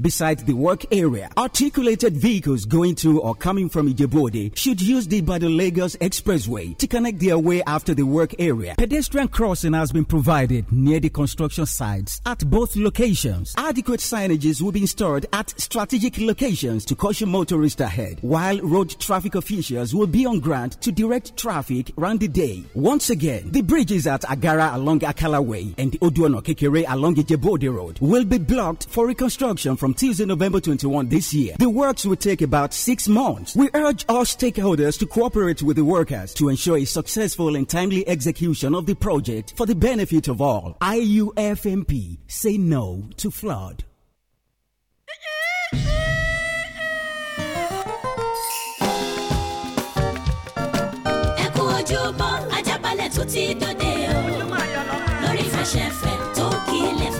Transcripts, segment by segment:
Besides the work area, articulated vehicles going to or coming from Ijebode should use the Badon Lagos Expressway to connect their way after the work area. Pedestrian crossing has been provided near the construction sites at both locations. Adequate signages will be installed at strategic locations to caution motorists ahead, while road traffic officials will be on ground to direct traffic round the day. Once again, the bridges at Agara along Akala Way and Oduono Kekere along Ijebode Road will be blocked for reconstruction from Tuesday, November 21 this year. The works will take about six months. We urge all stakeholders to cooperate with the workers to ensure a successful and timely execution of the project for the benefit of all. IUFMP say no to flood.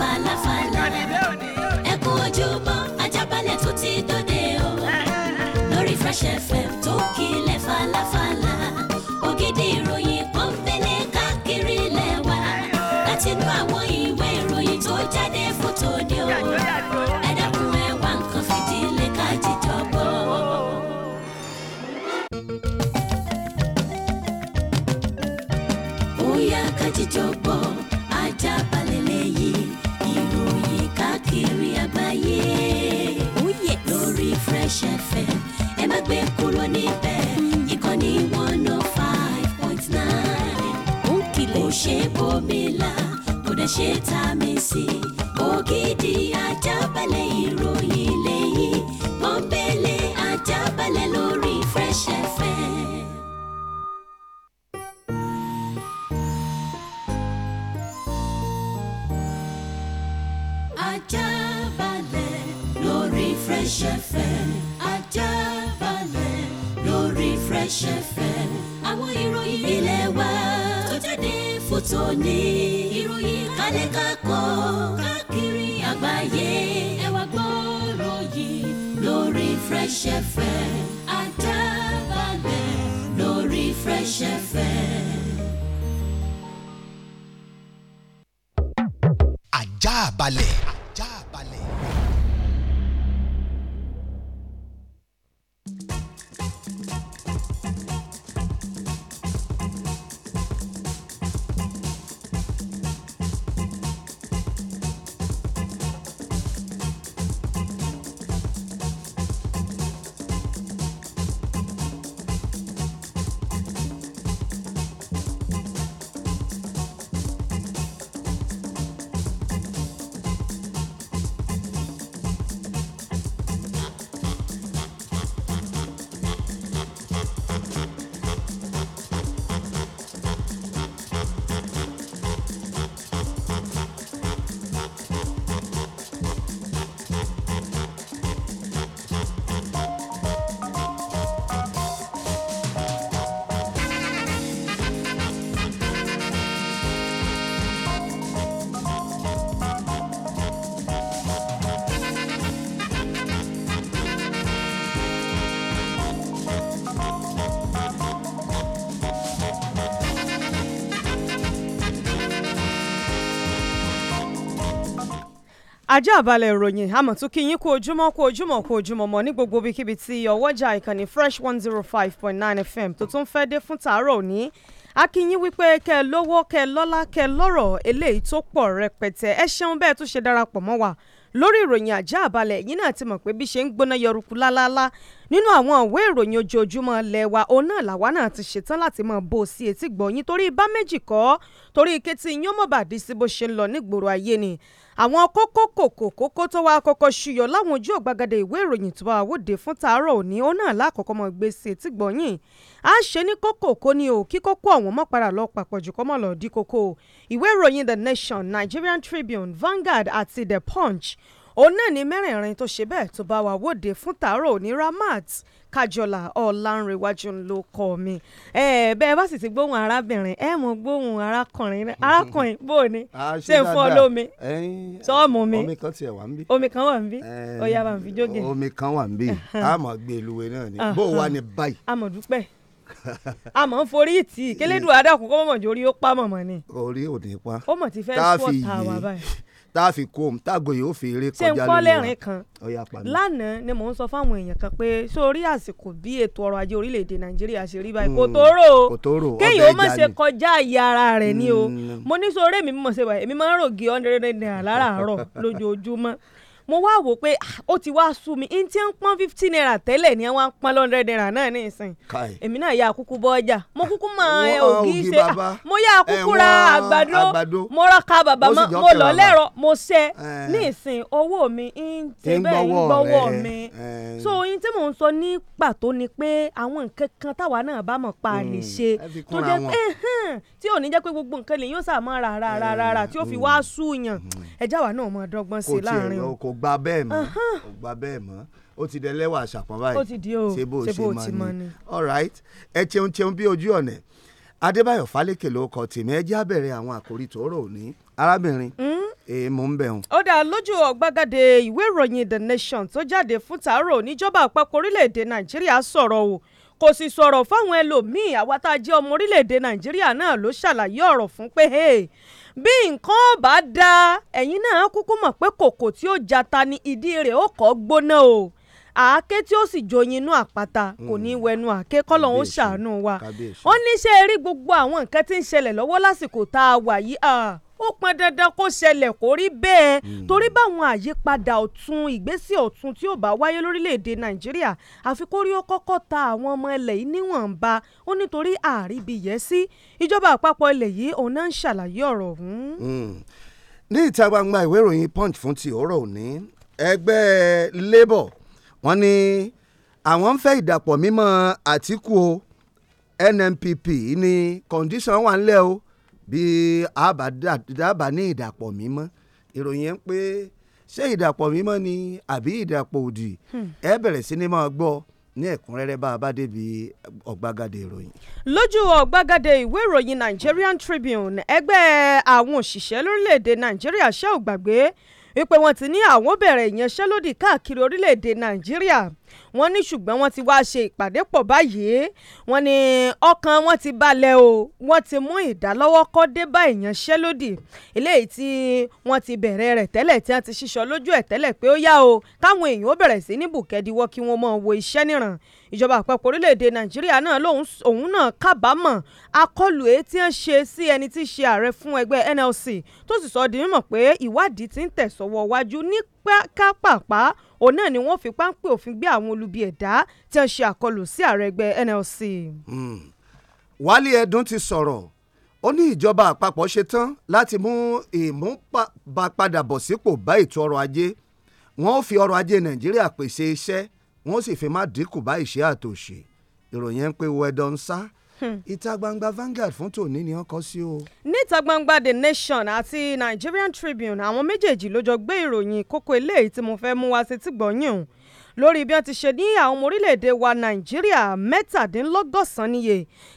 falafala. Fresh FM. ṣe bòmílà kò dẹ̀ ṣe ta mi sí ògidì ajábalẹ̀ ìròyìn lẹ́yìn pọ́npẹ́lẹ́ ajábalẹ̀ lórí Fresh FM. Ajábalẹ̀ lórí Fresh FM Ajábalẹ̀ lórí Fresh FM àwọn ìròyìn ilé wa tó jáde tó ní ìròyìn kálẹ̀ kákọ́ káàkiri àgbáyé ẹ wá gbọ́rọ̀ yìí lórí Fresh FM lórí Fresh FM. Ajaabale. ajá balẹ̀ ìròyìn àmọ̀ tún kí yín kú ojúmọ́ kú ojúmọ́ kú ojúmọ́ mọ́ ní gbogbo ibikíbi tí ọwọ́jà ìkànnì fresh one zero five point nine fm tó tún fẹ́ dé fún tàárọ̀ òní akínyín wípé kẹ ẹ lówó kẹ ẹ lọ́lá kẹ ẹ lọ́rọ̀ eléyìí tó pọ̀ rẹpẹtẹ ẹ ṣeun bẹ́ẹ̀ tún ṣe darapọ̀ mọ́ wa lórí ìròyìn àjá àbálẹ̀ yìí náà ti mọ̀ pé bí ṣe ń gbóná yọrùkú lálálá nínú àwọn ìwé ìròyìn ojoojúmọ́ lẹ́wà òun náà làwa náà ti ṣetán láti máa bó o sí etí gbọ̀nyìn torí bá méjì kọ́ torí ike tí yín ó mọ̀ bàdí sí bó ṣe ń lọ nígboro ayé ni àwọn kókó kòkó kókó tó wá kọ́kọ́ ṣùyọ láwọn ojú ọ̀gbagadẹ ìwé ìròyìn tó wà wòde fún tàárọ̀ òní ó náà lákọ̀ọ́kọ́ mọ gbèsè tí gbọ̀nyìn a ṣe ní kókó kó ni o kí kókó ọ̀hún mọ́ padà lọ papọ̀ jù kọ́ lọ dí kókó ìwé ìròyìn The Nation, Nigerian Tribune, Vanguard àti The Punch òun náà ni mẹ́rẹ̀ẹ̀rin tó ṣe bẹ́ẹ̀ tó bá wà wòde fún tàárọ̀ òní Ramat kájọlá ọ̀làǹrẹ̀wájú ló kọ́ mi bẹ́ẹ̀ bá sì ti gbóhùn arábìnrin ẹ mọ̀ gbóhùn arákùnrin arákùnrin bó o ní ah, ṣe ń fọ́ lómi sọ́ọ̀mù mi omi kan tiẹ̀ wà ń bí omi kan wà ń bí ọ̀yà bá ń fi jóge omi kan wà ń bí àmọ́ gbé ìlúwe náà ni bó o wà ní báyìí àmọ́ dúpẹ́ a mọ̀ ń forí ìtì kélédùn adàkùn kó mọ̀ ó pa mọ̀mọ̀ ni orí ò ní pa ó mọ̀ ti fẹ́ sọ́ọ̀tà wà báyìí tá a fi kó òun tágo yìí ó fi eré kọjá lórí wa. ṣé n kọ́ lẹ́rìn kan lánàá ni mò ń sọ fáwọn èèyàn kan pé sórí àsìkò bí ètò ọrọ̀ ajé orílẹ̀-èdè nàìjíríà ṣe rí báyìí kò tó rò ó kéèyàn ó má ṣe kọjá àyè ara rẹ̀ ni o hmm. mo ní sórí mi mọ̀ ṣe báyìí èmi máa ń rògì hundred naira láràárọ̀ lójoojúmọ́ mo wá wò pé ah, ó ti wá sú mi n tí ń pọ́n fifty naira tẹ́lẹ̀ ni wọ́n á pọ́n lọ́ndẹ̀ naira náà ní ìsìn èmi náà yà kúkú bọ́ ọjà mo kúkú mọ ògì ṣe ah, mo yà kúkú ra àgbàdo mo ra ka bàbá mo lọ lẹ́rọ mo ṣe ní ìsìn owó mi ń ti bẹ́ẹ̀ ń gbọ́wọ́ mi so ohun tí mò ń sọ ní pàtó ni pé àwọn nǹkan kan táwa náà bá mọ̀ pa lè hmm. ṣe tó jẹ́ pé tí ò ní jẹ́ pé gbogbo nǹkan lè yóò sàmọ́ rà rà tí ó fi hmm. wá sú yàn hmm. ẹ̀jáwá náà mọ̀ ọ̀dọ́gbọ́n sí gba bẹ́ẹ̀ mọ́ kò gba bẹ́ẹ̀ mọ́ ó ti dẹ lẹ́wà àṣàpọ̀ báyìí ó ti di o ṣe bó o ṣe máa ní all right ẹ cheun cheun bí ojú ọ̀nẹ̀ adébáyọ̀ fálékè ló kọ tèmi ẹ jẹ́ á bẹ̀rẹ̀ àwọn àkòrí tòórọ òní arábìnrin hmm? èèmọ̀ ń bẹ̀rùn. ó dá lójú ọ̀gbagadè ìwé ìròyìn the nation tó jáde fún tàárọ̀ oníjọba àpapọ̀ orílẹ̀-èdè nàìjíríà sọ̀rọ̀ o kò sì sọ̀rọ̀ fáwọn ẹlòmíín àwa tá a jẹ́ ọmọ orílẹ̀-èdè nàìjíríà náà ló ṣàlàyé ọ̀rọ̀ fún pé bí nǹkan ò bá dáa ẹ̀yin náà kúkú mọ̀ pé kòkò tí ó jata ni ìdí rẹ̀ ó kọ́ gbóná o àáké tí ó sì joyin inú àpáta kò ní mm. wẹnu àáké kọ́lọ̀ ó ṣàánú wa ó ní ṣe rí gbogbo àwọn nǹkan tí ń ṣẹlẹ̀ lọ́wọ́ lásìkò tá a wà yìí ó pọn dandan kó ṣẹlẹ̀ kó rí bẹ́ẹ̀ hmm. torí báwọn àyípadà ọ̀tun ìgbésẹ̀ ọ̀tun tí ó bá wáyé lórílẹ̀‐èdè nàìjíríà àfi kó rí ó kọ́kọ́ ta àwọn ọmọ ilẹ̀ yìí níwọ̀nba ó nítorí àríbi yẹ sí ìjọba àpapọ̀ ilẹ̀ yìí òun náà ń ṣàlàyé ọ̀rọ̀ ọ̀hún. Hmm. ní ìta gbangba ìwé ìròyìn punch fún ti ọ̀rọ̀ òní ẹgbẹ́ labour wọ́n ní àwọn ń fẹ́ ìdàpọ̀ mímọ́ Àtíkù NNPP ní kọ́ndíṣàn wà ńlẹ̀ o bí àbá ní ìdàpọ̀ mímọ́ ìròyìn yẹn pé ṣé ìdàpọ̀ mímọ́ ni àbí ìdàpọ̀ òdì hmm. ẹ bẹ̀rẹ̀ sí ni máa gbọ́ ní ẹ̀kúnrẹ́rẹ́ bá a bá débi ọ̀gbagadé ìròyìn. lójú ọ̀gbagadé ìwé ìròyìn Nigerian Tribune ẹgbẹ́ àwọn òṣìṣẹ́ lórílẹ̀‐èdè Nàìjíríà ṣé ò gbàgbé wípé wọ́n ti ní àwọn bẹ̀rẹ̀ ìyanṣẹ́lódì káàkiri orílẹ̀‐èdè Nàìjíríà wọ́n ní ṣùgbọ́n wọ́n ti wáá ṣe ìpàdé pọ̀ báyìí wọ́n ní ọkàn wọn ti balẹ̀ o wọ́n ti mú ìdálọ́wọ́ kọ́ dé bá ìyanṣẹ́lódì eléyìí tí wọ́n ti bẹ̀rẹ̀ rẹ̀ tẹ́lẹ̀ tí wọ́n ti ṣiṣọ́ lójú ẹ̀ tẹ́lẹ̀ pé ó yá o káwọn èèyàn ó bẹ̀rẹ̀ sí ní bùkẹ́diwọ́ kí wọ́n mọ̀ wo iṣẹ́ níran ìjọba àpapọ̀ orílẹ̀-èdè nàìjíríà náà lòun òun náà kábàámọ̀ akọlù èyí tí ṣe sí ẹni tí í ṣe ààrẹ fún ẹgbẹ́ NLC tó sì sọ di mímọ̀ pé ìwádìí ti ń tẹ̀sọ̀wọ́ wájú nípa kápápá òun náà ni wọ́n fi páńpẹ́ òfin gbé àwọn olubi ẹ̀dá tí wọ́n ṣe àkọlù sí ààrẹ ẹgbẹ́ NLC. Hmm. Wálé Ẹdùn ti sọ̀rọ̀ ó ní ìjọba àpapọ̀ ṣetán láti mú ìmúpadàbọ̀sípò bá ètò ọrọ̀ ajé wọn ó fi ọrọ̀ ajé Nàìjíríà pèsè iṣẹ́ wọn ó sì fi má dínkù bá ìṣẹ́ àtòṣe ìròyìn ń pé wẹ́dọ̀ ń sá Hmm. ìta gbangba Vanguard fún tòní ni wọ́n kọ sí o. níta gbangba The Nation àti Nigerian Tribune àwọn méjèèjì ló jọ gbé ìròyìn kókó eléyìí tí mo fẹ́ mú wá sí ti gbọ̀nyìn o lórí bí wọ́n ti ṣe ní àwọn ọmọ orílẹ̀-èdè wa nàìjíríà mẹ́tàdínlọ́gọ́sàn níye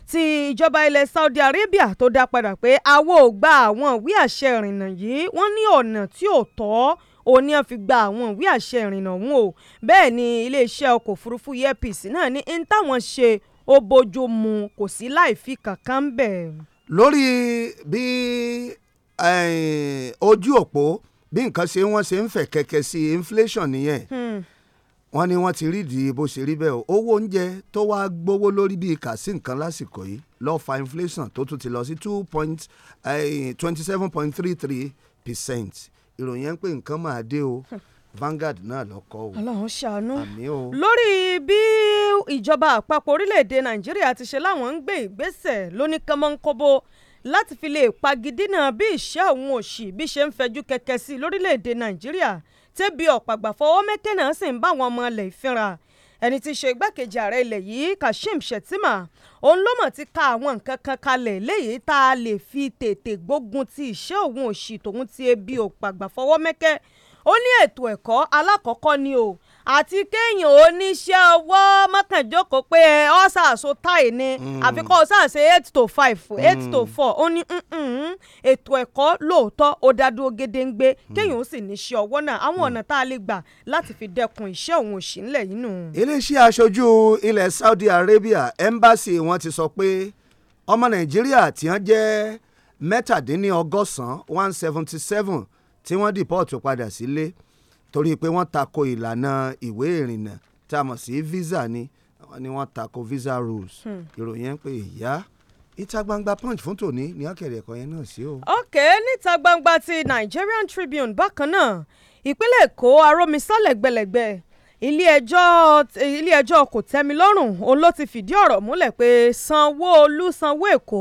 tí ìjọba ilẹ̀ saudi arabia tó dá padà pé awo ò gba àwọn ìwé àṣẹ ìrìnnà yìí wọ́n ní ọ̀nà tí ò tọ́ òní ẹ̀ fi gba àwọn ìwé àṣẹ ìrìnnà ọ̀hún o bẹ́ẹ̀ ni iléeṣẹ́ ọkọ̀ òfurufú earpiece náà ní ní táwọn ṣe ó bójú mu kò sí láìfi kankan ń bẹ̀. lórí bí eh, ojú òpó bí nǹkan ṣe wọ́n ṣe ń fẹ̀ kẹ̀kẹ́ sí inflation nìyẹn hmm. wọ́n ní wọ́n ti rí di bó ṣe rí bẹ́ẹ̀ o owó oúnjẹ tó wá gbówó lórí bíi kàsí nǹkan lásìkò yìí lọ́ọ́ fa inflation tó tún ti lọ sí two point eh, twenty seven point three three percent ìròyìn ẹ̀ ń pè nǹkan máa dé o. Hmm Vanguard náà lọ kọ o. Ọlọ́run ṣàánú lórí bí ìjọba àpapọ̀ orílẹ̀-èdè Nàìjíríà ti ṣe láwọn ń gbé ìgbésẹ̀ lóní kánmọ́nkóbó láti fi lè pagidínà bí ìṣẹ́ òun òṣì bí ṣe ń fẹjú kẹ̀kẹ́ sí lórílẹ̀-èdè Nàìjíríà tẹ́bi ọ̀pàgbà fọwọ́ mẹ́kẹ́ náà sì ń bá àwọn ọmọ ilẹ̀ ìfinra ẹni tí í ṣe igbákejì ààrẹ ilẹ̀ yìí Kashim Shettima òun ló mọ̀ ti ka àwọn nǹkan kan kalẹ̀ léyìí tá a lè fi tètè gbógun ti ìṣẹ́ òun òṣì tòun ti ebi òpàgbà fọwọ́ mẹ́kẹ́ ó ní ètò ẹ̀kọ́ alákọ̀ọ́kọ́ ni o àti kéèyàn oníṣẹ́ ọwọ́ mọ́kànjókòó pé ọ ṣàṣọ táì ni hmm. àfi kọ́ ṣàṣe eight to five hmm. eight to four ó ní ètò ẹ̀kọ́ lóòótọ́ ó dádúró gédéǹgbé hmm. kéèyàn ó sì níṣẹ́ ọwọ́ náà àwọn ọ̀nà tá a lè gbà láti fi dẹ́kun iṣẹ́ òun òṣì yìí nù. iléeṣẹ́ aṣojú ilẹ̀ Saudi Arabia embassy wọn ti sọ pé ọmọ Nàìjíríà tí wọ́n jẹ́ mẹ́tàdínní ọgọ́sàn-án one seventy seven tí wọ́n dìpọ́ọ̀tù padà sílé torí pé wọ́n tako ìlànà ìwé ìrìnnà tá a mọ̀ sí visa ni wọ́n ní wọ́n tako visa rules hmm. ìròyìn ẹ̀ ń pè ìyá ìta gbangba punch fún tòní ní àkèrè ẹ̀kọ́ yẹn náà sí o. ok níta gbangba ti Nigerian Tribune bákan náà ìpínlẹ̀ Èkó arómisálẹ̀ gbẹlẹ̀gbẹ́ ilé-ẹjọ́ kò tẹ́mi òun ló ti fìdí ọ̀rọ̀ múlẹ̀ pé Sanwó-Olú Sanwó Èkó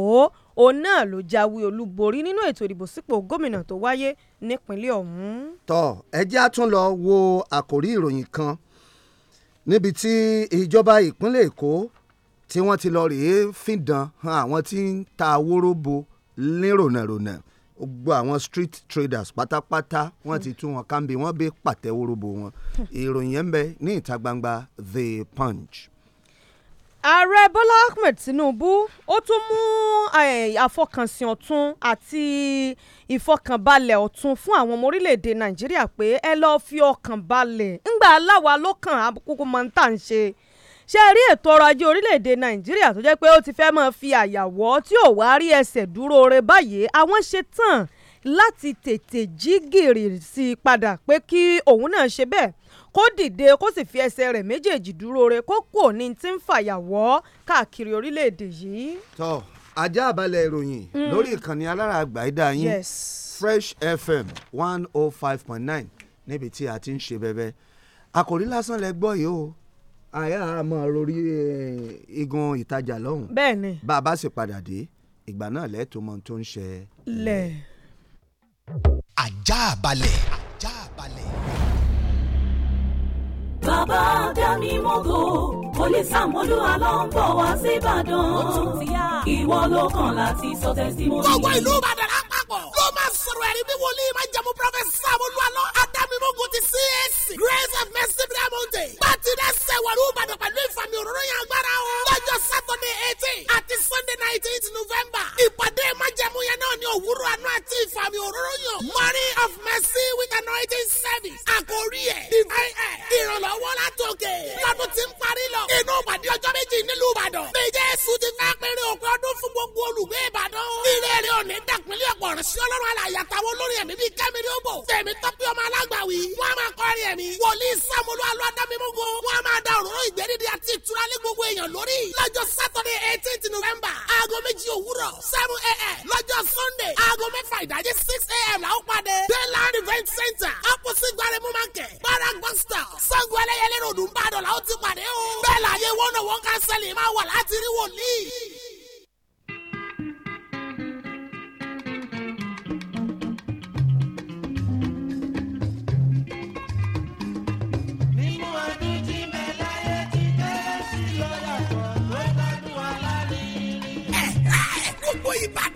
òun náà ló jáwé olúborí nínú ètò ìdìbò sípò gómìnà tó wáyé nípínlẹ̀ ọ̀hún. tọ ẹ jẹ́ tún lọ wo àkòrí ìròyìn kan níbi tí ìjọba ìpínlẹ̀ èkó tí wọ́n ti lọ rèé fìdán àwọn tí ń ta awóróbo nírònàrònà gbogbo àwọn street traders pátápátá wọ́n ti tú wọn kámbi wọ́n bẹ pàtẹ́wóróbo wọn hmm. ìròyìn yẹn ń bẹ ní ìta gbangba The Punch ààrẹ bọ́lá ahmed tinubu ó tún mú àfọkànsìn ọ̀tún àti ìfọkànbalẹ̀ ọ̀tún fún àwọn ọmọ orílẹ̀‐èdè nàìjíríà pé ẹ lọ́ọ́ fi ọkàn balẹ̀ ńgbà aláwa ló kàn àkókò máa ń tà ń ṣe ṣe rí ètò ọrọ̀ ajé orílẹ̀‐èdè nàìjíríà tó jẹ́ pé ó ti fẹ́ máa fi àyàwọ́ tí ò wá rí ẹsẹ̀ dúró re báyìí àwọn ṣe tán láti tètè jí gìrì sí i padà pé kí òun náà ṣe bẹ́ẹ̀ kó dìde kó sì fi ẹsẹ̀ rẹ̀ méjèèjì dúró re kó kò ní ti ń fàyàwọ́ káàkiri orílẹ̀-èdè yìí. tọ́ ajá àbálẹ̀ ìròyìn mm. lórí ìkànnì alárààgbà ìdá yín Fresh FM one oh five point nine níbi tí a ti ń ṣe bẹ́bẹ́ àkòrí lásán lẹ gbọ́ yìí o àyà àmọ́ lórí eh, igun ìtajà lọ́hùn bẹ́ẹ̀ni bàbá sì padà dé ìgbà náà lẹ́ẹ̀tọ́ mọ tó ń ṣe. lẹ̀. ajá balẹ̀. ajá balẹ̀ bàbá dami mọ́gò olè sàmúlò alọ́ńbọ̀ wá síbàdàn ìwọ ló kàn láti sọ tẹsímọ́nì. gbogbo ìlú ìbàdàn lápapọ̀ ló máa sọ̀rọ̀ ẹ̀rí bí wòlíì máa jẹ́ mu pírọ́fẹ́sì sàmúlò alọ́ àti ológun ti CAC Grace of Mercy Diamond Day pàtí dẹ́sẹ̀ wọ̀lú Ìbàdàn pẹ̀lú ìfàmì òróró yẹn agbára o lọ́jọ́ Saturday eighteen àti Sunday nineteenth November ìpàdé májẹ̀mú yẹn náà ní òwúrọ̀ àná àti ìfàmì òróró yàn Money of Mercy with anointing service àkórí ẹ̀ divine ẹ̀ ìrànlọ́wọ́ látòkè lọ́dún tí ń parí lọ inú ìpàdé ọjọ́ méjì nílùú Ìbàdàn méje èsù ti fẹ́ péré òpin ọdún fún gbogbo olùgbé Ìbàdàn ìrẹ́rẹ́ òní dàpínlẹ̀ ọ̀pọ̀ ọ̀rẹ́ sí ọlọ́run àlàyé àtàwọn olórin ẹ̀mí bíi kẹ́mi ní ó bò tẹ̀mí tọ́pẹ́ ọmọ alágbàwí Wọ́n á máa kọrin ẹ̀mí. Wòlíì Sàmúlò Alọ́ Adámímúgo. Wọ́n á máa da òróró ìgbẹ́dídé àti ìtura lé gbogbo èèyàn lórí. Lọ́jọ́ Sátọ́dẹ̀ eighteenth November. Aago méjì òwúrọ̀ seven a.m. Lọ́jọ́ Sunday. Aago mẹ́fà ìdájí six a.m. la ó padé. Dayland Event Center. Àpòsí Gbaremu Market. Barak Buster. Sango ẹlẹ́yẹlé ròdùn Ìbàdàn la ó ti pàdé o. Bẹ́ẹ̀ láyé wọ́n náà wọ́n kánsẹ́lì máa wà láti rí wòlíì. Everybody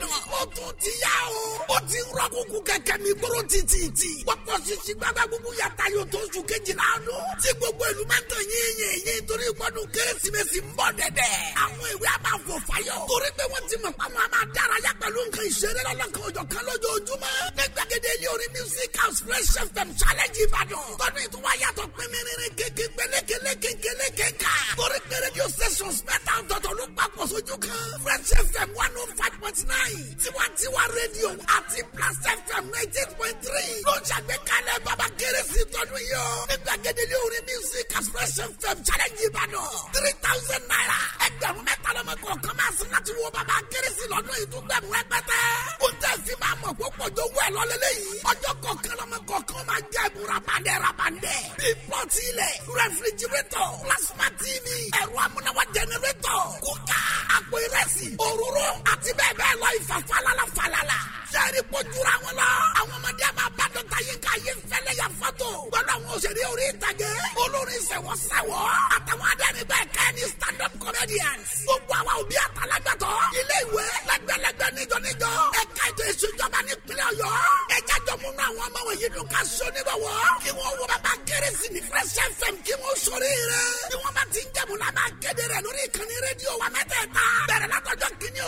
ti rọ́kùnkùn kẹ̀kẹ́ mi gbóró títì. Pọ̀pọ̀ ṣíṣí gbàgbà gbogbo yàtá yóò tó oṣù kejìlá ọdún. Tí gbogbo ìlú máa ń tàn yín yín yín torí ìpọ́dún kérésìmesì ń bọ̀ dẹ̀dẹ̀. Àwọn ìwé a máa fò fayọ̀. Torí pé wọ́n ti mọ̀ pàmò àmà dárayá pẹ̀lú nǹkan ìṣeré lọ́lọ́kan ọjọ́ kan lójoojúmọ́. Ní gbàgede ilé orin music house fresh fm challenge Ìbàdàn. Tọ́dún ìtura yàtọ̀ pínpínrin kéke pélékele kékeré kéka. Torí pé radio stations mẹ́ta ọ̀tọ̀ọ̀tọ̀ ló papọ̀ sójú kan. fresh fm one oh five point nine tiwantiwa radio àti sí Blast FM nineteen point three ló ń ṣàgbékalẹ̀ bàbá kérésì tọdún yìí o. ní gbàgede orin music expression fm challenge ìbàdàn three thousand naira ẹgbẹ̀rún mẹ́ta lọ́mọ kọ̀ọ̀kan máa sin láti wo bàbá kérésì lọ́dún ìdúgbẹ̀mú ẹgbẹ́tẹ́. ó tẹ̀ sí máa mọ̀ púpọ̀ tó wẹ̀ lọ́lẹ́lẹ́ yìí. ọjọ́ kọ̀ọ̀kan lọ́mọ kọ̀ọ̀kan máa jẹ́ ẹ̀bùn rabandẹ̀ rabandẹ̀. bíi pọ́ọ̀tì ilẹ̀ rẹfrigirétọ̀ plasma tv ẹ̀rọ amúnáwá jẹnẹrétọ̀ kúkà àpò ìrẹsì òróró àti bẹ́ẹ̀ bẹ́ẹ̀ lọ ìfàfàlálà fàlálà ẹ̀rí pojúra wọn lọ. àwọn ọmọdé a máa bá dọ́ta yín ká yé fẹ́lẹ́ yà fọ́tò. gbọ́dọ̀ àwọn òṣèré orí ìtàgé. olórin sẹ̀wọ̀sẹ̀wọ̀. àtàwọn adẹ́rìn bẹ́ẹ̀ kẹ́ ni stand up comedians. gbogbo àwa òbí àtàlágbàtọ́. ilé ìwé lẹ́gbẹ̀lẹ́gbẹ̀ níjọ níjọ. ẹ̀ka ètò ìṣèjọba nípínlẹ̀ ọ̀yọ́. ẹ jájọ múnú àwọn ọmọ wọ̀nyí dùn ká so níbọ̀ kí wọ́n wo bàbá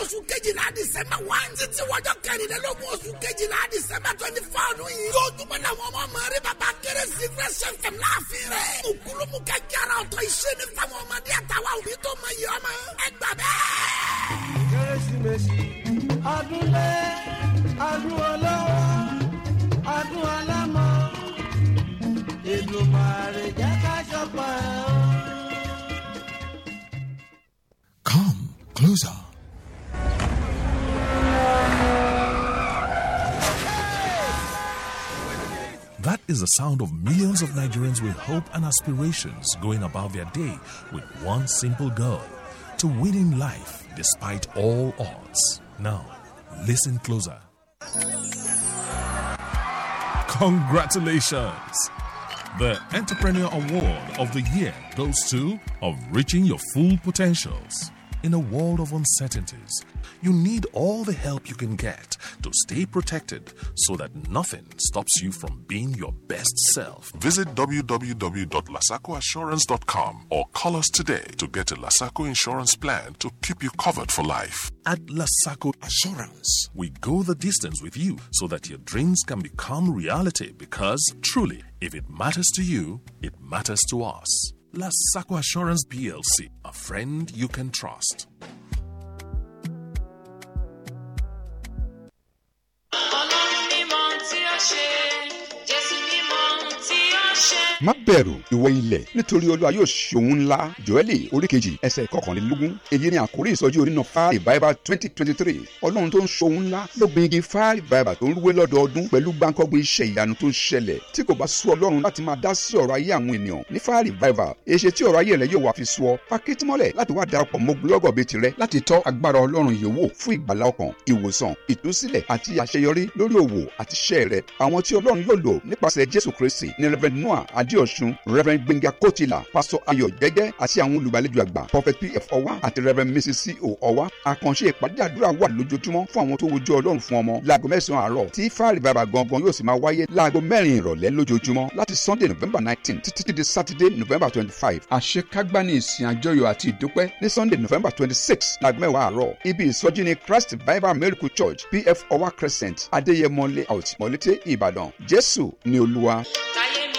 oṣù kejìlá dísẹ́mbà one títí wọ́jọ́ kẹrìnlélógún oṣù kejìlá dísẹ́mbà twenty four ọdún yìí. yóò túbọ̀ làwọn ọmọ mẹ́rin bàbá kéré secret chef láàfin rẹ̀. mùkúlùmù kẹ jara ọ̀tọ̀ iṣẹ́ ní fáwọn ọmọdé àtàwọn òbí tó mọ iye ọmọ. ẹ gbà bẹ́ẹ̀. kérésìmesì adúlé adún ọlọ́wọ́ adún alámọ̀ èlò màrè jẹ́ ṣọpọ̀ ẹ̀ o. Come closer. That is the sound of millions of Nigerians with hope and aspirations going about their day with one simple goal to win in life despite all odds. Now, listen closer. Congratulations! The Entrepreneur Award of the Year goes to Of Reaching Your Full Potentials. In a world of uncertainties, you need all the help you can get to stay protected so that nothing stops you from being your best self. Visit www.lasacoinsurance.com or call us today to get a Lasaco insurance plan to keep you covered for life. At Lasaco Assurance, we go the distance with you so that your dreams can become reality because truly, if it matters to you, it matters to us. Lasaco Assurance PLC, a friend you can trust. Olá, irmão de má bẹ̀rù ìwọ ilẹ̀ nítorí olúwa yóò ṣe ńlá joeli oríkejì ẹsẹ̀ kọkànlélógún èyí ni àkórí ìsọjí orí náà fáà revival twenty twenty three ọlọ́run tó ń ṣe ohun ńlá ló gbin igi fáà revival tó ń rúwé lọ́dọọdún pẹ̀lú gbáǹkọ́gbìn iṣẹ́ ìyanu tó ń ṣẹlẹ̀ tí kò bá sú ọlọ́run láti máa dá sí ọ̀rọ̀ ayé àwọn ènìyàn ní fáà revival èṣe tí ọ̀rọ̀ ayé rẹ yóò wá fi sú ọ pakétímọ́lẹ̀ láti wá darapọ̀ mọ́ gbọ́lọ́gọ̀ bíi tirẹ̀ láti tọ́ agbára ọlọ́run yìí wò fún ìgbàlá ọkàn ìwòsàn ìtúsílẹ̀ àti àṣeyọrí lórí òwò àti iṣẹ́ rẹ̀ àwọn tí ọlọ́run yóò lò nípasẹ̀ jésù kristi ni rev noah ad ìdájí ọ̀ṣun reverend gbẹ̀ngà kòtìlà pásọ ayọ̀ jẹ́jẹ́ àti àwọn olùgbàlejò àgbà prophet pf ọwá àti reverend mrs co ọwá àkànṣe ìpàdé àdúrà wà lójoojúmọ́ fún àwọn tó wojú ọlọ́run fún ọmọ láago mẹ́sàn-án àárọ̀ tí fáàrí bàbà gangan yóò sì máa wáyé láago mẹ́rin ìrọ̀lẹ́ lójoojúmọ́ láti sunday november nineteen títí di saturday november twenty-five àṣekágbá ní ìsìn àjọyọ̀ àti ìdúpẹ́ ní sunday november twenty-six láago mẹ́wàá àárọ̀ ibi ìsọjí ní christ bible miracle church pf ọwá crescent adéyẹmọlé àwòtí mọ̀lété ìbàdàn jésù ni olúwa. táyé mi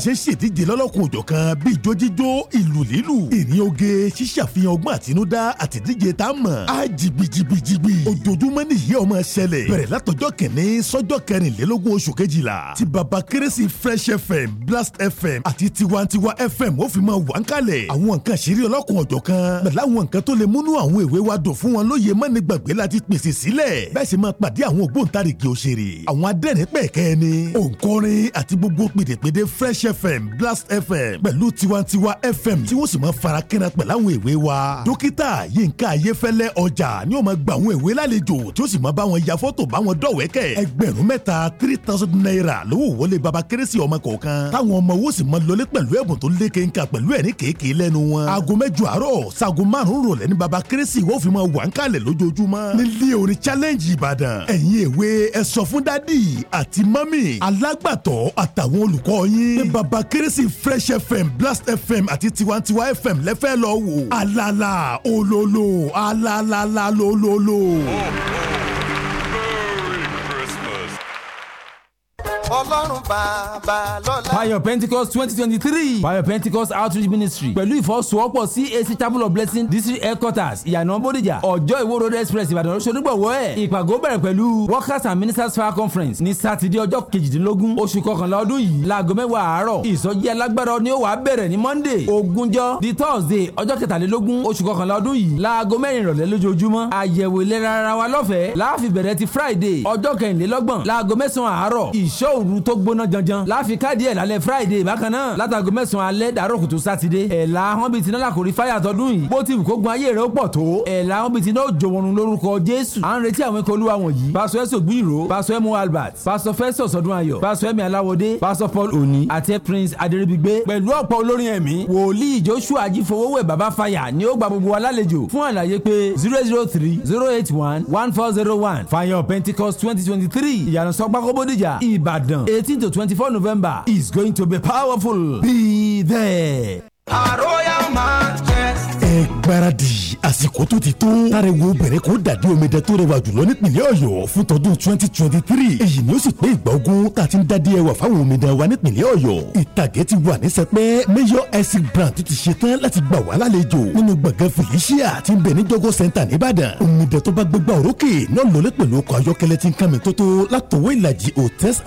ṣe ń ṣèdíje lọ́lọ́kùn òjọ̀ kan bíi ijó jíjó ìlú lílù ìrìn oge ṣíṣàfihàn ọgbọ́n àtinúdá àtìdíje tá a mọ̀ á jìgbìjìgbìjìgbì ojoojúmọ́ nìyí ọmọ ṣẹlẹ̀ bẹ̀rẹ̀ látọjọ́ kẹ̀ní sọ́jọ́ kẹrìnlélógún oṣù kejìlá ti baba kérésì fresh fm blast fm àti tiwantiwa fm ó fi máa wà ń kalẹ̀ àwọn nǹkan ṣeré ọlọ́kùn ọ̀jọ̀ kan pẹ̀lú àwọn nǹkan tó lè múnú àwọn èwe wa dùn fún wọn lóye mọ́ni gbàgbé láti pèsè sílẹ̀ bẹ́ẹ̀ sì máa pàdé àwọn ògbóǹtarìgì òṣèré àwọn adẹ́rìn pẹ̀kẹ́ ni òǹkọrin àti gbogbo pèdèpèdè fresh fm blast fm pẹ̀lú tiwantiwa fm tí wọ́n sì máa fara kẹ́ra pẹ̀lú àwọn èwe wa. dókítà yínká ayéfẹ́lẹ́ ọjà ni ó máa gba àwọn èwe lálejò tí ó sì máa bá wọn ya fọ́tò bá wọn dọ̀wẹ́kẹ̀. ẹgbẹ̀rún mẹ́ta three thousand naira lówó wọlé baba kérésì ọmọ kọ̀ọ̀kan táwọn ọmọ owó sì máa lọlé pẹ̀lú ẹ̀bùn tó léke nǹkan pẹ̀lú ẹ̀rín kéèké lẹ́nu wọn. aago mẹ́jọ àárọ̀ sago márùn-ún rọ̀lẹ́ baba kérésì wọ́n fi máa wà ń kalẹ̀ lójoojúmọ́. challenge ìbàdàn ẹ̀yin èwe ẹ sọ fún dádì àti mọ́mì alágbàtọ́ àtàwọn bàbá kérésì fresh fm blast fm àti tiwantiwa fm lẹ́fẹ̀ẹ́ lọ wò alala olólo alalala lólólo. Oh, oh. ọlọ́run bàbá lọ́la. fire pentecost twenty twenty three fire pentecost outreach ministry pẹ̀lú ìfọwọ́sowọ́pọ̀ cac table of blessing district headquarters ìyànà bódìjà ọjọ́ ìwó road express ìbàdàn lọ́sọ̀dúngbọ̀wọ́ ẹ̀ ìpàgọ́ bẹ̀rẹ̀ pẹ̀lú workers and ministers fire conference ní sátidé ọjọ́ kejìdínlógún oṣù kọkànlá ọdún yìí láago mẹ́wàá àárọ̀ ìsọjí alágbára ni ó wàá bẹ̀rẹ̀ ní monday ogúnjọ́ di thursday ọjọ́ kẹtàlélógún oṣù kọkànlá ọdún yìí láago mẹ́rin ìrọ̀lẹ́ lójoojúmọ́ àyẹ̀wò ìlera ara wa lọ́fẹ̀ẹ́ láàfin bẹ̀rẹ̀ ti friday ọjọ́ kẹrìnlélọ́gbọ̀n láago mẹ́sàn-án àárọ̀ ìṣọ́ òru ooru tó gbóná janjan láfi káàdì ẹ̀ lálẹ́ friday bákan náà látago mẹ́sàn-án alẹ́ dàárọ̀ kùtù sátidé ẹ̀la ahọ́n bíi ti náà kò rí fáyà tọdún yìí bó ti wù kó gun ayé rẹ̀ ó pọ̀ tó ẹ̀la ahọ́n bíi ti náà jòwòrùn lórúkọ jésù à ń retí àwọn ikọ̀ olúwa wọ̀nyí pásọ ẹ̀sọ̀ gbìyìrò pásọ ẹ̀mú albert pásọ fẹ́sọ̀ sọdún ayọ̀ pásọ ẹ̀mí aláwọ̀dé pásọ paul oni àti prince adéríbigbé pẹ̀lú ọ̀pọ̀ olórin ẹ̀mí wòlíì joshua ajífowówẹ̀ bàbá fàyà ni ó gba gbogbo alálejò fún àlàyé pé zero zero three zero eight one one four zero one fire pentecost twenty twenty three ìyànà sọgbàkọ́bódìjà ìbàdàn 18 to 24 November is going to be powerful. Be there. Our royal majesty ẹ gbáradì àsìkò tó ti tó tariwo bẹ̀rẹ̀ kó dàdí omidan tó rẹwà jùlọ nípìnlẹ̀ ọ̀yọ́ fún tọdún twenty twenty three èyí ni ó sì pé ìgbà ogún tá a ti ń dádí ẹwà fáwọn omidan wa nípìnlẹ̀ ọ̀yọ́ ìtàgé ti wà ní sẹpẹ́ mayor essex brand ti ṣe tán láti gbà wá lálejò nínú gbọ̀ngàn felicia ti ń bẹ ní jọgọ́ center nìbàdàn omidan tó bá gbégbá òrókè náà lọlé pẹ̀lú ọkọ̀ ayọ́kẹ́lẹ́ ti ń kàmì tótó látọwọ́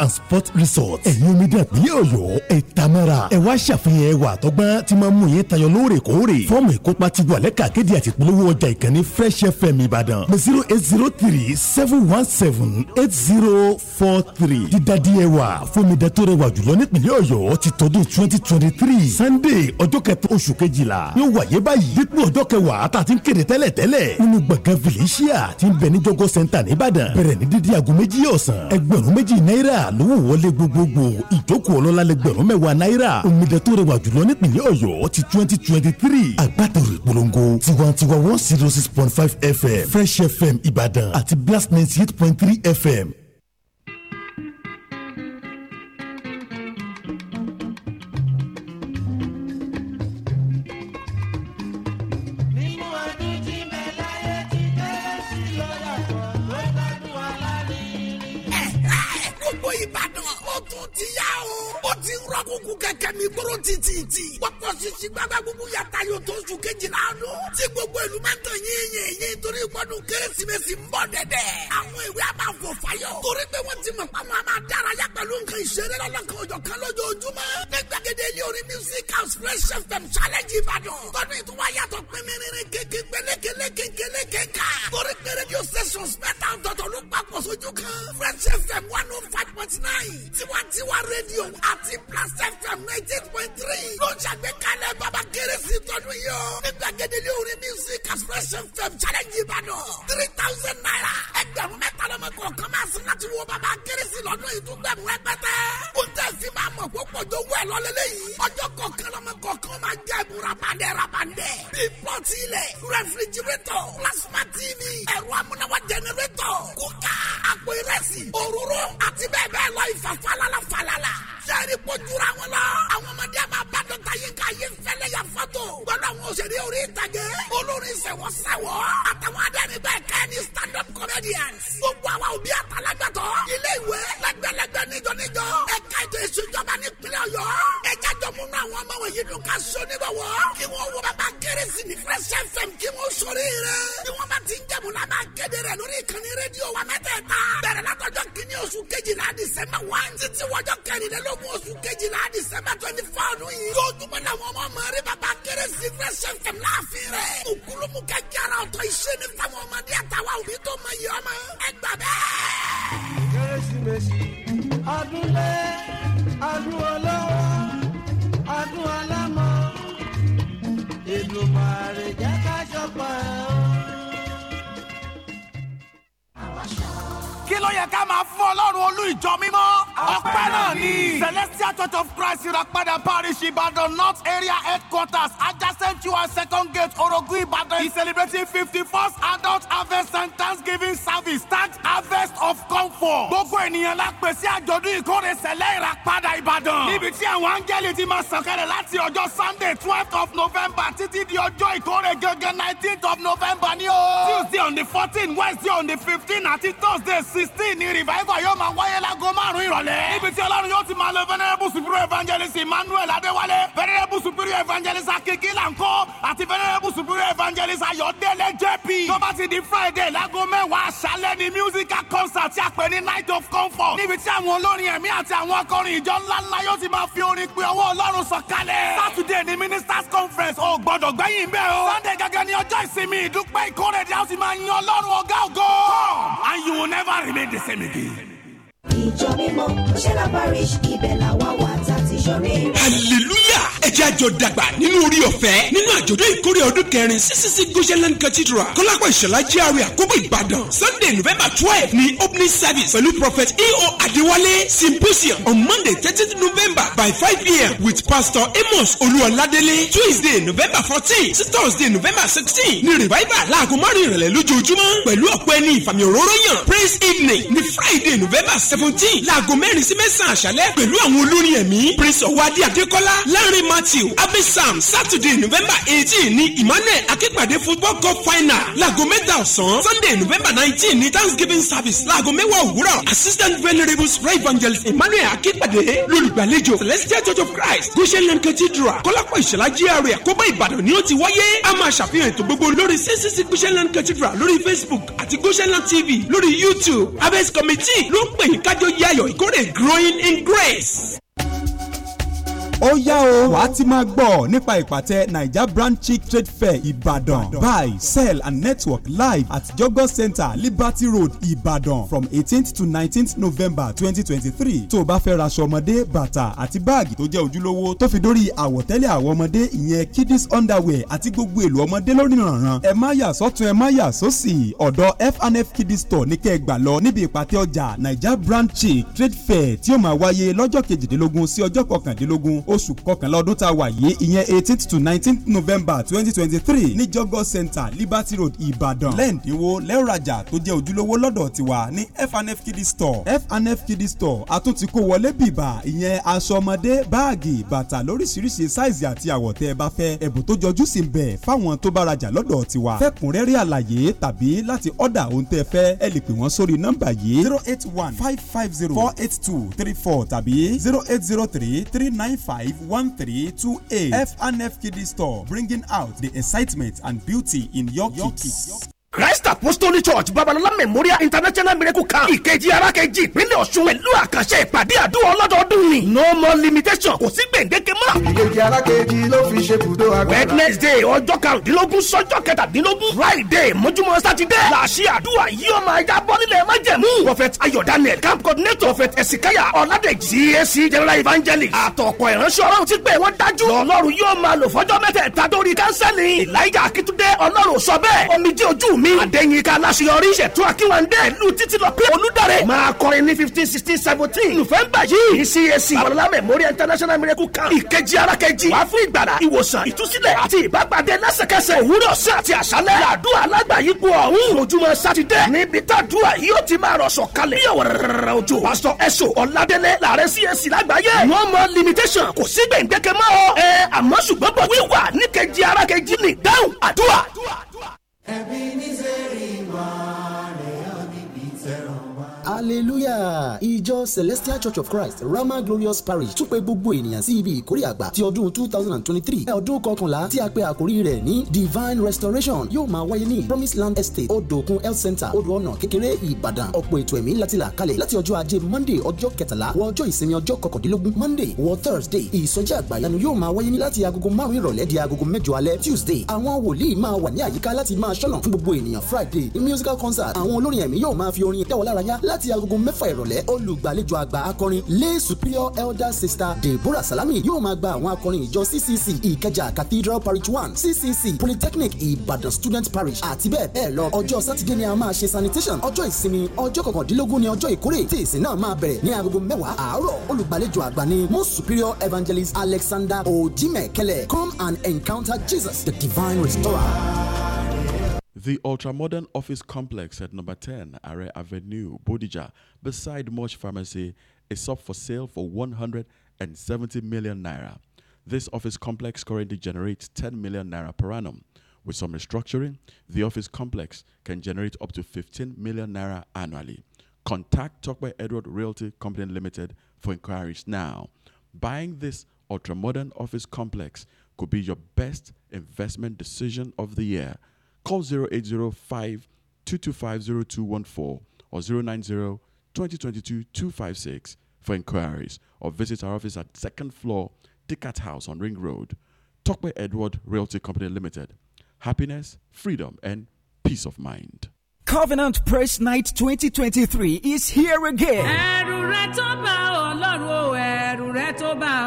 and sports resort ẹ̀yin omidan ìpínlẹ̀ ọ̀yọ́ ẹ̀ tamara ẹ̀ wá ṣàfihàn ẹwà àtọ́gbọ́n ti máa mú yín tayọ lóòrèkóòrè fọ́ọ̀mù ìkópa ti wà lẹ́ka akéde àti ìpolówó ọjà ìkànnì fresh fm ìbàdàn pé zero eight zero three seven one seven eight zero four three dídádìẹ wà fúnmidà tó rẹwà jùlọ nípìnlẹ̀ ọ̀yọ́ ti tọdún twenty twenty three sunday ọjọ́ kẹta oṣù kejìlá yóò wáyé báyìí dípò ọjọ́ kẹwàá tá a ti ń kéde tẹ́lẹ̀ tẹ́lẹ̀ nínú gbọ̀ngàn felicia ti ń bẹ ní jọgọ́ center nìbàdàn bẹ̀rẹ̀ ní dídí aago méjì ọ̀sán ẹgbẹ̀rún méjì náírà lówó wọlé gbogbogbò ìjókòó ọlọ́lá lẹgbẹ̀rún mẹ́wàá náírà òmìnira tó rẹwà jùlọ nípìnlẹ̀ ọ̀yọ́ ti twenty twenty three agbátẹrù ìpolongo tiwantiwa one zero six point five fm fresh fm Ibadan àti blast ninety eight point three fm. ìbàdàn ó tún ti yá kúkú kẹ̀kẹ́ mi gbóró títìtì. Pọ̀pọ̀ ṣíṣí gbàgbà gbogbo yàtá yóò tó oṣù kejìlá ọdún. Tí gbogbo ìlú máa ń tàn yín yín yín torí ìpọ́dún kérésìmesì ń bọ̀ dẹ̀dẹ̀. Àwọn ìwé a máa fò fáyọ̀. Torí pé wọ́n ti mọ̀ pé àwọn a máa dárayá pẹ̀lú nǹkan ìṣeré lọ́lọ́kan ọjọ́ kan lójoojúmọ́. Ní gbàgede ilé orí music house fresh fm challenge Ìbàdàn. Tọ́dún ìtura yàtọ̀ pínpín kéke pélékeléke kéléke ká. Torí pé rédíò sessions mẹ́ta ọ̀tọ̀ọ̀tọ̀ ló papọ̀ sójú kan. fresh fm one oh point nine tiwantiwa rédíò àti Blast FM ninety eight point three ló ń ṣàgbékalẹ̀ bàbá kérésì tọdún yìí o ní gbàgede orin music expression fm challenge Ìbàdàn three thousand naira ẹgbẹ̀rún mẹ́ta lọ́mọ kọ̀ọ̀kan máa sin láti wo bàbá kérésì lọ́dún ìtúgbẹ̀mú rẹpẹtẹ. ó tẹ̀sí máa mọ̀ pọ̀ pọ̀ tó wẹ̀ lọ́lẹ́lẹ́yìí ọjọ́ kọ̀ọ̀kan lọ́mọ wọ́n máa jẹ́ burabandẹ rabandẹ. bíi pọ́ọ̀tì ilẹ̀ rẹfrijirétọ̀ plasma tv ẹ̀rọ amúnáwá jẹnẹrétọ̀ kúkà àpò ìrẹsì òróró àti bẹ́ẹ̀ bẹ́ẹ̀ lọ ìfà falala falala. sẹ́ẹ̀rì pojúra wọn lọ. àwọn ọmọdé a máa bá dọ́ta yín ká yé fẹ́lẹ́ ya fọ́tò. gbọ́dọ̀ àwọn òṣèré orí ìtàgé olórin sẹ̀wọ̀sẹ̀wọ̀ àtàwọn adẹ́rìn bẹ́ẹ̀ kẹ́ ni stand up comedians. gbogbo àwa òbí àtàlágbàtọ́ ilé ìwé lẹ́gbẹ̀lẹ́gbẹ̀ níjọ́níjọ́ ẹ̀ka ètò ìṣèjọba nípínlẹ̀ ọ̀yọ́ ẹ̀ka jọ mú nínú àwọn ọmọ wọ̀nyí dùn ká so níbọ̀wọ́ kí wọ́n wọ bàbá kérésì ní fresh fm kí wọ́n sọ̀rọ̀ yìí rẹ̀ bí wọ́n bá ti ń jẹ̀mú la máa kéde rẹ̀ lórí ìkànnì rédíò wa mẹ́tẹ̀ẹ̀ta bẹ̀rẹ̀ látọjọ́ kìíní oṣù kejìlá dísẹ́mbà one títí wọjọ́ kẹrìnlélógún oṣù kérésìmesì adúlé adún ọlọ́wọ́ adún alámọ̀ Èdùmàrè jẹ́ ká o. àwọn òkè ló yẹ ká máa fún ọlọ́run olú ìjọ mímọ́. ọpẹ́ náà ni celestial church of christ ìràpadà parish ìbàdàn north area headquarters adjacent to our second gate orogun ìbàdàn He celebrating fifty first adult harvest and thanksgiving service thanks harvest of comfort. gbogbo ènìyàn la pè sí àjọ̀dún ìkórè sẹ̀lẹ̀ ìràpadà ìbàdàn. níbi tí àwọn áńgẹ́lì ti máa sọ̀kẹ́rẹ̀ láti ọjọ́ sunday twelve of november títí di ọjọ́ ìkórè gangan nineteenth of november ni o. tuesday on the fourteen wednesday on the fifteen àti thursday sí sixteen ni revival yóò máa wáyé láago márùn-ún ìrọ̀lẹ́. níbi tí ọlọ́run yóò ti máa lo venerable superior evangelist emmanuel adéwálé venerable superior evangelist akeke lanko àti venerable superior evangelist ayọ̀délé jp. tó bá ti di friday láago mẹ́wàá aṣálẹ́ ni musical concert tí a pè ní night of comfort. níbi tí àwọn olórin ẹ̀mí àti àwọn akọrin ìjọ ńláńlá yóò ti máa fi orin pe ọwọ́ ọlọ́run sọ̀kalẹ̀. saturday ni ministers conference ò gbọ́dọ̀ gbẹ́yìn bẹ́ẹ̀ o. sunday gẹ́gẹ́ ni ọjọ́ ìsinmi ìdúpẹ́ ìkórè tí a sì máa yan ọlọ́run ọ̀gá ògo. come and you will never remain the same again. ìjọ mímọ́ ṣẹlá parish ibẹ̀ làwa wà tá ṣoríire. hallelujah ẹ jẹ́ àjọ dàgbà nínú orí ọ̀fẹ́ nínú àjọ̀dún ìkórè ọdún kẹrin ccc goshenland cathedral kọ́lápọ̀ ìṣọ̀lá jíáwé e àkókò ìbàdàn sunday november twelve ni opening service pẹ̀lú prophet eo adewale symposium on monday thirteenth november by five pm with pastor amos olúwaladélé tuesday november fourteen sí thursday november sixteen ni revival láago márùn ìrọ̀lẹ́ lójoojúmọ́ pẹ̀lú ọ̀pọ̀ ẹni ìfàmì òróró yàn praise evening ni friday november seventeen láago mẹ́rin sí mẹ́sàn-án àṣálẹ́ pẹ̀lú àwọn olórin ẹ̀mí pr evangelist ọ̀wádìí adékọ́lá láàrin matthew abisam saturday november eighteen ní emmanuel akípàdé football cup final láago mẹ́ta ọ̀sán sunday november nineteen ní thanksgiving service láago mẹ́wàá òwúrọ̀ assistant venerable spray evangelist emmanuel akípàdé lólùgbàlejò celestial church of christ goshenland cathedral kọ́lápọ̀ ìṣẹ̀lá gra àkóbá ìbàdàn ni ó ti wáyé a máa ṣàfihàn ètò gbogbo lórí ccc goshenland cathedral lórí facebook àti goshenland tv lórí youtube harvest committee ló ń pè kájọ yayọ̀ ìkórè growing in grace ó yá o wà á ti máa gbọ́ nípa ìpàtẹ naija brand chic trade fair ìbàdàn buy sell and network live at jogos center liberty road ìbàdàn from eighteenth to nineteenth november twenty twenty three tó o bá fẹ́ raṣọ ọmọdé bàtà àti báàgì tó jẹ́ ojúlówó tó fi dórí àwọ̀tẹ́lẹ̀ àwọn ọmọdé ìyẹn kiddies underwear àti gbogbo èlò ọmọdé lórí ìrànràn ẹ má yà sọ́tún ẹ má yà sósì ọ̀dọ̀ fnf kiddies store ní kẹgbà lọ níbi ìpàtẹ ọjà naija brand chic trade fair tí ó máa wáyé lọ́jọ́ kejìdínlógún sí ọjọ́ kọkàndínlógún oṣù kọkànlá ọdún tá a wà yìí ìyẹn eighteenth to nineteenth november twenty twenty three ní jọgọ center liberty road ìbàdàn lẹ́ǹdínwó lẹ́ọ̀rajà tó jẹ́ ojúlówó lọ́dọ̀ tiwa ní fnf kiddie store fnf kiddie store a tún ti kó wọlé bìbà ìyẹn aṣọ ọmọdé báàgì bàtà lóríṣiríṣi sáìzì àti àwọ̀ tẹ́ ẹ bá fẹ́ ẹ̀bùn tó jọjú sí ń bẹ fáwọn tó bá rajà lọ́dọ̀ tiwa fẹ́kùnrẹ́rẹ́ àlàyé tàbí láti ọ̀dà ohun tẹ́ fẹ́ ẹ lè pè wọ́n sórí nọ́mbà yìí zero eight one five five zero four eight two three four tàbí zero eight zero three three nine five Five one three two 1328 FNF Kiddie Store, bringing out the excitement and beauty in your, your kids. kids christ apostolic church babalọlá memorial international miracle camp ìkejì arákejì ìpínlẹ̀ ọ̀ṣun pẹ̀lú àkànṣe ìpàdé àdúrà ọlọ́dọọdún ni no more limitation kò sí gbèǹdéke mọ́. ìkejì arákejì ló fi ṣe bùdó agbára. wednesday ọjọ́ karùndínlógún sọ́jọ́ kẹtàdínlógún friday mọ́júmọ́ sátidé làṣẹ àdúrà yìí ọmọ ajá bọ́ nílẹ̀ májẹ̀mú. prophet ayọ̀ daniel camp coordinator prophet esikaya ọ̀làdẹ̀jì cac general evangelist àtọ̀kọ̀ ìránṣẹ́ ọlọ́run ti pé wọ́n dájú. ọlọ́run yóò máa lò fọ́jọ́ mẹ́tẹ̀ẹ̀ta lórí kánsẹ́lì. ìlàjà akitunde ọlọ́run sọ bẹ́ẹ̀ mi adéyínká aláṣeyọrí ìṣẹ̀tú akínwándé ìlú títí lọ pé olùdarẹ̀ máa kọrin ní fifteen sixteen seventeen nùfẹ̀ǹbà yìí ní CAC balọ̀lá memorial international miracle camp ìkejì arákejì wá fún ìgbàlá ìwòsàn ìtúsílẹ̀ àti ìbágbàdé lẹ́sẹ̀kẹsẹ̀ òwúrọ̀ ọ̀sẹ̀ àti àṣálẹ̀ làdúrà alágbàyípo ọ̀hún ojúmọ́ sátidé níbi tàdúrà yóò ti máa rọ̀ sọ̀kalẹ̀ bí ọ̀rẹ̀rẹ̀rẹ̀ òjò pásítọ̀ ẹ̀sọ̀ ọ̀ládélé làárẹ̀ CAC lágbàáyé no more limitation kò sí gbẹ̀ǹdẹ̀kẹ̀ mọ́ ọ ẹ àmọ́ ṣùgbọ́n bọ̀ wíwà níkejì arákejì ní dáhùn àdúrà. Ebenezer Imam. hallelujah ìjọ celestial church of christ rama glorious parish tún pè gbogbo ènìyàn sí ibi ìkórè àgbà ti ọdún two thousand and twenty-three ọdún kọkànlá tí a pè àkórí rẹ̀ ní divine restoration yóò máa wáyé ní promise land estate odòkun health center odò ọ̀nà kékeré ìbàdàn ọ̀pọ̀ ètò ẹ̀mí láti là kalẹ̀ láti ọjọ́ ajé monday ọjọ́ kẹtàlá wọ ọjọ́ ìsinmi ọjọ́ kọkàndínlógún monday wọ thursday ìsọjí àgbàyanu yóò máa wáyé ní láti agogo márùn ìrọ̀lẹ́ di agogo mẹ́jọ alẹ́ tuesday àwọn wòlíì máa wà ní àyíká láti máa ṣọ́nà fún gbogbo ènìyàn friday musical concert àwọn olórin ẹ̀mí yóò máa fi orin dáwọ́ lára yá láti agogo mẹ́fà ìrọ̀lẹ́ olùgbàlejò àgbà akọrin lay superior elder sister deborah salami yóò máa gba àwọn akọrin ìjọ ccc ìkẹjà cathedral parish one ccc polytechnic ìbàdàn student parish àti bẹ́ẹ̀ bẹ́ẹ̀ lọ ọjọ́ sátidé ni a máa ṣe sanitation ọjọ́ ìsinmi ọjọ́ kọkàndínlógún ni ọjọ́ ìkórè tí ìsìn náà máa bẹ̀rẹ̀ ní agogo mẹ́wàá àárọ̀ olùgbàlejò àgbà ni most superior evangelist alexander ojimekele come and encounter jesus the divine restorer. The ultra modern office complex at number 10 Are Avenue, Bodija, beside Mosh Pharmacy, is up for sale for 170 million naira. This office complex currently generates 10 million naira per annum. With some restructuring, the office complex can generate up to 15 million naira annually. Contact Talk by Edward Realty Company Limited for inquiries now. Buying this ultra modern office complex could be your best investment decision of the year. Call 0805 225 0214 or 090 2022 256 for inquiries or visit our office at second floor Dickert House on Ring Road. Talk by Edward Realty Company Limited. Happiness, freedom, and peace of mind. Covenant Press Night 2023 is here again.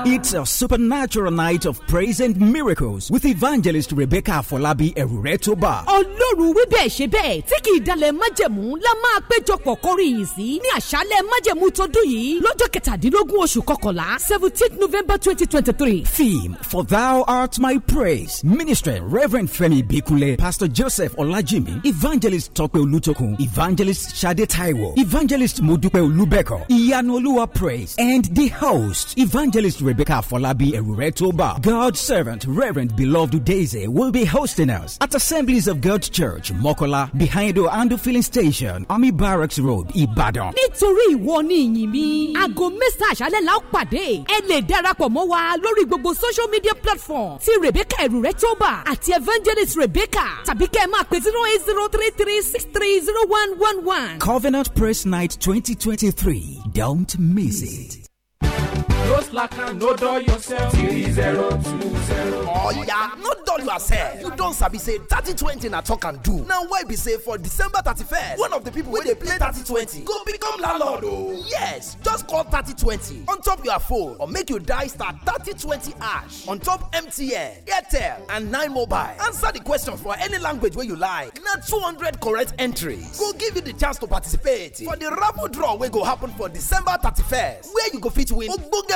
It's a supernatural night of praise and miracles with evangelist Rebecca Folabi Eruretoba. Ọlọ́run wí bẹ́ẹ̀ ṣe be tí kì dalẹ̀ májẹ̀mú la máa péjọpọ̀ kọrí yìí sí ní àṣálẹ̀ májẹ̀mú tọdún yìí lọ́jọ́ seventeen November twenty twenty three. Theme for thou art my praise minister Reverend Femi Bikule. Pastor Joseph Olajimi Evangelist Tope olùtòkun evangelist sade taiwo evangelist modupe olùbẹ̀kọ ìyanu olúwa praise and the host evangelist rebecca afolabi eruretoba god's servant reverend beloved Udeze, will be hosting us at assemblies of god church mokola behind oando filling station army barracks road ibadan. nítorí ìwọ ni ìyìn mi aago mẹ́sàn-án àṣálẹ́ la ó pàdé ẹ lè darapọ̀ mọ́ wa lórí gbogbo social media platform ti rebecca eruretoba àti evangelist rebecca tàbí kẹ́ ẹ máa pè sí zero eight zero three three six 0111. Covenant Press Night 2023. Don't miss it. No slack and no dull yourself. Three zero two zero. Oh yeah, no dull yourself. You don sabi say thirty twenty na talk and do. Now why be say for December thirty first, one of the people wey dey play thirty twenty go become landlord o. Oh. Yes, just call thirty twenty on top your phone or make you die star thirty twenty ash on top MTN, Airtel and Nine Mobile. Answer the question for any language wey you like. Na two hundred correct entries go give you the chance to participate for the raffle draw wey go happen for December thirty first, where you go fit win ogbonge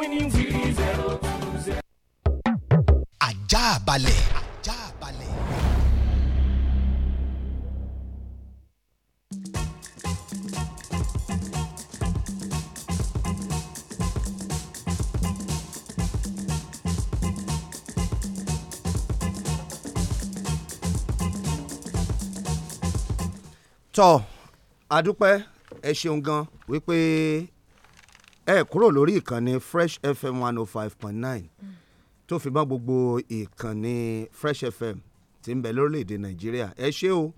Ajabale. three zero two zero. ajá tọ́ adúpẹ́ ẹ ṣeun gan wípé ẹ kúrò lórí ìkànnì fresh fm one oh five point nine tó fi bá gbogbo ìkànnì fresh fm tí ń bẹ lórílẹ̀‐èdè nàìjíríà ẹ ṣé o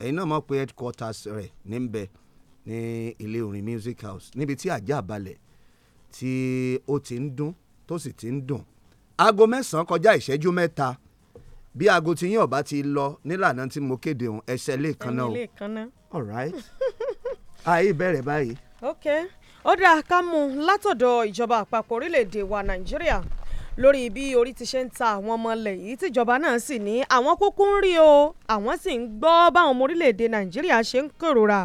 ẹ̀yin náà mọ̀ pé headquarters rẹ̀ ní ń bẹ ní ilé orin music house níbi tí àjà balẹ̀ tí ó ti ń dún tó sì ti ń dùn aago mẹ́sàn-án kọjá ìṣẹ́jú mẹ́ta bí aago tí yín ọba ti lọ nílànà tí mo kéde ohun ẹsẹ̀ lè kanna o all right ayé bẹ̀rẹ̀ báyìí. okay ó dáa ká mú un látọ̀dọ̀ ìjọba àpapọ̀ orílẹ̀-èdè wa nàìjíríà lórí bí orí ti ṣe ń ta àwọn ọmọ ilẹ̀ yìí tíjọba náà sì ní àwọn kúkú ń rí o àwọn sì ń gbọ́ báwọn ọmọ orílẹ̀-èdè nàìjíríà ṣe ń kérora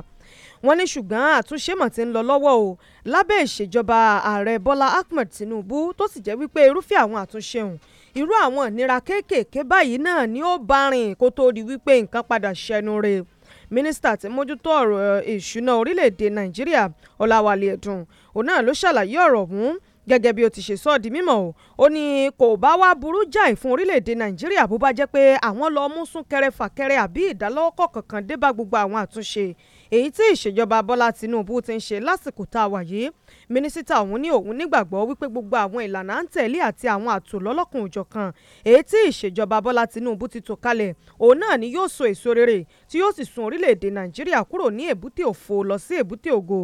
wọ́n ní ṣùgbọ́n àtúnṣe mọ̀ ti ń lọ lọ́wọ́ o lábẹ́ ìṣèjọba ààrẹ bọ́lá ahmed tinubu tó sì jẹ́ wípé irúfẹ́ àwọn àtúnṣe ọ̀hún irú àwọn ìnira kéékèèké báyìí náà ni ó bá rìn kó tó di wípé nǹkan padà ṣẹnu rẹ̀ mínísítà tí mójútó ọ̀rọ̀ eh, ìṣúná orílẹ̀-èdè nàìjíríà ọ̀làwálé ẹ̀dùn òun náà ló ṣàlàyé ọ̀rọ̀ ọ̀hún gẹ́gẹ́ bí o ti ṣe sọ di mímọ̀ o ó ní kò bá wá burú jáì fún orílẹ̀-èdè nàìjíríà bó bá jẹ́ pé àwọn lọ́ọ́ mú sún kẹrẹfà àbí ìdálọ́wọ́kọ̀ kankan dé gbogbo àwọn àtúnṣe èyí tí ìṣèjọba Bọ́lá Tinubu ti ń ṣe lásìkò tá a wà yìí mínísítà ọ̀hún ní òun nígbàgbọ́ wípé gbogbo àwọn ìlànà ń tẹ̀lé àti àwọn àtò lọ́lọ́kùn òjọ̀kan èyí tí ìṣèjọba Bọ́lá Tinubu ti tò kalẹ̀ òun náà ni yóò so èso rere tí yóò sì sun orílẹ̀-èdè Nàìjíríà kúrò ní èbúté òfo lọ sí èbúté ògo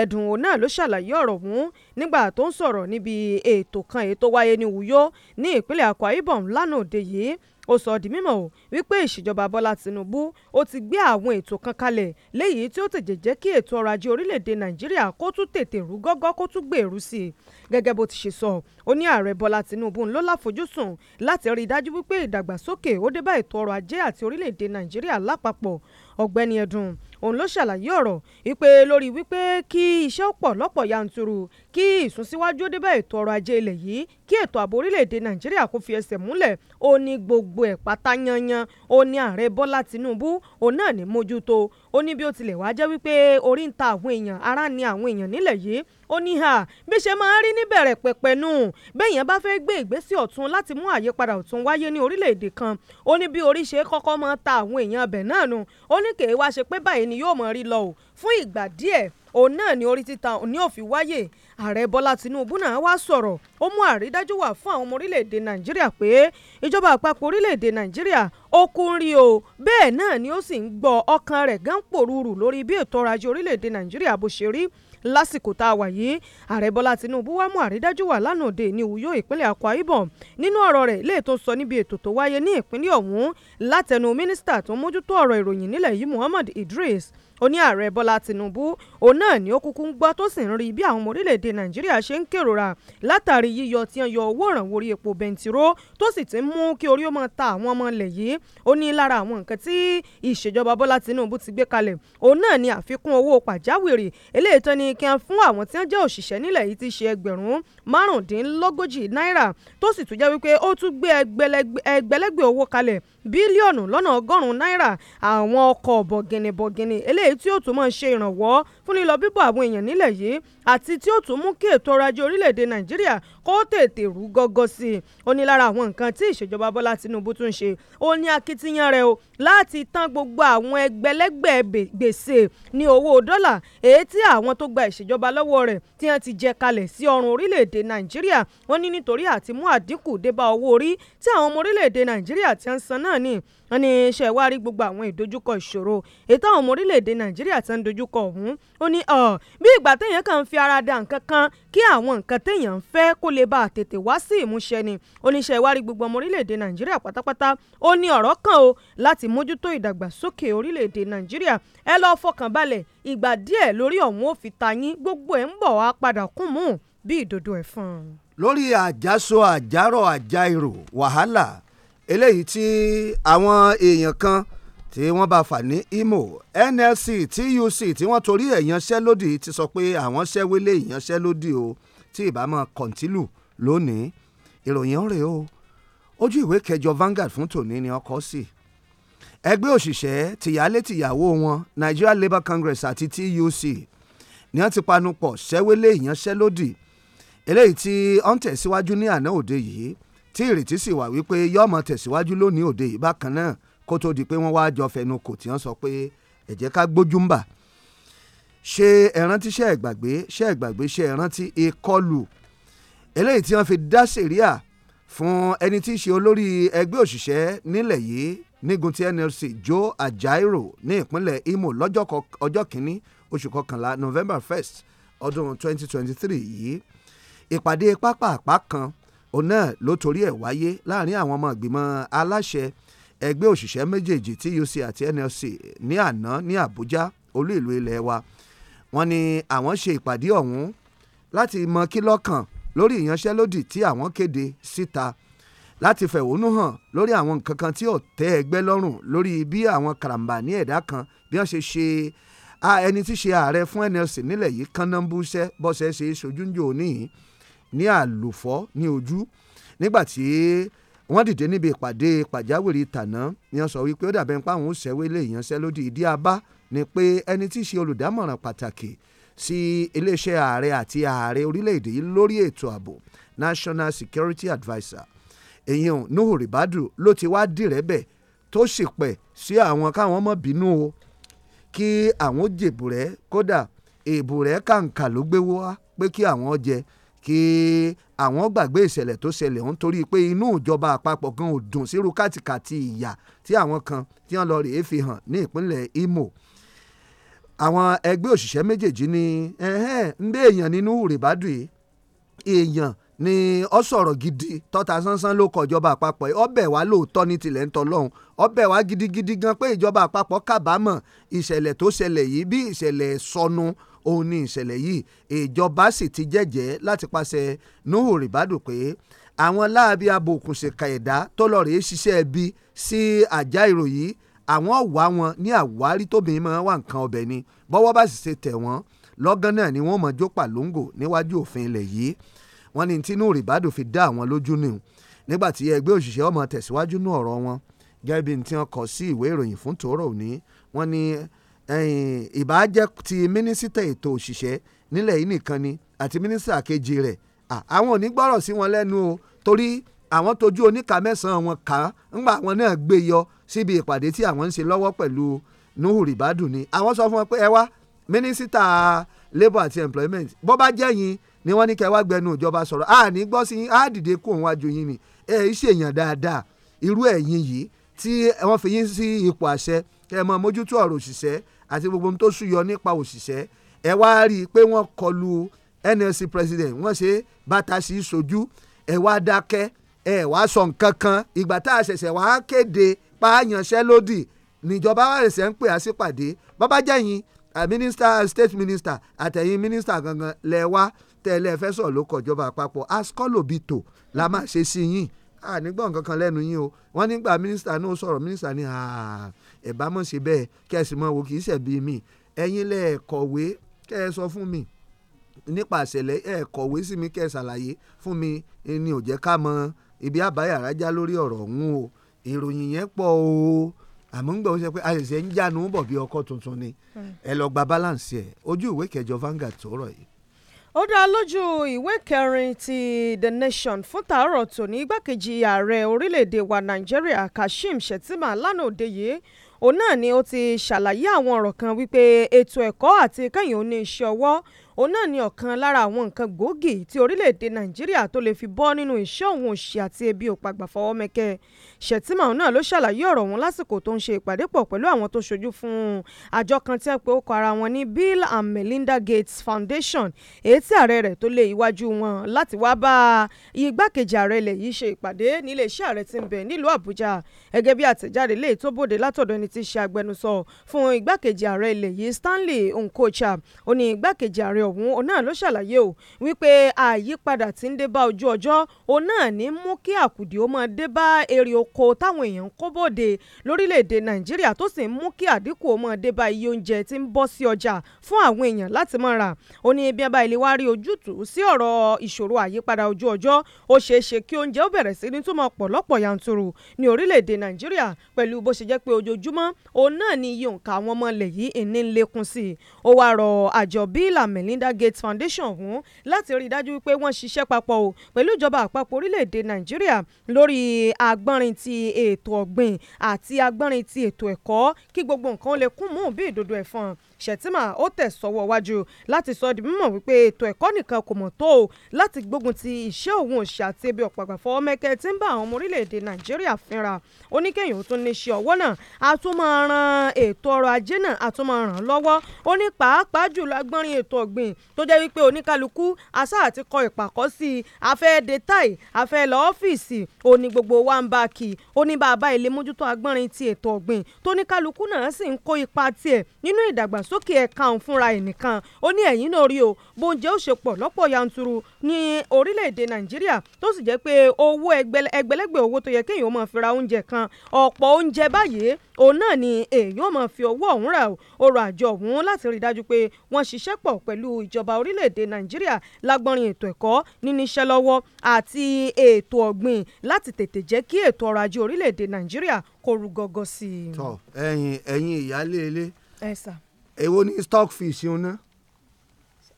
ẹ̀dùn òun náà ló ṣàlàyé ọ̀rọ̀ ọ̀hún nígbà tó ń sọ̀rọ̀ níbi ètò kan èyí tó wáyé ní Uyo ní ìpínlẹ̀ Akwa Ibom lánàá òde yìí ó sọ di mímọ̀ o wípé ìṣèjọba Bọ́lá Tinubu ó ti gbé àwọn ètò kan kalẹ̀ léyìí tí ó tètè jẹ́ kí ètò ọrọ̀ ajé orílẹ̀-èdè Nàìjíríà kó tún tètè rú gọ́gọ́ kó tún gbèrú sí i gẹ́gẹ́ bó ti ṣe sọ ó ní ààrẹ Bọ́lá Tinubu ló láfojúsùn láti rí i dájú wípé ìdàgbàsókè ó dé bá ètò ọrọ̀ ajé àti orílẹ̀-èdè Nàìjíríà lápapọ̀ ọ̀gbẹ́ni ẹ̀dùn òun ló ṣàlàyé ọ̀rọ̀ wípé lórí wípé kí iṣẹ́ pọ̀ lọ́pọ̀ yanturu kí ìsúnsíwájú dé bá ètò ọrọ̀ ajé ilẹ̀ yìí kí ètò ààbò orílẹ̀-èdè nàìjíríà kó fi ẹsẹ̀ múlẹ̀ ó ní gbogbo ẹ̀ pátá yanyan ó ní ààrẹ bọ́lá tinúbú òun náà ní mójútó ó ní bí ó tilẹ̀ wá jẹ́ wípé orí ń ta àwọn èèyàn ara ni àwọn èèyàn nílẹ̀ yìí ó ní hà bí ṣe máa ń rí níbẹ̀rẹ̀ pẹ̀pẹ̀ nù bẹ́ẹ̀yẹn bá fẹ́ gbé ìgbésẹ̀ ọ̀tún láti mú àyípadà ọ̀tún wáyé ní orílẹ̀-èdè kan ó ní bí orí ṣe kọ́kọ́ máa ta àwọn èèyàn abẹ̀ náà nù ó ní kèé wá ṣe pé báyìí ni yóò máa rí lọ ò fún ìgbà díẹ̀ òun náà ni orí títa òní òfin wáyè ààrẹ bọ́lá tinubu náà wá sọ̀rọ̀ ó mú àrídájú wà fún àwọn ọmọ orílẹ̀-èdè nàìjíríà pé ìjọba àpapọ̀ orílẹ̀-èdè nàìjíríà ó kún rí o bẹ́ẹ̀ náà ni ó sì ń gbọ́ ọkàn rẹ̀ gán pòrúurù lórí bí ètò ọrọ̀ ajé orílẹ̀-èdè nàìjíríà bó ṣe rí lásìkò tá a wà yìí ààrẹ bọ́lá tinubu wá mú àrídájú wà lánàá òde ní uyo ìpínlẹ̀ akwa ibom nínú ọ̀rọ̀ rẹ̀ léè tó sọ níbi ètò tó wáyé ní ìpínlẹ̀ ọ̀hún látẹnu mínísítà tó mójútó ọ̀rọ̀ ìròyìn nílẹ̀ yìí muhammad idris ó ní ààrẹ bọ́lá tìǹbù òun náà ni ó kúkú ń gbọ́ tó sì ń rí bí àwọn ọmọ orílẹ̀-èdè nàìjíríà ṣe ń kérora látàrí yíyọ tí wọ́n yọ owó ìrànwọ́ orí epo bẹntiró tó sì ti ń mú kí orí ó máa ta àwọn ọmọ ilẹ̀ yìí ó ní lára àwọn nǹkan tí ìṣèjọba bọ́lá tìǹbù ti gbé kalẹ̀ òun náà ni àfikún owó pàjáwìrì eléyìí tó ní kí wọ́n fún àwọn tí wọ́n jẹ́ òṣìṣẹ́ nílẹ̀ yìí ti ṣe ẹgbẹ̀rún márùndínlógójì náírà tó sì tún jẹ́ wípé ó tún gbé ẹgbẹ̀lẹ́gbẹ̀ owó kalẹ̀ bílíọ̀nù lọ́nà ọgọ́rùn-ún náírà àwọn ọkọ̀ bọ̀gìnìbọ̀gìnì eléyìí tí ó tún máa ṣe ìrànwọ́ fún lílọ bíbọ̀ àwọn èèyàn nílẹ̀ yìí àti tí ó tún mú kí ètò ọrọ̀ ajé orílẹ̀-èdè nàìjíríà kó tètè rú gọ́gọ́ sí i ó ní lára àwọn nǹkan tí ìṣèjọba bọ́lá tinubu tún ṣe ó ní akitiyan rẹ̀ o láti tán gbogbo àwọn ẹgbẹ̀lẹ́gbẹ̀ gbèsè ní owó dọ́là èyí tí àwọn tó gba ìṣèjọba lọ́wọ́ rẹ̀ tí wọ́n ti jẹ kalẹ̀ sí ọrùn orílẹ̀-èdè nàìjíríà wọ́n ní nítorí àti mú àdínkù débá owó orí tí àwọn ọmọ orílẹ̀-èdè nàìjíríà ti ń san náà náà ni wọ́n ní ṣe wá rí gbogbo àwọn ìdojúkọ ìṣòro ètò àwọn ọmọ orílẹ̀-èdè nàìjíríà tó ń dojúkọ ọ̀hún ó ní bí ìgbà téèyàn kàn ń fi ara da nǹkan kan kí àwọn nǹkan téèyàn ń fẹ́ kó lè bá tètè wá sí ìmúṣẹ ni ó ní ṣe wá rí gbogbo ọmọ orílẹ̀-èdè nàìjíríà pátápátá ó ní ọ̀rọ̀ kan o láti mójútó ìdàgbàsókè orílẹ̀-èdè nàìjíríà ẹ lọ́ọ́ fọkàn balẹ̀ ìgbà díẹ̀ lórí ọ̀hún ó fi ta yín gbogbo ẹ̀ ń bọ̀ wá padà kún mú bí ìdodo ẹ̀fọn. lórí àjàsọ àjàrọ̀ àjà wàhálà eléyìí tí àwọn èèyàn kan tí wọ́n bá fà ní Imo NLC TUC tí wọ́n torí ẹ̀ yanṣẹ́lódì ti sọ pé àwọn ṣẹ́wélé ìyanṣẹ́lódì o tí ìbámu kọ̀ǹtìlù lónìí ìròyìn rèé o ojú ìwé kẹjọ Vanguard fún tòní ni ọkọ sí ẹgbẹ́ òṣìṣẹ́ tìyálé tìyàwó wọn Nigeria Labour Congress àti TUC ni wọ́n ti panupọ̀ ṣẹ́wélé ìyanṣẹ́lódì eléyìí tí ó ń tẹ̀síwájú ní àná òde yìí tí ìrètí sì wà wípé yọ́ọ̀mọ̀ tẹ̀síwájú lónìí òde yìí bákan náà kó tó di pé wọ́n wá jọ fẹnu kò tí wọ́n sọ pé ẹ jẹ́ ká gbójú ń bà ṣe ẹ̀rántí ṣe ẹ̀gbàgbé ṣe ẹ̀gbàgbé ṣe ẹ̀rántí ìkọlù eléyìí tí wọ́n fi dá sèríà fún ẹni tí í ṣe olórí ẹgbẹ́ òṣìṣẹ́ nílẹ̀ yìí nígun ti NLC Joe Ajaero ní ìpínlẹ̀ Imo lọ́jọ́ kìíní oṣù kọkànlá November 1st ọdún 2023 yìí ìpàdé pápá àpá kan òun náà ló torí ẹ̀ wáyé láàrin àwọn ọmọ ìgbìmọ̀ aláṣẹ ẹgbẹ́ òṣìṣẹ́ méjèèjì TUC àti NLC ní àná ní Àbújá olú ìlú ilẹ̀ wa wọ́n ní àwọn ṣe ìpàdé ọ̀hún láti mọ kí lọ́kàn lórí ìyanṣẹ́lódì tí àwọn kéde síta láti fẹ̀hónú hàn lórí àwọn nǹkan kan tí ò tẹ́ ẹgbẹ́ lọ́rùn lórí bí àwọn karambà ní ẹ̀dá kan bí wọ́n ṣe ṣe ẹni tí ṣe ààrẹ fún NLC nílẹ̀ yìí kánnáńbúṣẹ́ bọ́sẹ̀ ṣe é ṣojú ń jò níyìn ní àlòfọ́ ní ojú nígbàtí wọ́n dìde níbi ìpàdé pàjáwìrì tàná ni wọ́n sọ wípé ó dàbẹ̀ nípa àwọn òṣèwé lè yanṣẹ́lódì ìdí abá ni pé ẹni tí í ṣe olùdámọ̀ràn pàtàkì sí iléeṣẹ́ ààrẹ àti ààrẹ orílẹ̀-èdè yìí lórí ètò ààbò National Security Adviser èyàn e Nuhu Ribadu ló ti wá dìrẹ́bẹ̀ tó sì pẹ̀ sí àwọn káwọn mọ̀ bínú o kí àwọn jèbù rẹ̀ kódà èbù rẹ̀ kàǹkà ló gbé wá pé kí àwọn jẹ kí àwọn gbàgbé ìṣẹ̀lẹ̀ tó ṣẹlẹ̀ ọ̀hún torí pé inú ìjọba àpapọ̀ gan ò dùn sírú kàtìkàtì ìyà tí àwọn kan tí wọ́n lọ rèé fi hàn ní ìpínlẹ̀ Imo àwọn ẹgbẹ́ òṣìṣẹ́ méjèèjì ni ǹdẹ́ èèyàn nínú rìbádù yìí èèyàn ni ọ sọ̀rọ̀ gidi tọ́ta sánsán ló kọ ìjọba àpapọ̀ yìí ọbẹ̀ wá lóòótọ́ ní tilẹ̀ ń tọ́lọ́hún ọbẹ̀ wá gidigidi gan pé ìjọba àpapọ̀ kábàámọ̀ ìṣẹ̀lẹ̀ tó ṣẹlẹ̀ yìí bí ìṣẹ̀lẹ̀ sọnù òun ni ìṣẹ̀lẹ̀ yìí ìjọba sì ti jẹ́jẹ́ láti pàṣẹ Nuhu Ribadu pé àwọn láabi abòkùnṣèkà ẹ̀dá tó lọ rèé ṣiṣẹ́ ẹbí sí àjà ìròyìn àwọn ọ̀wá wọn ní àwárí tóbìnrin máa wà nǹkan ọbẹ̀ ni bọ́wọ́ bá sì ṣe tẹ̀ wọ́n lọ́gán náà ni wọ́n mọ̀ jó pàlóńgò níwájú òfin ilẹ̀ yìí wọ́n ní tinú rìbádò fi dá àwọn lójú nù nígbà tí ẹgbẹ́ òṣìṣẹ́ ọmọ tẹ̀síwájú nú ọ̀rọ̀ wọn gẹ́gẹ́ bí tí wọ́n kọ sí ìwé ìròyìn fún tòórọ̀ òní wọ́n ní ìbájẹ́ ti mínísítà ètò òṣìṣẹ́ nílẹ̀ yìí nìkan ni àti mínísítà kejì rẹ̀ àwọn ò ní gbọ́rọ̀ sí wọn lẹ́nu o torí àwọn tójú oníka mẹ́sàn-án wọn kà á ńgbà àwọn náà gbé yọ síbi ìpàdé tí àwọn ń ṣe lọ́wọ́ pẹ̀lú Nuhu Ribadu ni àwọn sọ fún wọn pé ẹ wá mínísítà labour àti employment bó bá jẹ́ yín ni wọ́n ní kẹ́ wá gbẹnu ìjọba sọ̀rọ̀ a ní gbọ́ sí a dìde kó òun wájú yín ni ẹ ẹ ṣèyàn dáadáa irú ẹ̀yin yìí tí wọ́n fi yín sí ipò àṣẹ kẹ́ ẹ mọ mójútó ọ̀rọ̀ òṣìṣẹ́ àti gbogbo ohun tó súyọ nípa òṣìṣẹ́ ẹ wá rí i pé wọ́n kọlu NLC president wọ́n ṣe bàtà sí sojú ẹ wá dákẹ́ ẹ wá sọ nǹkan kan ìgbà tá a ṣẹ̀ṣẹ̀ wá kéde pààyànṣẹ́lódì níjọba wa ṣẹ̀ṣẹ̀ ń pè á sípàdé babájẹ́yìn minister state minister àtẹ̀yìn minister gangan lẹ̀ wá tẹ́lẹ̀ fẹ́ sọ̀rọ̀ ló kọjọba àpapọ̀ ascolobito la máa ṣe sí yín ànígbọ̀n kankan lẹ́nu yín o wọ́n nígbà mínísítà náà sọ̀rọ̀ mínísítà ní ẹ bá mọ̀ ṣe bẹ́ẹ̀ kẹ́sì mọ̀ wò kì í ṣẹ̀bi mi ẹ̀yin lẹ́ẹ̀ kọ̀wé kẹ́ ẹ sọ fún mi nípa àṣẹlẹ ẹ kọ̀wé sí mi kẹ́ ṣàlàyé fún mi ni ò jẹ́ ká mọ ibi àbáyàrá já lórí ọ̀rọ̀ ọ̀hún o ìròyìn yẹn pọ̀ o àmọ́ ń gbà ó ṣe pé àṣẹṣẹ ń jánu bọ̀ bí ọkọ̀ tuntun ni hmm. ẹ lọ gba balance ẹ ojú ìwé kẹjọ Vanguard tó rọ̀ yìí ó dá lójú ìwé kẹrin ti the nation fún tàárọ̀ tòní igbákejì ààrẹ orílẹ̀-èdè wa nàìjíríà kashim shettima lánàá òde yìí òun náà ni ó ti ṣàlàyé àwọn ọ̀rọ̀ kan wípé ètò ẹ̀kọ́ àti kẹ́yìn oníṣẹ́ ọwọ́ òun náà ni ọ̀kan lára àwọn nǹkan gbòógì tí orílẹ̀-èdè nàìjíríà tó lè fi bọ́ nínú iṣẹ́ òun òṣì àti ebi ò pàgbà fọwọ́ mẹ́kẹ́ ṣètìmá òun náà ló ṣàlàyé ọ̀rọ̀ wọn lásìkò tó ń ṣe ìpàdé pọ̀ pẹ̀lú àwọn tó ṣojú fún àjọ kan tí wọ́n pe orúkọ ara wọn ní Bill and Melinda Gates Foundation èyí tí ààrẹ rẹ̀ tó lé iwájú wọn láti wá bá igbákejì ààrẹ ilẹ̀ yìí ṣe ìpàdé nílé iṣẹ́ ààrẹ tí ń bẹ nílùú Àbújá gẹ́gẹ́ bí àtẹ̀jáde léyìí tó bòde látọ̀dọ̀ ẹni tí í ṣe agbẹnusọ fún igbákejì ààrẹ ilẹ̀ yìí Stanley Nkocha ó igbákejì ààrẹ ọkùnrin ọ̀hún òun náà ló ṣàlàyé o wípé àyípadà tí ń dé bá ojú ọjọ́ òun náà ní mú kí àkùdé ó máa dé bá èrè oko táwọn èèyàn ń kó bòde lórílẹ̀‐èdè nàìjíríà tó sì ń mú kí àdínkù ó máa dé bá iye oúnjẹ tí ń bọ́ sí ọjà fún àwọn èèyàn láti máa rà ó ní bí abá ilé wá rí ojútùú sí ọ̀rọ̀ ìṣòro àyípadà ojú ọjọ́ ó ṣeé ṣe kí oúnjẹ ó bẹ̀rẹ̀ sí ní túmọ̀ pọ̀ yanturu ní orílẹ̀‐èdè nàìjíríà pẹ̀lú bó ṣe jẹ́ pé ojoojúmọ́ òun náà ni iye òǹkà àwọn ọmọ ilẹ̀ yìí ìní ń lékún sí i ó wá rọ àjọ bíi làmìlí Melinda Gates Foundation ọ̀hún láti rí i dájú wípé wọ́n ṣiṣẹ́ papọ̀ o pẹ̀lú ìjọba àpapọ̀ orílẹ̀-èdè Nàìjíríà lórí agbọ́nrin ti ètò ọ̀gbìn àti agbọ́nrin ti ètò ẹ̀kọ́ kí gbogbo nǹkan lè kún mú bí ìdodo ẹ̀fọn Shettima ó tẹ̀ sọ́wọ́ wájú láti sọ di mímọ̀ wípé ètò ẹ̀kọ́ nìkan kò mọ̀ tó o láti gbógun ti iṣẹ́ òun òṣì àti ebi ọ̀pọ̀pọ̀ fọwọ́mẹ́kẹ́ tí ń bá àwọn ọmọ orílẹ̀-èdè Nàìjíríà fínra ó ní kéèyàn tún ní ṣe ọwọ́ náà a tún máa ran ètò ọrọ̀ ajé náà a tún máa ràn lọ́wọ́ ó ní pàápàá jùlọ agbọ́nrin ètò ọ̀gbìn tó jẹ́ wípé oníkálukú asá àti kọ ìpàkọ́ sí i afẹ́ de afẹ́ lọ ọ́fíìsì ó gbogbo wa ń bá a kì í ó ní bàbá ilé mójútó agbọ́nrin ti ètò ọ̀gbìn tó oníkálukú náà sì ń kó ipa tiẹ̀ nínú ìdàgbàsó ìdàgbàsókè ẹ̀ka òun fúnra ẹ̀ nìkan ó ní ẹ̀yìn náà rí o bóúnjẹ ó ṣe pọ̀ lọ́pọ̀ yanturu ní orílẹ̀-èdè nàìjíríà tó sì jẹ́ pé owó ẹgbẹ̀lẹ́gbẹ̀ owó tó yẹ kéèyàn máa fi ra oúnjẹ kan ọ̀pọ̀ oúnjẹ báyìí òun náà ni èèyàn máa fi owó ọ̀hún rà ọrọ̀ àjọ ọ̀hún láti rí i dájú pé wọ́n ṣiṣẹ́ pọ̀ pẹ̀lú ìjọba orílẹ̀-èdè nàìjíríà lágbọ́nrin ètò ẹ̀kọ́ níní iṣẹ́ lọ́wọ́ àti ètò ọ̀gbìn láti tètè jẹ́ kí ètò ọrọ̀ ajé orílẹ̀-èdè nàìjíríà kó rú gọ́gọ́ sí i. tọ ẹ̀yin ẹ̀yin ìyáálé ilé. ẹ sà èwo ni stockfish ń ná.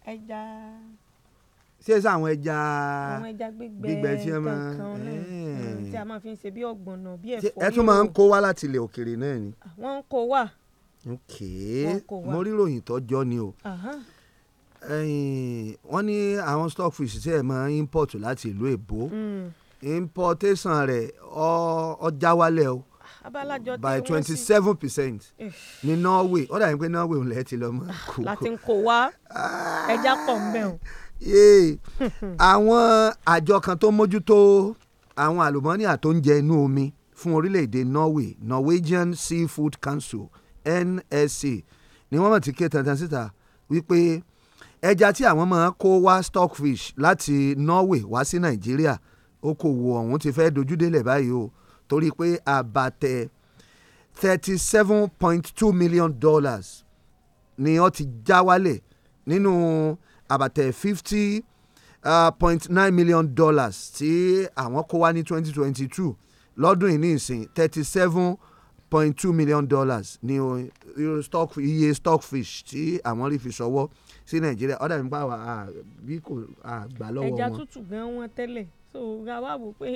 ẹja. ṣé sàwọn ẹja. àwọn ẹja gbígbẹ kankan náà tí a máa fi ń ṣe bí ọ̀gbọ̀nà bí ẹ̀fọ́. ẹ tún máa ń kó wá láti ilẹ̀ òkèèrè náà ni. Ah, wọ́n ń kó wá. ok mo rí ròyìn tó jọ ni o. wọ́n ní àwọn stockfish tí ẹ̀ máa ń import láti ìlú èbó hmm. importation rẹ̀ ọjà wálẹ̀ o. Uh by twenty seven percent ní norway ó dàbí pé norway òun lẹ́ẹ̀ ti lọ mọ́ kókó láti ń kó wá ah. ẹja pọ̀ ń bẹ̀ o. àwọn àjọ kan tó mójútó àwọn àlùmọ́nì àtóúnjẹ inú omi fún orílẹ̀-èdè norway norwegian seafood council nsc ni wọ́n mọ̀ ti ké tantan síta wípé ẹja tí àwọn máa kó wá stockfish láti norway wá sí nàìjíríà okòwò ọ̀hún ti fẹ́ dojú délẹ̀ báyìí o torí pé àbàtẹ thirty seven point two million dollars ni wọ́n ti já wálẹ̀ nínú àbàtẹ fifty point nine million dollars tí àwọn kó wá ní twenty twenty two lọ́dún yìí ní ìsìn thirty seven point two million dollars ní iye stock iye stockfish tí àwọn rí fi ṣọwọ́ sí nàìjíríà ọ̀dà mi pàwọ́ bí kò gbà lọ́wọ́ wọn. ẹja tútù gan wọn tẹ́lẹ̀ so gàwá wò pé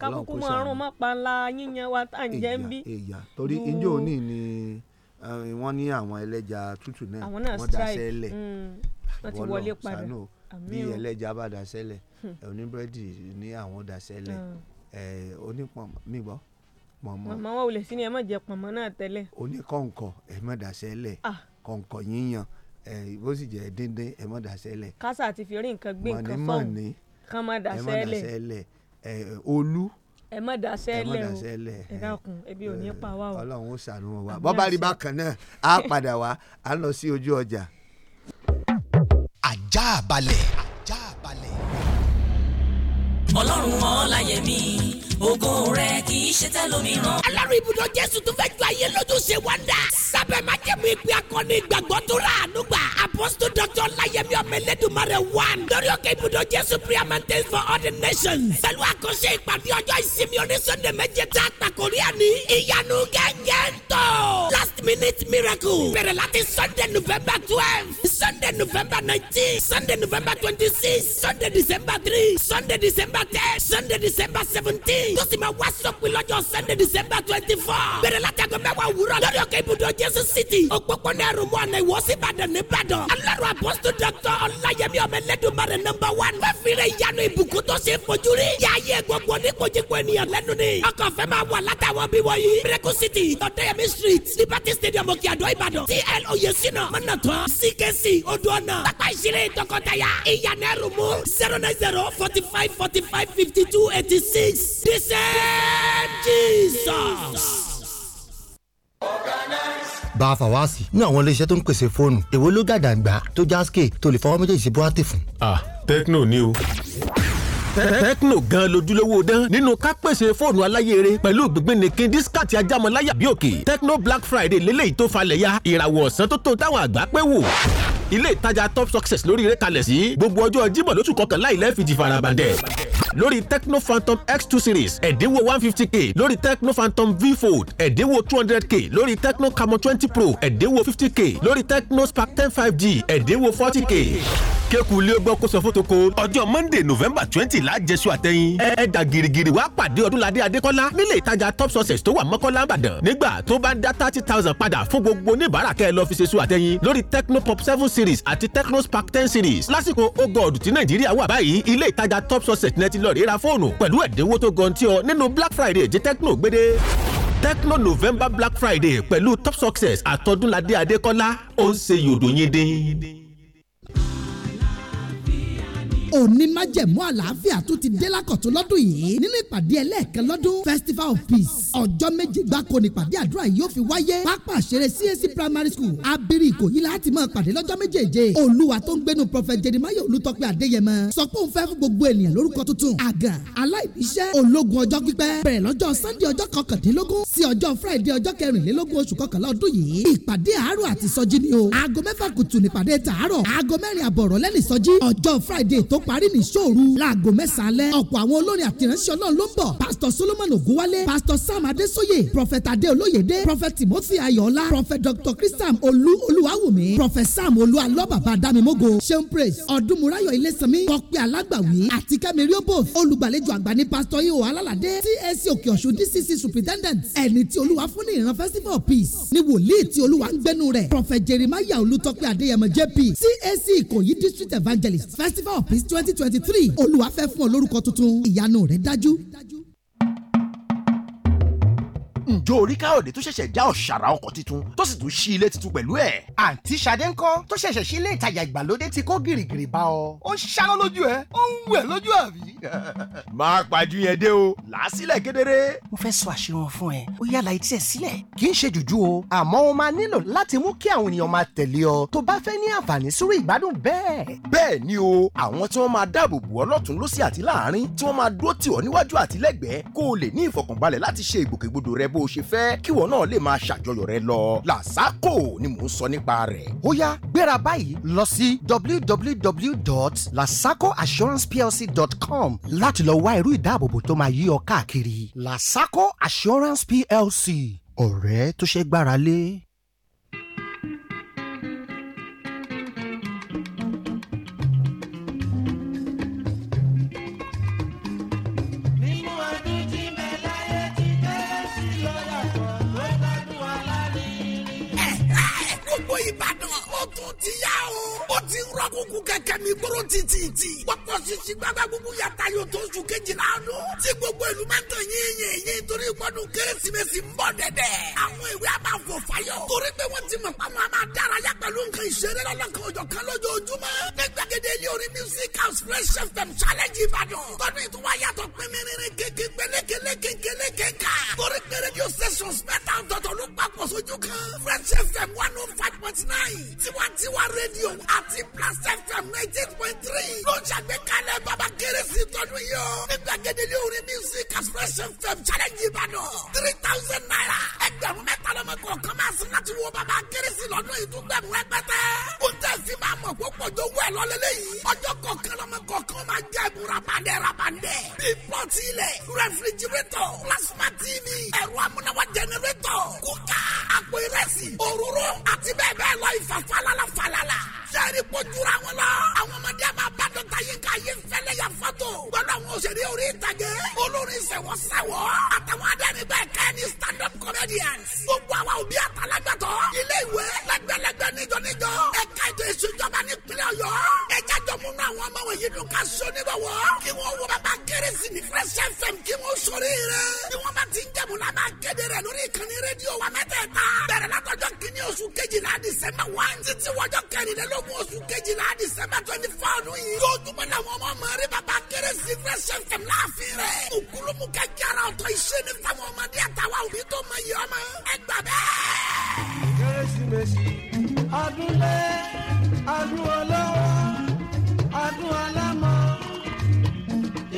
kákúkú mọ ọrùn mọ panla yíyan wa tá à ń jẹ ń bí. èyà torí ijó òní ni eh, wọ́n ní àwọn ẹlẹ́ja tútù náà wọ́n dá sẹ́lẹ̀ hmm. wọ́n lọ sànú bí ẹlẹ́ja bá dá sẹ́lẹ̀ hmm. eh, oníbírẹ́dì ní àwọn dá sẹ́lẹ̀ hmm. eh, onípọ̀nmọ́ mi gbọ́ pọ̀nmọ́. màmá wa olè sí ni ẹ má jẹ pọ̀nmọ́ náà tẹ́lẹ̀. oníkọ̀ǹkọ̀ ẹ má dá sẹ́lẹ̀ ah. kọ̀ǹkọ̀ yíyan bó sì jẹ́ díndín ẹ má dá sẹ́lẹ̀. kásà ti fi nǹkan gbé nǹkan fọ́ọ̀mù kán má dá sẹ́lẹ̀ olú ẹ mọ̀ dasẹ́ lẹ̀ o ẹ dákun ebi ò ní pa wá o ọlọ́run ó ṣàánú wa bọ́bá rí bákan náà á padà wá á lọ sí ojú ọjà. ajá balẹ̀. ọlọ́run mọ́ láyé mi ògo rẹ kì í ṣe tẹlòmíràn. alárùn ibùdó jésù tó fẹ́ ju ayé lójú ṣe wọ́ndà. sábẹ́ máa jẹ́ mi ìpè akọni ìgbàgbọ́ tó rà àánú gbà. apostol doctor layemi ọmọlẹ́dùnmọ́rẹ̀ one. lórí òkè ibùdó jésù prayer mountain for all the nations. pẹ̀lú àkọsí ìpàdé ọjọ́ ìsinmi oníṣẹ́ndẹ̀ méje tá a pàkórí àní. ìyanu gẹ́gẹ́ ń tọ̀. last minute miracle. bẹ̀rẹ̀ láti sunday november twelve. sunday november nineteen. sunday november twenty six. sunday december three. sunday december ten. sunday december seventeen tó sì máa wá sọ́pin lọ́jọ́ sunday december twenty four bẹ̀rẹ̀ látàgọ́ mẹ́wàá wúrọ̀ lórí òkè ibùdó jésù city òpópónà ẹ̀rùmọ́ ọ̀nà ìwọ́sí ìbàdàn nìbàdàn alárò apọ́sítò dr ọláyẹmí ọmọ ẹlẹ́dùnmarè nọmba wán wọ́n fi rẹ̀ ìyanu ìbùkún tó ṣe fojú rí yáyé gbogbo ní kojúkọ ènìyàn lẹ́nu ni ọkọ̀ fẹ́ máa wà látàwọn bí wọ́n yìí miracle city ọ̀dẹ́yẹmí street liberty stadium òkè àdó ìbàdàn tl oyesina mọ́nàtọ́ ckc odò ọ̀nà pápá ìṣeré tọkọtaya ìyànà ẹ̀rùmọ́ zero nine zero forty five forty five fifty two eighty six dé We Jesus. bá a fà wá sí. ní àwọn iléeṣẹ́ tó ń pèsè fóònù èwo ló gàdàgbà tó jáske tó lè fọwọ́ méjèèjì sí buwate fún. ah Tecno ni o tẹ́kínò gan lójúlówó dán nínú ká pèsè fóònù aláyèrè pẹ̀lú gbígbínnikin dískàtì ajámọ̀láyà bí òkè tẹ́kínò black friday lélẹ́yìí tó falẹ̀ ya ìràwọ̀ ọ̀sán tó tó táwọn àgbà pé wò ilé ìtajà top success lórí rẹ̀ kalẹ̀ sí gbogbo ọjọ́ jímọ̀ lóṣù kọkànlá ilẹ̀ fìdí farabandẹ̀ lórí Tecno Phantom X2 series ẹ̀dínwó 150k lórí Tecno Phantom V Fold ẹ̀dínwó 200k lórí Tecno Camo 20 Pro ẹ̀dínwó 50k lórí Tecno Spark 10 5G ẹ̀dínwó 40k kéku ilé ọgbọ́n kó sọ fún toko. ọjọ́ monday november twenty lájẹsùn àtẹ̀yìn. ẹ ẹ dà gírígírí wá pàdé ọdúnladé adékọ́lá nílé ìtajà top success tó wà mọ́kànlá ìbàdàn. nígbà tó bá ń dá thirty thousand padà fún gbogbo oníbàárà kẹ́ ẹ lọ́ọ́ fi ṣe sùn àtẹ̀yìn lórí tecno pop seven series àti tecno spark ten series. lásìkò ogod tí nàìjíríà wà báyìí ilé ìtajà top success nẹ́tí lọ rí ra fóònù pẹ̀lú ẹ̀dínwó tó gọ̀ǹtì ọ nínú Black Friday tí Tecno gbédè Tecno November Black Friday pẹ̀lú top success àtọ́dúnladé Adékọ́lá ó ń ṣe yòdò yín dín òní májẹ̀mú àlàáfíà tún ti dé lákọ̀tún lọ́dún yìí nínú ìpàdé ẹlẹ́ẹ̀kan lọ́dún festival of peace ọjọ́ méje gbáko ni ìpàdé àdúrà yìí yóò fi wáyé pápá àṣẹrẹ CAC primary school abiri ìkòyí láti máa pàdé lọ́jọ́ méjèèje olúwa tó ń gbénu prophet jeremiah olùtọ́pẹ́ adéyẹmọ sọ pé òun fẹ́ fún gbogbo ènìyàn lórúkọ tuntun àgàn aláìníṣẹ́ ológun ọjọ́ pípẹ́ bẹ̀rẹ̀ lọ́jọ́ sunday ọjọ́ kọkàndínlógún sí ọjọ́ friday ọjọ́ kẹrìnlélógún oṣù kọkànlá ọdún yìí ìpàdé àárọ̀ àti ìsọjí ni o aago mẹ́fà kùtù nípàdé tààrọ̀ aago mẹ́rin àbọ̀rọ̀ lẹ́nìí ìsọjí ọjọ́ friday tó tó parí ní sóòru láago mẹ́sàn-án alẹ́ ọ̀pọ̀ àwọn olórin àtìránṣẹ́ ọlọ́run ló ń bọ̀ pásítọ̀ solomon ogunwale pásítọ̀ sam adésóyè prọfẹ̀tà adé olóyèdé prọfẹ̀t timothy ayọ̀ọ́lá prọfẹ̀t dr christian olú olúwàwùmí prọfẹ̀t sam olú alọ́bàbà adámimógo seun praise ọ̀dúnmúráyọ̀ ilésanmi kọ́pẹ́ alágbàwí àti kẹ́mi rioboth olùgbàlejò àgbà ní pásítọ̀ ihò alálàdé csc òkè ọ̀ṣun dcc superintendent ẹni tí olúwa fún ní ìran festival of peace ní wòlíì tí olúwa ń gbẹ́nu rẹ̀ prọfẹ̀t jeremiah olùtọ́pẹ́ adéyẹmọ jp csc ìkòyí district evangelist festival of peace twenty twenty three olúwa fẹ́ fún ọ lórúkọ tuntun ìyanu rẹ̀ dájú ǹjọ́ orí káyọ̀dé tó ṣẹ̀ṣẹ̀ já ọ̀ṣàrà ọkọ̀ tuntun tó sì tún ṣí ilé tuntun pẹ̀lú ẹ̀. àǹtí ṣadé ńkọ́ tó ṣẹ̀ṣẹ̀ ṣí ilé ìtajà ìgbàlódé ti kó gìrìgìrì bá ọ. ó ń ṣáró lójú ẹ ó ń wẹ̀ lójú àbí. máa pàjù yẹn dé o làásílẹ̀ kedere. mo fẹ́ sọ àṣírí wọn fún ẹ ó yàrá etí ẹ sílẹ̀. kì í ṣe jùjú o àmọ́ o máa nílò láti mú kí àwọn ènìyàn máa tẹ̀lé ọ tó bá fẹ́ ní àǹfààní sórí ìgbádùn bẹ́ẹ̀. bẹ́ẹ̀ ni o àwọn tí wọ́n máa dáàbò bò ọ́ lọ́tún lọ́sì àti láàárín tí wọ́n máa dúró tì ọ́ níwájú àti kó o lè ní ìfọ̀kànbalẹ̀ láti ṣe ìgbòkègbodò rẹ b bó o ṣe fẹ́ kíwọ náà lè máa ṣàjọyọ̀ rẹ lọ làsákò ni mò ń sọ nípa rẹ̀. ó yá gbéra báyìí lọ sí www.lasacoassuranceplc.com láti lọ wá irú ìdáàbòbò tó máa yí ọ káàkiri lasaco assurance plc ọ̀rẹ́ tó ṣe gbára lé. tún ti yá o. ó ti rọ́kùnkùn kẹ̀kẹ́ mi gbóró títìtì. pọ̀pọ̀ ṣíṣí gbàgbà gbogbo yàtá yóò tó oṣù kejìlá nù. tí gbogbo ìlú máa ń tàn yín yín torí ìpọ́dún kérésìmesì ń bọ̀ dẹ̀dẹ̀. àwọn ìwé a máa fò fayọ̀. torí pé wọ́n ti mọ̀ pàmò àmà dárayá pẹ̀lú nǹkan ìṣeré lọ́lọ́kan ọjọ́ kan lójoojúmọ́. gbẹgbẹgẹdẹ ilé orin music house fresh fm challenge ìbàdàn. tọ́dún ìtura yàtọ̀ pínpínrin point nine tiwantiwa radio àti plus fm nineteen point three ló ń ṣàgbékalẹ̀ bàbá kérésì tọdún yìí o. ní gbàgede ilé music expression fm challenge ìbàdàn three thousand naira ẹgbẹ̀rún mẹ́ta lọ́mọ kọ̀ọ̀kan máa sin láti wo bàbá kérésì lọ́dún ìdúgbẹ̀mú ẹgbẹ́tẹ́ bá mọ̀ kó pọ̀jù owó ẹ̀ lọ́lẹ́lẹ́ yìí. ọjọ́ kọ̀ọ̀kan lọ́mọ kọ̀ọ̀kan máa jẹ́ ẹ̀bùn rabandẹ́ rabandẹ́. bíi pọ́ọ̀tì ilẹ̀ rẹfrigirétọ̀ plasma tv ẹ̀rọ amúnáwá jẹnẹrétọ̀ kúkà àpò ìrẹsì òróró àti bẹ́ẹ̀ bẹ́ẹ̀ lọ ìfà falala falala. sẹ́ẹ̀rì pọ̀jùra wọn lọ. àwọn ọmọdé a máa bá dọ́ta yín ká yé fẹ́lẹ́ yà fọ́tò. gbọ́dọ̀ àwọn òṣèré orí ìtàgé olórin sẹ̀wọ̀sẹ̀wọ̀ àtàwọn adẹ́rìn bẹ́ẹ̀ kẹ́ ni stand up comedians. gbogbo àwa òbí àtàlágbàtọ́ ilé ìwé lẹ́gbẹ̀lẹ́gbẹ̀ níjọ́ níjọ́ ètò ìṣèjọba nípínlẹ̀ ọ̀yọ́. ẹ jájọ mú nú àwọn ọmọ wọ̀nyí dùn ká so níbẹ̀ wọ̀. kí wọ́n wo bàbá kérésì ní fresh fm kí wọ́n sọ̀rọ̀ yìí bí wọ́n bá ti ń jẹ̀mú la máa kéde rẹ̀ lórí ìkànnì rédíò wa mẹ́tẹ̀ẹ̀ta. bẹ̀rẹ̀ látọjọ́ kìíní oṣù kejìlá dísẹ́mbà one títí wọjọ́ kẹrìnlélógún oṣù kejìlá dísẹ́mbà twenty four ọdún yìí. yóò dúpẹ́ adùn olowo, adùn alámọ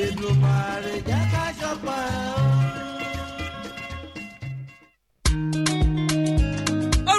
Èdùmàrè jẹ́ ká ṣọpọ̀ ẹ̀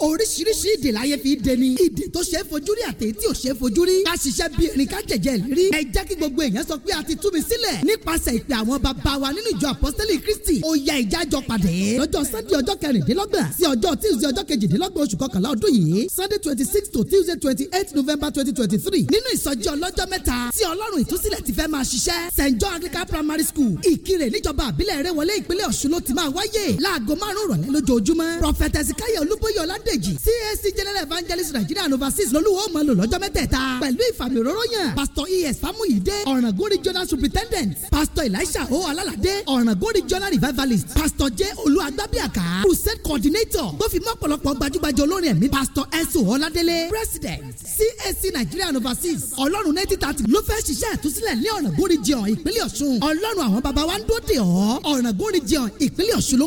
oríṣiríṣi ìdè láyé fi dẹni ìdè tó ṣe é fojú rí àti tí ò ṣe é fojú rí ká ṣiṣẹ́ bí erin ká jẹ̀jẹ̀ rí ẹ jẹ́ kí gbogbo èèyàn sọ pé a ti tú mi sílẹ̀ nípasẹ̀ ìpè àwọn bàbá wa nínú ìjọ apọ́sítẹ́lì kristi ó ya ìjájọ pàdé lọ́jọ́ sunday ọjọ́ kẹrìndínlọ́gbọ̀n sí ọjọ́ tuesday ọjọ́ kejìdínlọ́gbọ̀n oṣù kọkànlá ọdún yìí sunday twenty six to tuesday twenty eight november twenty twenty three nínú ìsọjí ọlọ́jọ́ mẹ́ta tí ọlọ́run ìtúsílẹ̀ ti fẹ́ máa ṣiṣẹ́ st john anglican primary school ìkirè níjọba àbílẹ̀ rẹ̀wọlé ìpínlẹ̀ ọ̀ṣun ló ti máa wáyé láago márùn-ún rọ̀lẹ́ lójoojúmọ́ prọfẹtẹsì káyọ̀ olúbóyè ọ̀làd dèjì CAC general evangelist nigeria and overseas lolúwo mọ̀ lò lọ́jọ́ mẹ́tẹ̀ẹ̀ta pẹ̀lú ìfàmìróróyàn pastor es famuyide ọ̀ràngún regional superintendent pastor elisha o alalade ọ̀ràngún regional revivalist pastor j olú agbábíàká crusade coordinator tó fi mọ́ ọ̀pọ̀lọpọ̀ gbajúgbajù olórin ẹ̀mí pastor ẹ̀sùn ọ̀ládélé president CSC nigeria and overseas ọlọ́run ninety thirty ló fẹ́ ṣiṣẹ́ àtúnṣílẹ̀ ní ọ̀ràngún region ìpínlẹ̀ ọ̀ṣun ọlọ́run àwọn baba wa ń dóde ọ̀ ọ̀ràngún region ìpínlẹ̀ ọ̀ṣun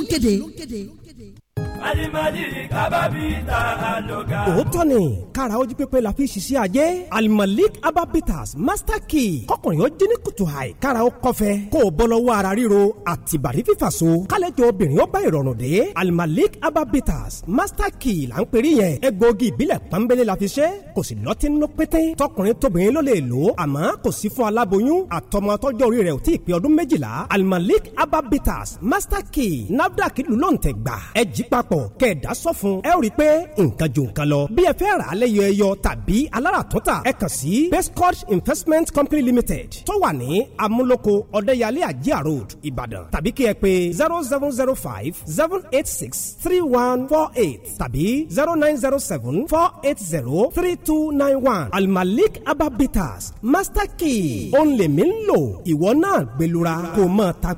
alimadiri kababita aloga. òótọ́ ni kára ojú pépé la fi ṣiṣẹ́ ajé alimalik ababitas master key kọkùnrin ó jẹ́ ní kùtù àì kára ó kọfẹ́ kó o bọ́ lọ́wọ́ ara ríro àti bàrí fífà so kálẹ̀jọ obìnrin ó bá ìrọ̀rùn dé alimalik ababitas master key là ń pèrè yẹn egbòogi ìbílẹ̀ pọ́nbélé la fi ṣe kò sì lọ́tí nínú pété tọkùnrin tóbìnrin ló lè lò àmọ́ kò sí fún aláboyún àtọmọ tọjọ́ orí rẹ̀ ò tí ì pé ọdún méjìlá alimalik ababitas master key nafdac lulọ̀ǹtẹ̀ gbà ẹ papọ̀ kẹ̀ẹ́dá sọ fún ẹ ó rí i pé nǹkan jò nǹkan lọ bí ẹ fẹ́ rà á lẹ́yọ ẹyọ tàbí aláràtúntà ẹ kàn sí bestcourt investment company limited tó wà ní amúlòkó ọ̀dẹ́yàlẹ́ àjíà road ìbàdàn tàbí kí ẹ pé zero seven zero five seven eight six three one four eight tàbí zero nine zero seven four eight zero three two nine one almalik ababitas master key òun lèmi ń lò ìwọ náà gbẹlura kò mọ̀ ta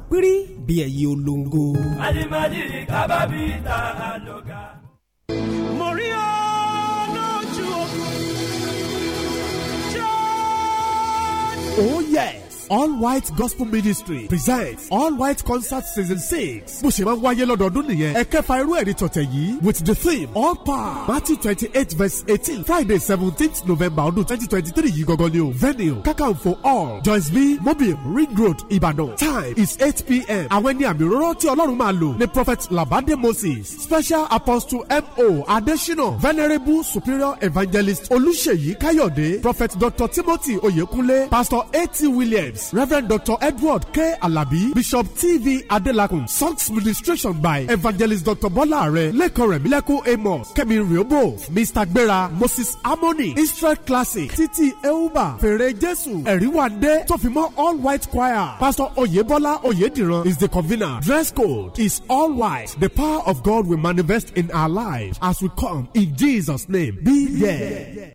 bí ẹyẹ olóńgó. àdìmọ́dì kábàbí ta àlọ́gà. mo rí ọ lójú òkú. ó yẹ all white gospel ministry presents all white concert season six bó ṣe máa ń wáyé lọ́dọọdún nìyẹn ẹ̀kẹfà irú ẹ̀rí tọ̀tẹ̀ yìí with the theme all power matthew twenty eight verse eighteen friday seventeenth november ọdún twenty twenty three yìí gangan ni o venue kakanfo hall joyce b mobile ring road ìbàdàn time is eight pm àwọn ẹni àmì òróró tí ọlọ́run máa lò ni prophet labade moses special apostle mo adesina venerable superior evangelist olùṣèyí káyọ̀dé prophet dr timothy oyekunle pastor a.t williams Phillips, Reverend Dr. Edward K. Alabi, Bishop T.V. Adelakun, Songs Ministration by Evangelist Dr. Bola Are, Leko Remileko Amos, Kemi Riobo, Mr. Gbera, Moses Amoni, Israel Classic, Titi Euba, Fèrè Jésù, Ẹ̀ríwándé, Tófìmọ́ All White Choir, Pastor Oyebola Oyediran is the convener. Dress code is all white. The power of God will manifest in our lives as we come in Jesus' name. Be there.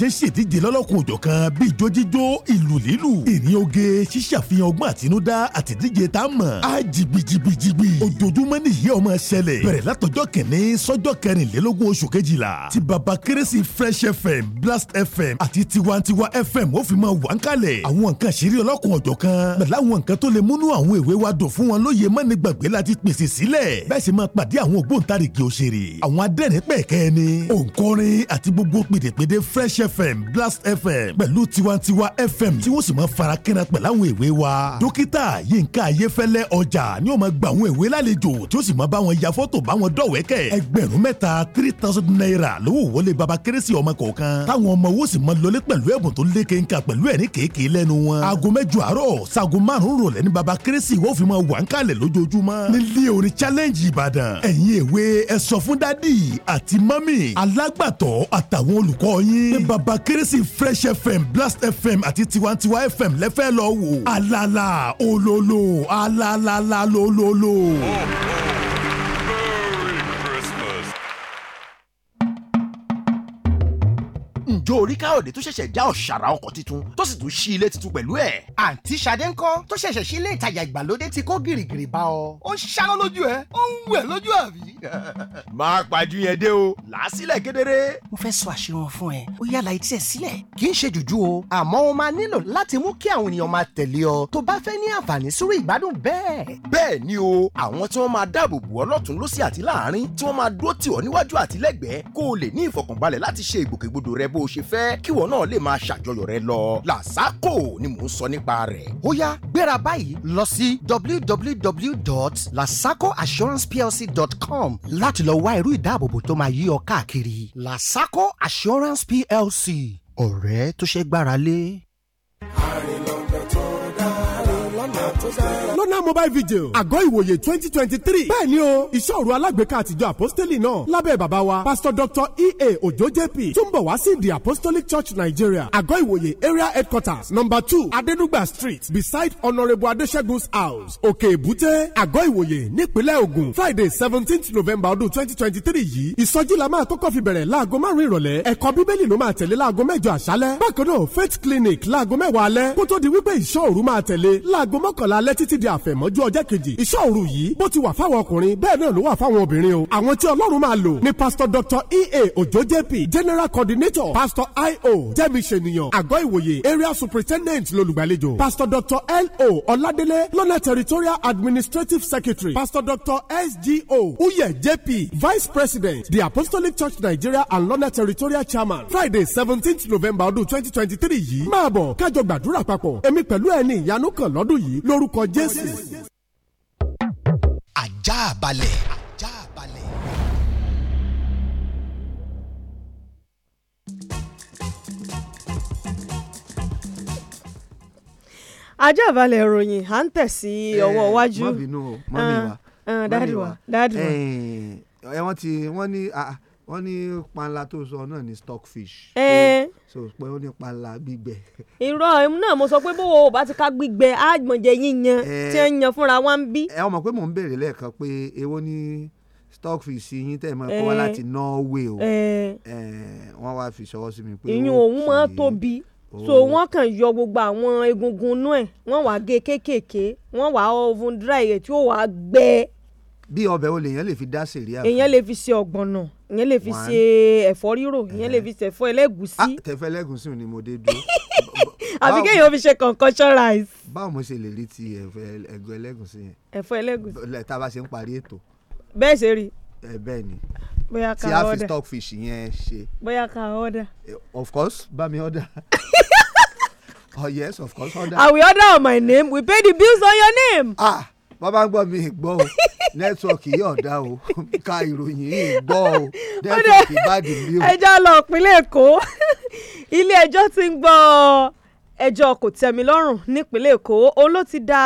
ṣe ń ṣèdíje lọ́lọ́kùn òjọ̀ kan bí ijó ìlú lílù ìrìn oge ṣíṣàfihàn ọgbọ́n àtinúdá àtìdíje tá a mọ̀ á jìgbìjìgbìjìgbì ojoojúmọ́ nìyí ọmọ ṣẹlẹ̀ bẹ̀rẹ̀ látọjọ́ kẹ̀ní sọ́jọ́ kẹrìnlélógún oṣù kejìlá ti baba kérésì fresh fm blast fm àti tiwantiwa fm ó fi máa wà ń kalẹ̀ àwọn nǹkan ṣeré ọlọ́kùn ọ̀jọ̀ kan pẹ̀lú àwọn nǹkan tó lè múnú àwọn èwe wa dùn fún wọn lóye mọ́ni gbàgbé láti pèsè sílẹ̀ bẹ́ẹ̀ sì máa pàdé àwọn ògbóǹtarìgì òṣèré àwọn adẹ́rìn pẹ̀kẹ́ ni òǹkọrin àti gbogbo pèdèpèdè fresh fm fm blast fm pẹ̀lú tiwantiwa fm tí wọ́n sì máa fara kẹ́ra pẹ̀lú àwọn èwe wa. dókítà yínká ayéfẹ́lẹ́ ọjà ni ó máa gba àwọn èwe lálejò tí ó sì máa bá wọn ya fọ́tò bá wọn dọ̀wẹ́kẹ̀. ẹgbẹ̀rún mẹ́ta three thousand naira lówó wọlé baba kérésì ọmọ kọ̀ọ̀kan táwọn ọmọ wo sì máa lọlé pẹ̀lú ẹ̀bùn tó lé kéńkà pẹ̀lú ẹ̀rín kéèké lẹ́nu wọn. aago mẹ́jọ àárọ̀ sago márùn-ún rọ̀lẹ́ baba kérésì wọ́n fi máa wà ń kalẹ̀ challenge ìbàdàn ẹ̀yin èwe ẹ sọ fún dádì àti mọ́mì alágbàtọ́ àtàwọn bàbá kérésì fresh fm blast fm àti tiwantiwa fm lẹ́fẹ̀ẹ́ lọ wò alala olólo alalala lólólo. Oh, oh. ǹjọ́ orí káyọ̀dé tó ṣẹ̀ṣẹ̀ já ọ̀ṣàrà ọkọ̀ tuntun tó sì tún ṣí ilé tuntun pẹ̀lú ẹ̀. àǹtí ṣadé ńkọ́ tó ṣẹ̀ṣẹ̀ sí ilé ìtajà ìgbàlódé ti kó gìrìgìrì bá ọ. ó ń ṣáró lójú ẹ ó ń wẹ̀ lójú àbí. máa pàjù yẹn dé o làásílẹ̀ kedere. mo fẹ́ sọ àṣírun fún ẹ ó yàrá etí ẹ sílẹ̀. kì í ṣe jùjú o àmọ́ o máa nílò láti mú kí àwọn ènìyàn máa tẹ̀lé ọ tó bá fẹ́ ní àǹfààní sórí ìgbádùn bẹ́ẹ̀. bẹ́ẹ̀ ni o àwọn tí wọ́n máa dáàbò bò ọ́ lọ́tún lọ́sì àti láàárín tí wọ́n máa dúró tì ọ́ níwájú àti kó o lè ní ìfọ̀kànbalẹ̀ láti ṣe ìgbòkègbodò rẹ bó bó ṣe fẹ́ kíwọ náà lè máa ṣàjọyọ̀ rẹ lọ làsákò ni mò ń sọ nípa rẹ̀. ó yá gbéra báyìí lọ sí www.lasacoassuranceplc.com láti lọ wá irú ìdáàbòbò tó máa yí ọ káàkiri lasaco assurance plc ọ̀rẹ́ tó ṣe gbára lé national mobile vigil àgọ́ ìwòye twenty twenty three bẹ́ẹ̀ ni o iṣẹ́ òru alágbèéká àtijọ́ apostoli náà lábẹ́ bàbá wa pastor doctor ea ojo jp tún bọ̀ wá sí the apostolic church nigeria àgọ́ ìwòye area headquarters number two adenugba street beside honourable adesegun's house òkè èbúté àgọ́ ìwòye nípínlẹ̀ ogun. friday seventeenth november ọdún twenty twenty three yìí ìsọjí la máa kọ́kọ́ fi bẹ̀rẹ̀ láago márùn-ún ìrọ̀lẹ́ ẹ̀kọ́ bíbélì ló máa tẹ̀lé láago mẹ́jọ àṣálẹ́ bákan náà faith clinic láago mẹ́wàá alẹ́ kó tó di wípé ìṣọ́ òru máa tẹ̀lé láago mọ́kànlá alẹ́ títí di àf àfẹ̀mọ́jú ọjọ́ kejì iṣẹ́ òru yìí bó ti wà fáwọn ọkùnrin bẹ́ẹ̀ náà ló wà fáwọn obìnrin o àwọn tí ọlọ́run máa lò ni pastor dr ea ojo jp general coordinator pastor io jẹ́misẹ̀nìyàn àgọ́ ìwòye area superintendent lolùgbàlejò pastor dr lo ọládélé lọ́nà territorial administrative secretary pastor dr sgo uye jp vice president the apostolic church nigeria and lọ́nà territorial chairman friday seventeenth november ọdún twenty twenty three yìí máa bọ̀ kájọ gbàdúrà papọ̀ èmi pẹ̀lú ẹni ìyanu kan lọ́dún yìí lórúkọ jésù ajá balẹ̀. ajá balẹ̀. ajá balẹ̀ ìròyìn à ń tẹ̀ sí eh, ọwọ́ iwájú. má bínú o má mi ah, wá. Ah, dáàdì wá dáàdì wá. Eh, ẹ wọ́n ti wọ́n ní ah, wọ́n ní panla tó sọ náà ní stockfish. ẹ. Eh. eh so pé ó nípa la gbígbẹ. irọ́ èmi náà mo sọ pé bó o bá ti ká gbígbẹ á mọ̀jẹ̀ yíyan tí ẹ ń yan fúnra wa ń bí. ẹ ọmọ pé mò ń béèrè lẹ́ẹ̀kan pé èwo ni stockfish yín tẹ̀ mọ́ kó wá láti Norway o wọ́n wá fi ṣọwọ́ sí mi pé. ìyún òun máa tóbi so wọ́n kàn yọ gbogbo àwọn egungun inú ẹ̀ wọ́n wàá gé kéékèèké wọ́n wàá oven dry rẹ̀ tí ó wàá gbẹ. bí ọbẹ̀ olè yẹn lè fi dá sèré àfọ. èèyàn lè fi ṣe ọ̀gbọ̀nà ìyẹn lè fi ṣe ẹ̀fọ́ rírò ìyẹn lè fi ṣe ẹ̀fọ́ ẹlẹ́gùsí. Ah, tẹ̀fẹ́ ẹlẹ́gùsí ni mo dé dúró. àbí kéèyàn fi ṣe concoction rice. báwo mo ṣe lè rí ti ẹ̀fọ́ ẹlẹ́gùsí yẹn. ẹ̀fọ́ ẹlẹ́gùsí. tá a bá ṣe ń parí ètò. bẹ́ẹ̀ ṣe rí. ẹ bẹ́ẹ̀ ni bóyá ká ọ̀dà tí a fi stockfish yẹn ṣe. bóyá ká ọ̀dà. Eh, of course bá mi ọ̀dà. oh yes of course order. I will order on my name we pay the bills on your name. ah bàbá ń gbọ́ mi gbọ́ o nẹ́tíwọ̀kì yóò dá o ka ìròyìn yìí gbọ́ o nẹ́tíwọ̀kì bá dì mí o. ẹjọ́ lọ ìpínlẹ̀ Èkó ilé ẹjọ́ ti ń gbọ́ ọ ẹjọ́ kòtẹ́milọ́rùn nípínlẹ̀ èkó òun ló ti dá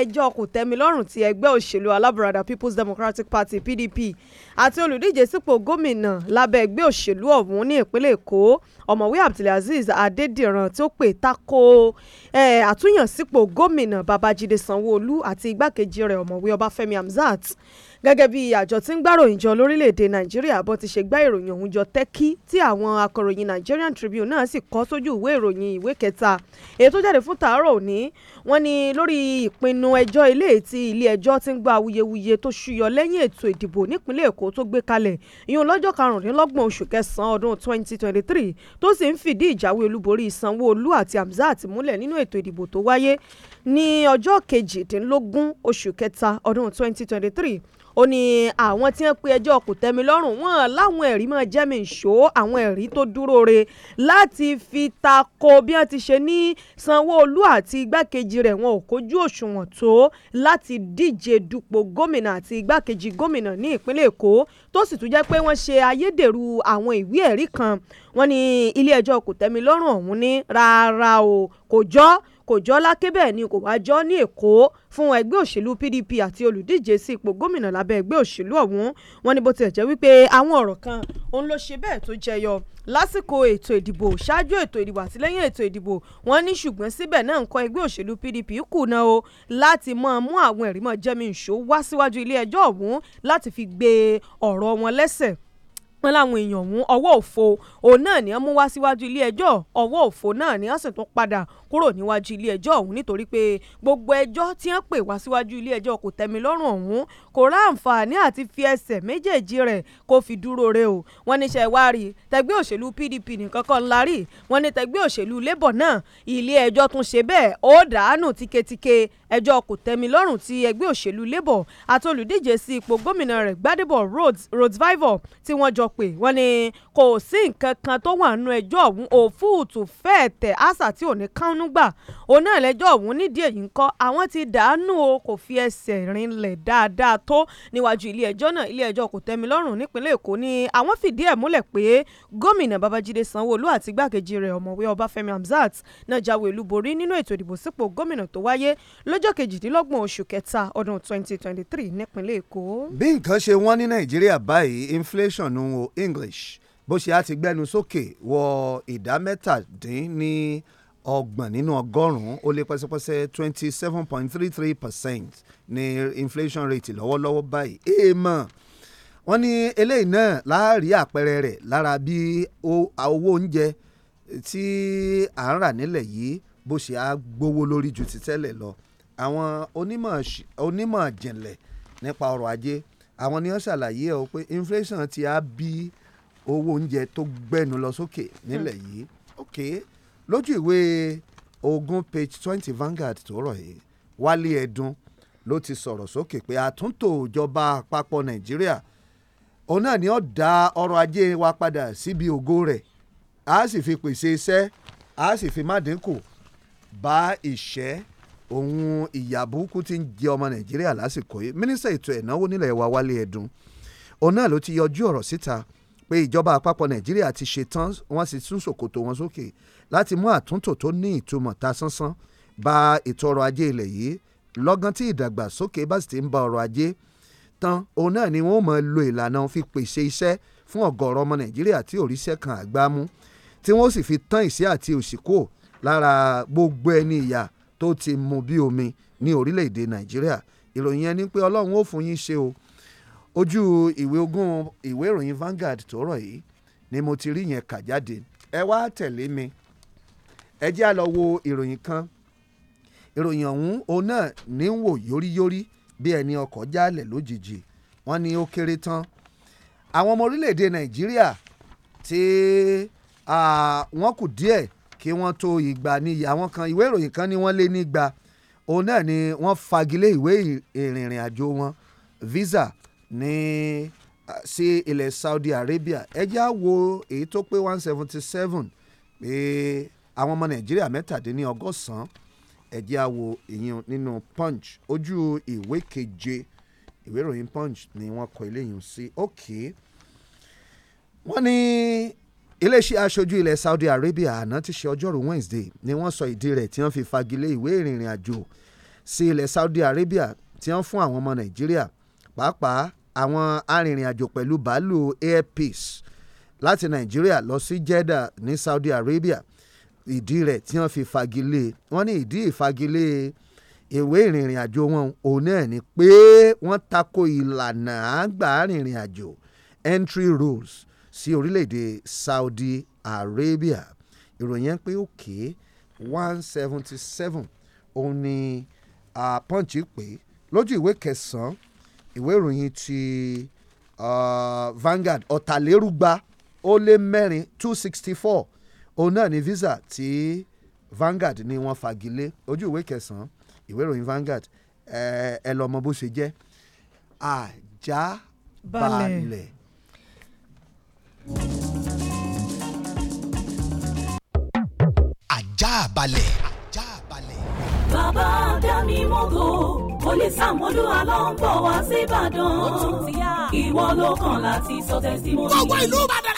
ẹjọ́ kòtẹ́milọ́rùn ti ẹgbẹ́ òṣèlú alábùradà people's democratic party pdp àti olùdíje sípò gómìnà lábẹ́ ẹgbẹ́ òṣèlú ọ̀hún ní ìpínlẹ̀ èkó ọ̀mọ̀wé abdulaziz adédìran tó pè tako àtúnyànsípò gómìnà babájídé sanwóolu àti igbákejì rẹ̀ ọ̀mọ̀wé ọbáfẹ́mi hamzat gẹ́gẹ́ bí àjọ tí ń gbáròyìn jọ lórílẹ̀‐èdè nàìjíríà bó ti ṣe gbá ìròyìn ọ̀hún jọ tẹ́kí tí àwọn akọ̀ròyìn Nigerian Tribune náà sì kọ́ sójú ìwé ìròyìn ìwé kẹta èyí tó jáde fún tàárọ̀ òní wọ́n ní lórí ìpinnu ẹjọ́ ilé tí ilé ẹjọ́ ti ń gba awuyewuye tó ṣúyọ lẹ́yìn ètò ìdìbò nípínlẹ̀ Èkó tó gbé kalẹ̀ ìyún lọ́jọ́ karùndínlọ́gbọ̀n oṣù kẹsàn-án ọdún 2023 tó sì ń fìdí ìjáwé olúborí Sanwó-Olú àti Hamzat múlẹ̀ nínú ètò ìdìbò tó wáyé ní ọjọ́ kejìdínlógún oṣù kẹta ọdún 2023 ó ní àwọn tí wọ́n pe ẹjọ́ kò tẹ́mi lọ́rùn wọn láwọn ẹ̀rí máa jẹ́ mi ṣó àwọn ẹ̀rí tó dúró re láti fi ta ko bí wọ́n ti ṣe ní Sanwó-Olú àti igbákejì rẹ̀ wọn ò kójú òṣùwọ̀n tó láti díje dupò gómìnà àti igbákejì gómìnà ní ìpínlẹ̀ Èkó tó sì tún jẹ́ pé wọ́n ṣe ayédèrú àwọn ìwé ẹ̀rí kan wọ́n ní ilé ẹjọ́ kò tẹ́mi ní rárá o kò jọ́ kò jọ́ lákè bẹ́ẹ̀ ni kò wá jọ́ ní èkó fún ẹgbẹ́ òṣèlú PDP àti olùdíje sí ipò gómìnà lábẹ́ ẹgbẹ́ òṣèlú ọ̀hún wọn ni bó tilẹ̀ jẹ́ wípé àwọn ọ̀rọ̀ kan òun ló ṣe bẹ́ẹ̀ tó jẹyọ lásìkò ètò ìdìbò ṣáájú ètò ìdìbò àtìlẹ́yìn ètò ìdìbò wọn ní ṣùgbọ́n síbẹ̀ náà nǹkan ẹgbẹ́ òṣèlú PDP kùnà o láti máa mú àwọn ẹ̀rí mọ́ jẹ́mi ìṣó wá síwájú ilé ẹjọ́ ọ̀hún láti fi wọ́n láwọn èèyàn ọ̀hún ọwọ́ òfo òun náà ni wọ́n mú wá síwájú ilé-ẹjọ́ ọwọ́ òfo náà ni wọ́n sì tún padà kúrò níwájú ilé-ẹjọ́ ọ̀hún nítorí pé gbogbo ẹjọ́ tí wọ́n pè wá síwájú ilé-ẹjọ́ kò tẹ́mi lọ́rùn ọ̀hún kò rá àti fi ẹsẹ̀ méjèèjì rẹ̀ kó fi dúró re o wọ́n ní ṣe wá rí tẹgbẹ́ òṣèlú PDP nìkan kan la rí wọ́n ní tẹgbẹ́ òṣèlú Labour náà ilé-ẹjọ́ tún ṣe bẹ́ẹ̀ ó dàánù tíketíke ẹjọ́ kò tẹ́mi lọ́rùn ti ẹgbẹ́ òṣèlú Labour àti olùdíje sí ipò Rhodes Rhodes Vival tí pè wọ́n ní kò sí nǹkan kan tó wà nínú ẹjọ́ ọ̀hún òfúùtù fẹ́ẹ̀ tẹ̀ àṣà tí ò ní kánú gbà òun náà lẹ́jọ́ ọ̀hún nídìí èyí ń kọ́ àwọn ti dàánú o kò fi ẹsẹ̀ rinlẹ̀ dáadáa tó níwájú ilé ẹjọ́ náà ilé ẹjọ́ kò tẹ́mi lọ́rùn nípínlẹ̀ èkó ni àwọn fìdí ẹ̀ múlẹ̀ pé gómìnà babájídé sanwóolu àti igbákejì rẹ̀ ọ̀mọ̀wé ọbáfẹ́mi hamzat náà jáwé olúborí nínú ètò ìdìbò sípò gómìnà tó wáyé lọ́jọ́ kejìdínlọ́gbọ̀n oṣù kẹta ọdún 2023 nípínlẹ̀ èkó. bí nǹkan ṣe wọ́n ní nàìjíríà báyìí inflation nù English bó ṣe á ti gbẹ́nu sókè wọ ìdá mẹ́tàdínní ọgbọ̀n nínú ọgọ́rùn-ún ó lé pẹ́sẹ́pẹ́sẹ́ twenty seven point three three percent ní inflation rate lọ́wọ́lọ́wọ́ báyìí èèmọ̀ wọ́n ní eléyìí náà láàrí àpẹẹrẹ rẹ̀ lára bí owó oúnjẹ tí à ń rà nílẹ̀ yìí bó ṣe á gbówó lórí ju ti tẹ́lẹ̀ lọ àwọn onímọ̀ ìjìnlẹ̀ nípa ọrọ̀ ajé àwọn ni wọ́n ṣàlàyé ẹ̀ pé inflation ti á bí owó oúnjẹ tó gbẹ́nu lọ sókè nílẹ̀ hmm. yìí ok lójú ìwé ogún page twenty Vanguard tó rọ̀ yìí Wálé Ẹ̀dùn ló ti sọ̀rọ̀ sókè pé àtúntò ìjọba àpapọ̀ Nàìjíríà òun náà ni ó dá ọrọ̀ ajé wa padà síbi ògo rẹ̀ a sì fi pèsè iṣẹ́ a sì fi má dínkù bá ìṣẹ́ òun ìyà burúkú ti ń jẹ ọmọ nàìjíríà lásìkò yìí mínísítà ètò ẹ̀náwó nílẹ̀ wa wálé ẹ̀dùn òun náà ló ti yọjú ọ̀rọ̀ síta pé ìjọba àpapọ̀ nàìjíríà ti ṣetán wọ́n sì tún ṣòkòtò wọn sókè láti mú àtúntò tó ní ìtumọ̀ ta sánsán ba ètò ọrọ̀ ajé ilẹ̀ yìí lọ́gán tí ìdàgbàsókè bá sì ti ń ba ọrọ̀ ajé tán òun náà ni wọ́n mọ̀ lo ìlànà fi pèsè iṣẹ́ fún ọ̀gọ̀ọ̀rọ̀ ọmọ nàìjíríà tí òrìṣẹ́ kan àgbámú tí wọ́n sì fi tán ìṣẹ́ àti òṣìkò lára gbogbo ẹni ìyà tó ti mu bí omi ní orílẹ̀-èdè nàìjíríà ìròyìn yẹn ni pé ọlọ́run ó fún yín ṣe o ojú ìwé ogún ìwé ìròyìn Vanguard tó rọ̀ yìí ni mo ti rí yẹn kà jáde ẹ wá tẹ̀lé mi ẹ jẹ́ á lọ wo ìròyìn kan ìròyìn ọ̀hún òun náà ní ń wò yóríyórí bí ẹni ọkọ̀ jálẹ̀ lójijì wọ́n ní ó kéré tán àwọn ọmọ orílẹ̀-èdè nàìjíríà tí wọ́n kù díẹ̀ kí wọ́n tó ìgbà níyì àwọn kan ìwé ìròyìn kan ní wọ́n lé nígbà òun náà ni wọ́n fagilé ìwé ìrìnrìn àjò wọn visa ní sí ilẹ̀ Saudi Arabia ẹjẹ́ á wo èyí tó pé one seventy seven pé àwọn ọmọ Nàìjíríà mẹ́tàdínní ọgọ́sàn-án ẹjẹ́ á wo èyí nínú Punch ojú ìwé keje ìwé ìròyìn Punch ni wọ́n kọ eléyìí sí òkè wọ́n ní iléeṣẹ́ aṣojú ilẹ̀ Saudi Arabia àná ti ṣe ọjọ́rùú Wednesday ni wọ́n sọ ìdí rẹ̀ tí wọ́n fi fagilé ìwé ìrìnrìn àjò sí ilẹ̀ Saudi Arabia tí wọ́n fún àwọn ọmọ Nàìjíríà pàápàá àwọn arìnrìn-àjò pẹ̀lú bàálù Air Peace láti Nàìjíríà lọ sí Jeddah ní Saudi Arabia ìdí rẹ̀ tí wọ́n fi fagilé wọ́n ní ìdí ìfagilé ìwé ìrìnrìn àjò wọn òun náà ni pé wọ́n tako ìlànà àgbà arìnrìn àjò entry rules sí orílẹ̀-èdè Saudi Arabia ìròyìn yẹn pé òkè one seventy seven òun ni punch pé lójú ìwé kẹsàn-án ìwé ìròyìn ti uh, Vanguard ọ̀tàlérúgba ó lé mẹ́rin two sixty four òun náà ni visa ti Vanguard ni wọ́n fagilé ojú ìwé kẹsàn-án ìwé ìròyìn Vanguard ẹ lọ mọ bó ṣe jẹ́ àjàbalẹ̀ ajá balẹ̀. bàbá àdáni mọ́gò onísàmúlò aláǹbọ̀ wá síbàdàn ìwọ ló kàn láti sọ tẹ́símọ́nì. gbogbo ìlú Ìbàdàn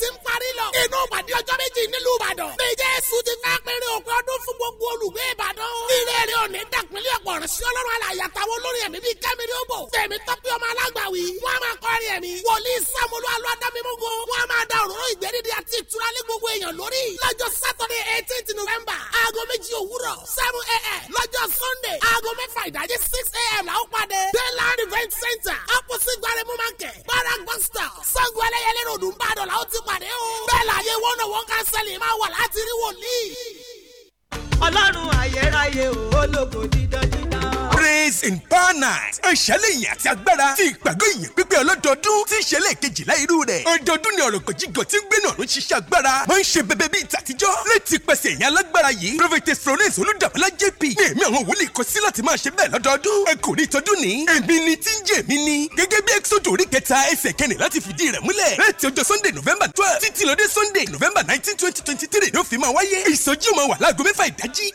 ti ń parí lọ. inú ìpàdé ọjọ́ méjì nílùú ìbàdàn. bí jésù ti fẹ́ péré òpin ọdún fún gbogbo olùgbé ìbàdàn. ire rẹ ò ní dàpínlẹ̀ ọ̀pọ̀ ránṣẹ́ ọlọ́run àlàyé àtàwọn olórin ẹ̀mí bíi kẹ́mìrì ó bò. tèmi tọ́pẹ́ ọmọ alágbàwí. wọ́n á máa kọrin ẹ̀mí. wòlíì sàmúlò alọ́dámímúgo. wọ́n á máa da òróró ìgbẹ́dídé àti ìtura lé gbogbo èèyàn lórí. lọ́jọ́ sátọ́dẹ̀ eighteenth november aago méjì òwúrọ̀ seven a.m. lọ́jọ́ sunday aago mẹ́fà ìdájí six a.m. la ó padà. dayland event center opposite gbaremu market paragon star sango ẹlẹ́yẹlẹ́ ròdùn ìbàdàn la ó ti pàdé o. bẹ́ẹ̀ láyé wọ́nà wọ́n kánsẹ́lì máa wà láti rí wòlíì. ọlọ́run ayérayé ò ó lóko dídán dídán praise in power night. ìṣẹ̀lẹ̀ ìyìn àti agbára ti ìpàgọ́ ìyìn pípẹ́ ọlọ́dọọdún tí ìṣẹ̀lẹ̀ kejìlá irú rẹ̀. ọdọọdún ni ọ̀rọ̀ gòjìgò tí ń gbé náà ló ń ṣiṣẹ́ agbára. wọ́n ń ṣe bẹbẹ bíi tàtijọ́ láti pèsè ìyẹn alágbára yìí. prophetess florence olùdàmọ́lá jp ní èmi àwọn wòlíì kọ sí láti máa ṣe bẹ́ẹ̀ lọ́dọọdún. ẹ kò rí tọdún ní. èmi ni tí ń jẹ́ èmi ni. gẹ́gẹ́ bí exodus orí kẹta ẹsẹ̀ kẹrin láti fìdí rẹ̀ múlẹ̀. láti sunday november twelve títí lóde sunday november nineteen twenty twenty three ló fi máa wáyé. ìsọjí máa wà láago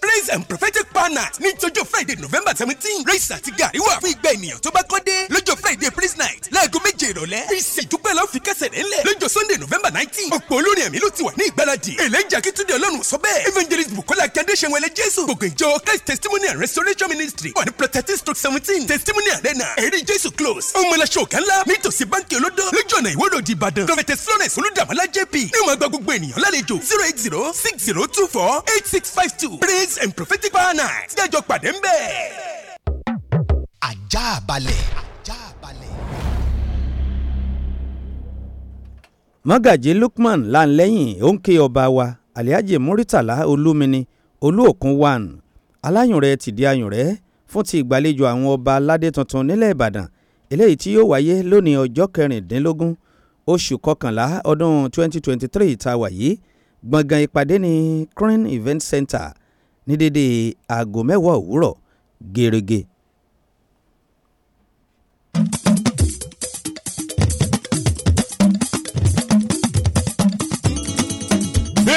praise and prophetic power night ní tọjọ́ friday november 17 sunrise àti gàrí wà fún igba ènìyàn tó bá kọ́ dé lọ́jọ́ friday praise night láago méje ìrọ̀lẹ́ ìsì ìdúpẹ́ lọ́ọ́ fi kẹsẹ̀ rẹ̀ ńlẹ̀ lọ́jọ́ sunday november nineteen ọ̀pọ̀ olórin ẹ̀mí ló ti wà ní ìgbáradì èlẹ́jà kìtúndé ọlọ́run sọ bẹ́ẹ̀ evangelist bukola akíndé ṣẹ̀wẹ̀lẹ̀ jésù gbogbo ìjọ christ testimony and restoration ministry wà ní protective stroke seventeen testimony arena ẹ̀rí jésù close ọmọlẹ́sọ̀ ọ̀gá ńlá nítòsí báńkì olódó lójú ọ̀nà ìwọ́dọ̀ di ìbàdàn prọfẹ̀tẹ̀ florence olùdàmọ́lá jp ní ìmọ̀ àgbà gbogbo ènìyàn lálejò zero eight zero six zero two four eight six five two praise and prophetic power night jẹ́jọ́ pàdé ń bẹ́ẹ̀ ajá mọ́gàjí Lukman lanlẹ́yìn ó ń ké ọba wa aliaji muritala olúmini olúòkun one aláyùnrẹ́ tìdí ayùnrẹ́ fún ti ìgbàlejò àwọn ọba aládé tuntun nílẹ̀ ìbàdàn eléyìí tí yóò wáyé lónìí ọjọ́ kẹrìndínlógún oṣù kọkànlá ọdún 2023 tá a wà yìí gbọ̀ngàn ìpàdé ní Green Event Center ní dédé aago mẹ́wàá òwúrọ̀ gẹ́rẹ́gẹ́ Thank you.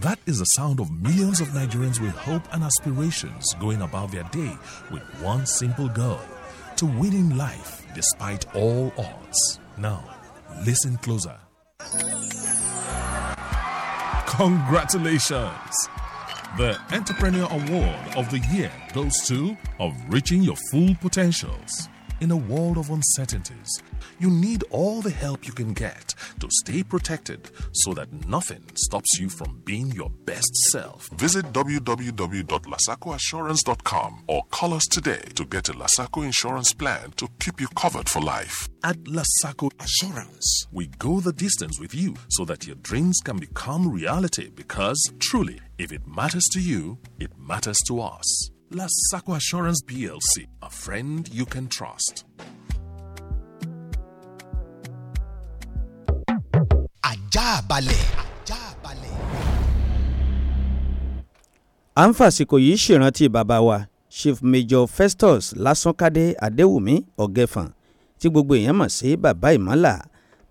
That is the sound of millions of Nigerians with hope and aspirations going about their day with one simple goal to win in life despite all odds. Now, listen closer. Congratulations! The Entrepreneur Award of the Year goes to Of Reaching Your Full Potentials. In a world of uncertainties, you need all the help you can get to stay protected so that nothing stops you from being your best self. Visit www.lasacoinsurance.com or call us today to get a Lasaco insurance plan to keep you covered for life. At Lasaco Assurance, we go the distance with you so that your dreams can become reality because truly, if it matters to you, it matters to us. Lasaco Assurance PLC, a friend you can trust. àjàbalẹ̀. à ń fàsìkò yìí ṣèrántí bàbá wa chief major festus lásànkádé adéwùmí ọ̀gẹ́fọ̀n tí gbogbo èèyàn mọ̀ sí bàbá ìmọ̀là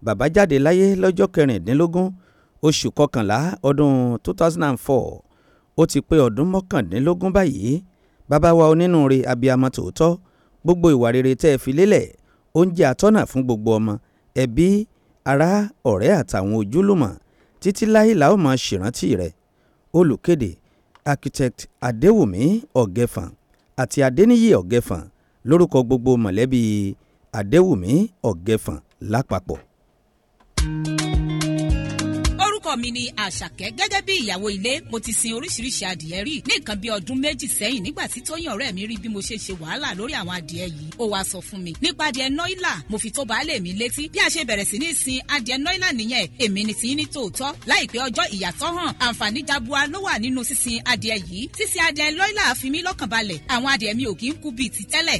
bàbá jáde láyé lọ́jọ́ kẹrìndínlógún oṣù kọkànlá ọdún 2004 ó ti pé ọdún mọ́kàndínlógún báyìí bàbá wa onínúure abiyamọ tòótọ́ gbogbo ìwà rere tẹ́ ẹ fi lélẹ̀ ó ń jẹ́ àtọ́nà fún gbogbo ọmọ ẹbí e ará ọ̀rẹ́ àtàwọn ojúlùmọ̀ títí láyé la ó máa ṣèrántí rẹ̀ olùkéde architect adéwùmí ọ̀gẹ́fàn àti adéníyì ọ̀gẹ́fàn lórúkọ gbogbo mọ̀lẹ́bí adéwùmí ọ̀gẹ́fàn lápapọ̀ orúkọ mi ni àṣàkẹ́ gẹ́gẹ́ bí ìyàwó ilé mo ti sin oríṣiríṣi adìẹ rí ní nǹkan bí ọdún méjì sẹ́yìn nígbà tí tóyìn ọ̀rẹ́ mi rí bí mo ṣe ṣe wàhálà lórí àwọn adìẹ yìí ó wàá sọ fún mi nípa adìẹ nọ́ìlà mo fi tó baálé mi létí bí a ṣe bẹ̀rẹ̀ sí ní sin adìẹ nọ́ìlà nìyẹn èmi ni tìyín ní tòótọ́ láìpẹ́ ọjọ́ ìyàtọ̀ hàn àǹfààní jabua ló wà nínú sísin adìẹ yìí sísin adìẹ nọ́ìlà fi mí lọ́kàn balẹ̀ àwọn adìẹ mi ò kí ń kú bíi ti tẹ́lẹ̀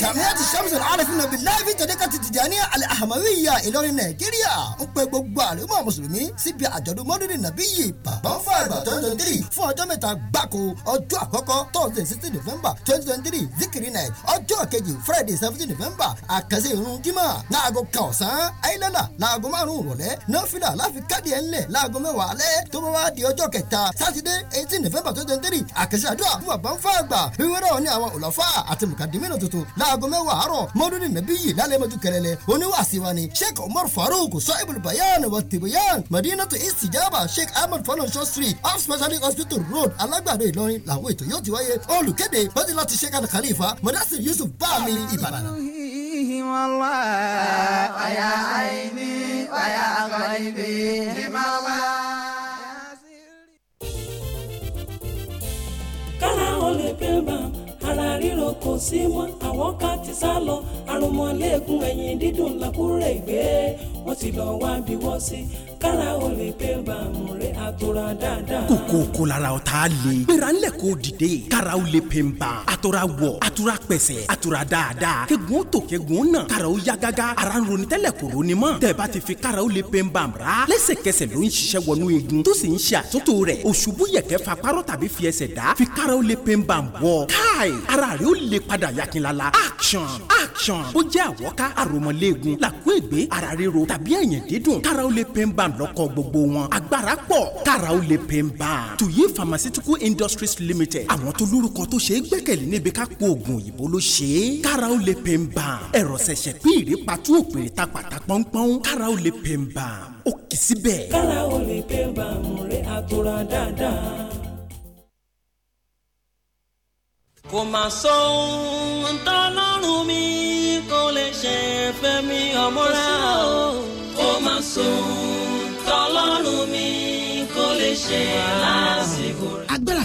jamiatu shamsul arifina bilayi tẹ̀lékà ti tìjàní alihamariya ìlọrin nàìjíríà ń pe gbogbo àlùmọ̀ mùsùlùmí síbi àjọ̀dún mọ́dúnrún nàbí yìí bàbá fún àgbà twenty twenty three fún ọjọ́ mẹ́ta gbáko ọjọ́ àkọ́kọ́ thursday sixteen november twenty twenty three zikiri night ọjọ́ kejì friday seventeen november àkàsí irun jimá láago kan ọ̀sán ayélujára láago márùn-ún rọ̀lẹ́ nọ́fìlà láfi káàdì ẹ̀ ńlẹ̀ láago mẹ́wàá alẹ́ tó bá wá di ọjọ́ kẹta sátidé november twenty three àkàsí àdúrà fún bàbá fún àgbà ìwé náà ní àwọn òlọ́fà àti mùkàdímínà tuntun láago mẹ́wàá àárọ̀ mọ́dúnrún mẹ́bí yìí lálẹ́ mọ́jú kẹrẹlẹ oníwàásí ni sheikh umar farouk sọ́ìbùl bayan wa tibayan madinatu istijaba sheikh ahmed falonso street off specialist hospital road alágbàdo ìlọrin làwọn ètò yóò ti wáyé olùkéde bọ́dí láti sheikh al khalifa mọ̀dásí yusuf báàmì ìbàdàn. ويا عيني ويا قلبي لما الله pépé mà ara ríro kò sí mọ́ àwọn ká ti sá lọ àrùnmọ́lẹ́gùn ẹ̀yìn dídùn làkúrẹ́ ìgbé wọ́n ti lọ́ọ́ wá bí wọ́n sí. kára o lè pé bàmù rẹ̀ àtòrà dáadáa. kòkó kò lára o t'a le. gbéra ńlẹ̀ k'o dìde. kára o lè pè n ban. àtòrà wọ̀ àtòrà pẹ̀sẹ̀ àtòrà dáadáa. kegun tó kegun nà. kára o ya gágá. ara ń ronú tẹ́lẹ̀ kò ronú mọ́. tẹ̀bá ti fi kára o lè pè n ban ra. lẹ́sẹ̀kẹsẹ̀ ló ń ṣiṣẹ́ wọnú igun. tó sì ń ṣe àtúntò rẹ̀. òṣùbù yẹ̀kẹ́ fa párọ̀ tàbí fi ẹsẹ̀ fi kára o lè pè n ban bọ̀. káì ara rẹ̀ ó lè padà yakinlala. action action. ó jẹ́ àwọ̀ká àròmọ̀lẹ́gun làkún ìgbé ara ro, tàbí ẹ̀yìn dedun. kára o lè pè n ban lọ́kọ̀ gbogbo wọn agbára pọ̀ kára ó lè pè ń bá a. tuyi pharmaceutical industries limited àwọn tó lórúkọ tó ṣe é gbẹ́kẹ̀lé níbi ká po oògùn òyìnbó ló ṣe é kára ó lè pè ń bá a. ẹ̀rọ ṣẹ̀ṣẹ̀ pín ìrèpàtú òpèrè ta pàtà pọ́npọ́n kára ó lè pè ń bá a. ó kì í síbẹ̀. kára ó lè pè ń bá a mú rẹ àtúrà dáadáa. kò mà sọ ohun tọ́lọ́run mi kò lè ṣe fẹ́mi ọmọ rẹ̀ o kò sọ ohun. ṣe lásìkò rẹ̀.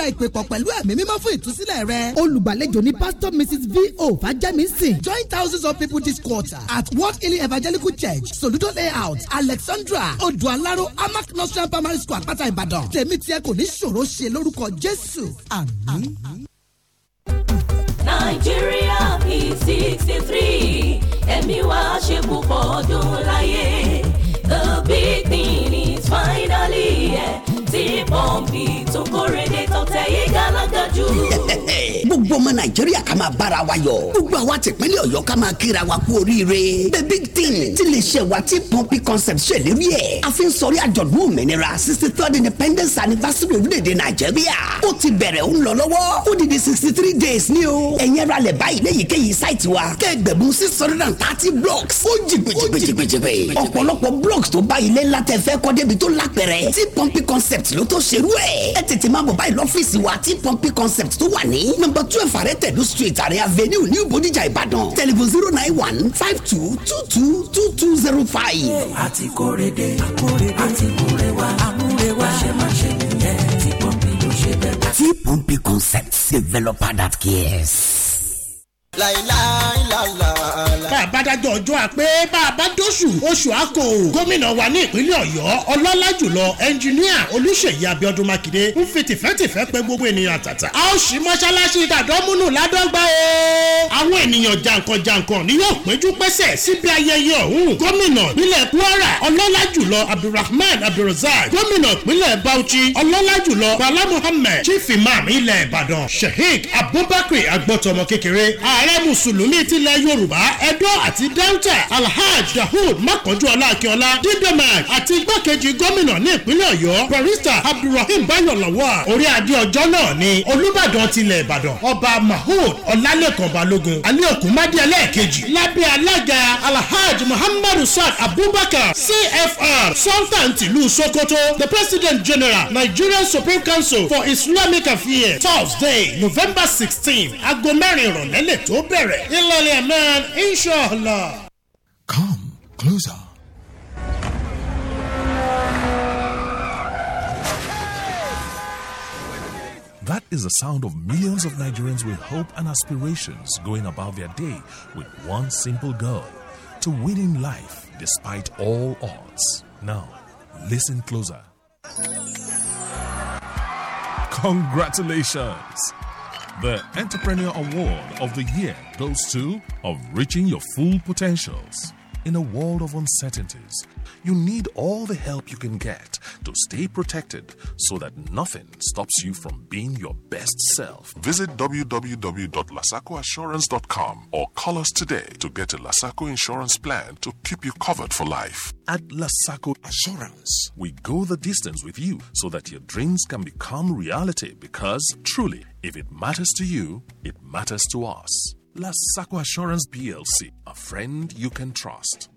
da ìpè pọ̀ pẹ̀lú ẹ̀mí mímọ́ fún ìtúsílẹ̀ rẹ. olùgbàlejò ni pastor mrs v o fàjẹ́mísìn. join thousands of people this quarter at world healing evangelical church soludo layout alexandra odualaro amak nursery primary school àpáta ìbàdàn tèmi tiẹ̀ kò ní ṣòro ṣe lórúkọ jésù àmín. nàìjíríà p sixty three ẹ̀mí wa ṣe púpọ̀ ọdún láyé the big thing is finally ẹ̀ tí pọ́ǹpì tó kórè dé. gbogbo ọmọ nàìjíríà ká máa bára wa yọ̀ gbogbo àwa tìpínlẹ̀ ọ̀yọ́ ká máa kíra wa kú oríire the big thing ti lè ṣe wa ti pọ́ńpì concept ṣèlérí ẹ̀ a fi ń sọrí àjọ̀dún òmìnira sixty third independence anniversary orílẹ̀-èdè nàìjíríà ó ti bẹ̀rẹ̀ ó ń lọ lọ́wọ́ ó di di sixty three days ní o ẹ̀yẹ́ ra lẹ̀ báyìí léyìíkéyìí sáìtì wa kẹ́gbẹ̀mú six hundred and thirty blocks ó jì gbèjìgbèjìgbè ọ̀pọ̀lọpọ̀ blocks tó bá ilé ńlá tẹ fẹ́ kọ́ débi tó lápẹ̀rẹ̀ tí pọ́ńpì concept ló tó ṣerú ẹ̀ ẹ̀ tètè má bọ̀ báyìí ọ́fíìsì wa ti pọ́ńpì concept tó wà ní nọ́mbà twelve àrẹ́tẹ̀dú street àrẹ avenue new Bodija Ìbàdàn tẹlifon zero nine one five two two two two two zero five. àti kórede àti múrewa àmúrewa ṣe máa ṣe nìyẹn tí pọ́ńpì ló ṣe bẹ́ẹ̀. tí pọ́ńpì concept developer that cares bàbá dájọ́ ọjọ́ àpé bàbá dóṣù oṣù àkó gómìnà wa ní ìpínlẹ̀ ọ̀yọ́ ọlọ́lá jùlọ ẹnjìníà olúṣèyí abiodun makinde ń fi tìfẹ́tìfẹ́ pé gbogbo ènìyàn àtàtà. a ó ṣí mọ́ṣáláṣí tàdọ́múnú ládọ́gba o. àwọn ènìyàn jàǹkànjàǹkàn ni yóò péjú pésẹ̀ síbi ayẹyẹ ọ̀hún gómìnà ìpínlẹ̀ kwara ọlọ́lá jùlọ abdulrahman abdulrasaq gómìnà ìpínlẹ̀ bauchi ọlọ́lá jùlọ bala muhammed chief imam ilẹ̀ ìbàdàn sheikh abubakar agbọ́tọmọ kékeré ààrẹ mùsùlùmí tilẹ̀ yorùbá ẹ̀dó àti delta alhaj dahud makanju ọlákiọlá didemak àti igbákejì gómìnà ní ìpínlẹ̀ ọ̀yọ́ barista abdulrahim bayọ̀lọ́wọ́ orí adé ọjọ́ náà ni olúbàdàn tilẹ̀ ìbàdàn ọba mahood ọlálẹ́kan balógun alẹ́kùn mádé ẹlẹ́ẹ̀kejì lábẹ́ alága alhaj muhammadu saad abubakar cfr sultan tìlú sokoto the president general nigerian supreme council for islamic affairs thursday november sixteen aago mẹ́rin ìrọ̀lẹ́lẹ̀ tó bẹ̀rẹ̀. come closer. That is the sound of millions of Nigerians with hope and aspirations going about their day with one simple goal to win in life despite all odds. Now, listen closer. Congratulations! The Entrepreneur Award of the Year goes to Of Reaching Your Full Potentials. In a world of uncertainties, you need all the help you can get to stay protected so that nothing stops you from being your best self. Visit www.lasacoinsurance.com or call us today to get a Lasaco insurance plan to keep you covered for life. At Lasaco Assurance, we go the distance with you so that your dreams can become reality because truly, if it matters to you, it matters to us. La Saco Assurance PLC, a friend you can trust.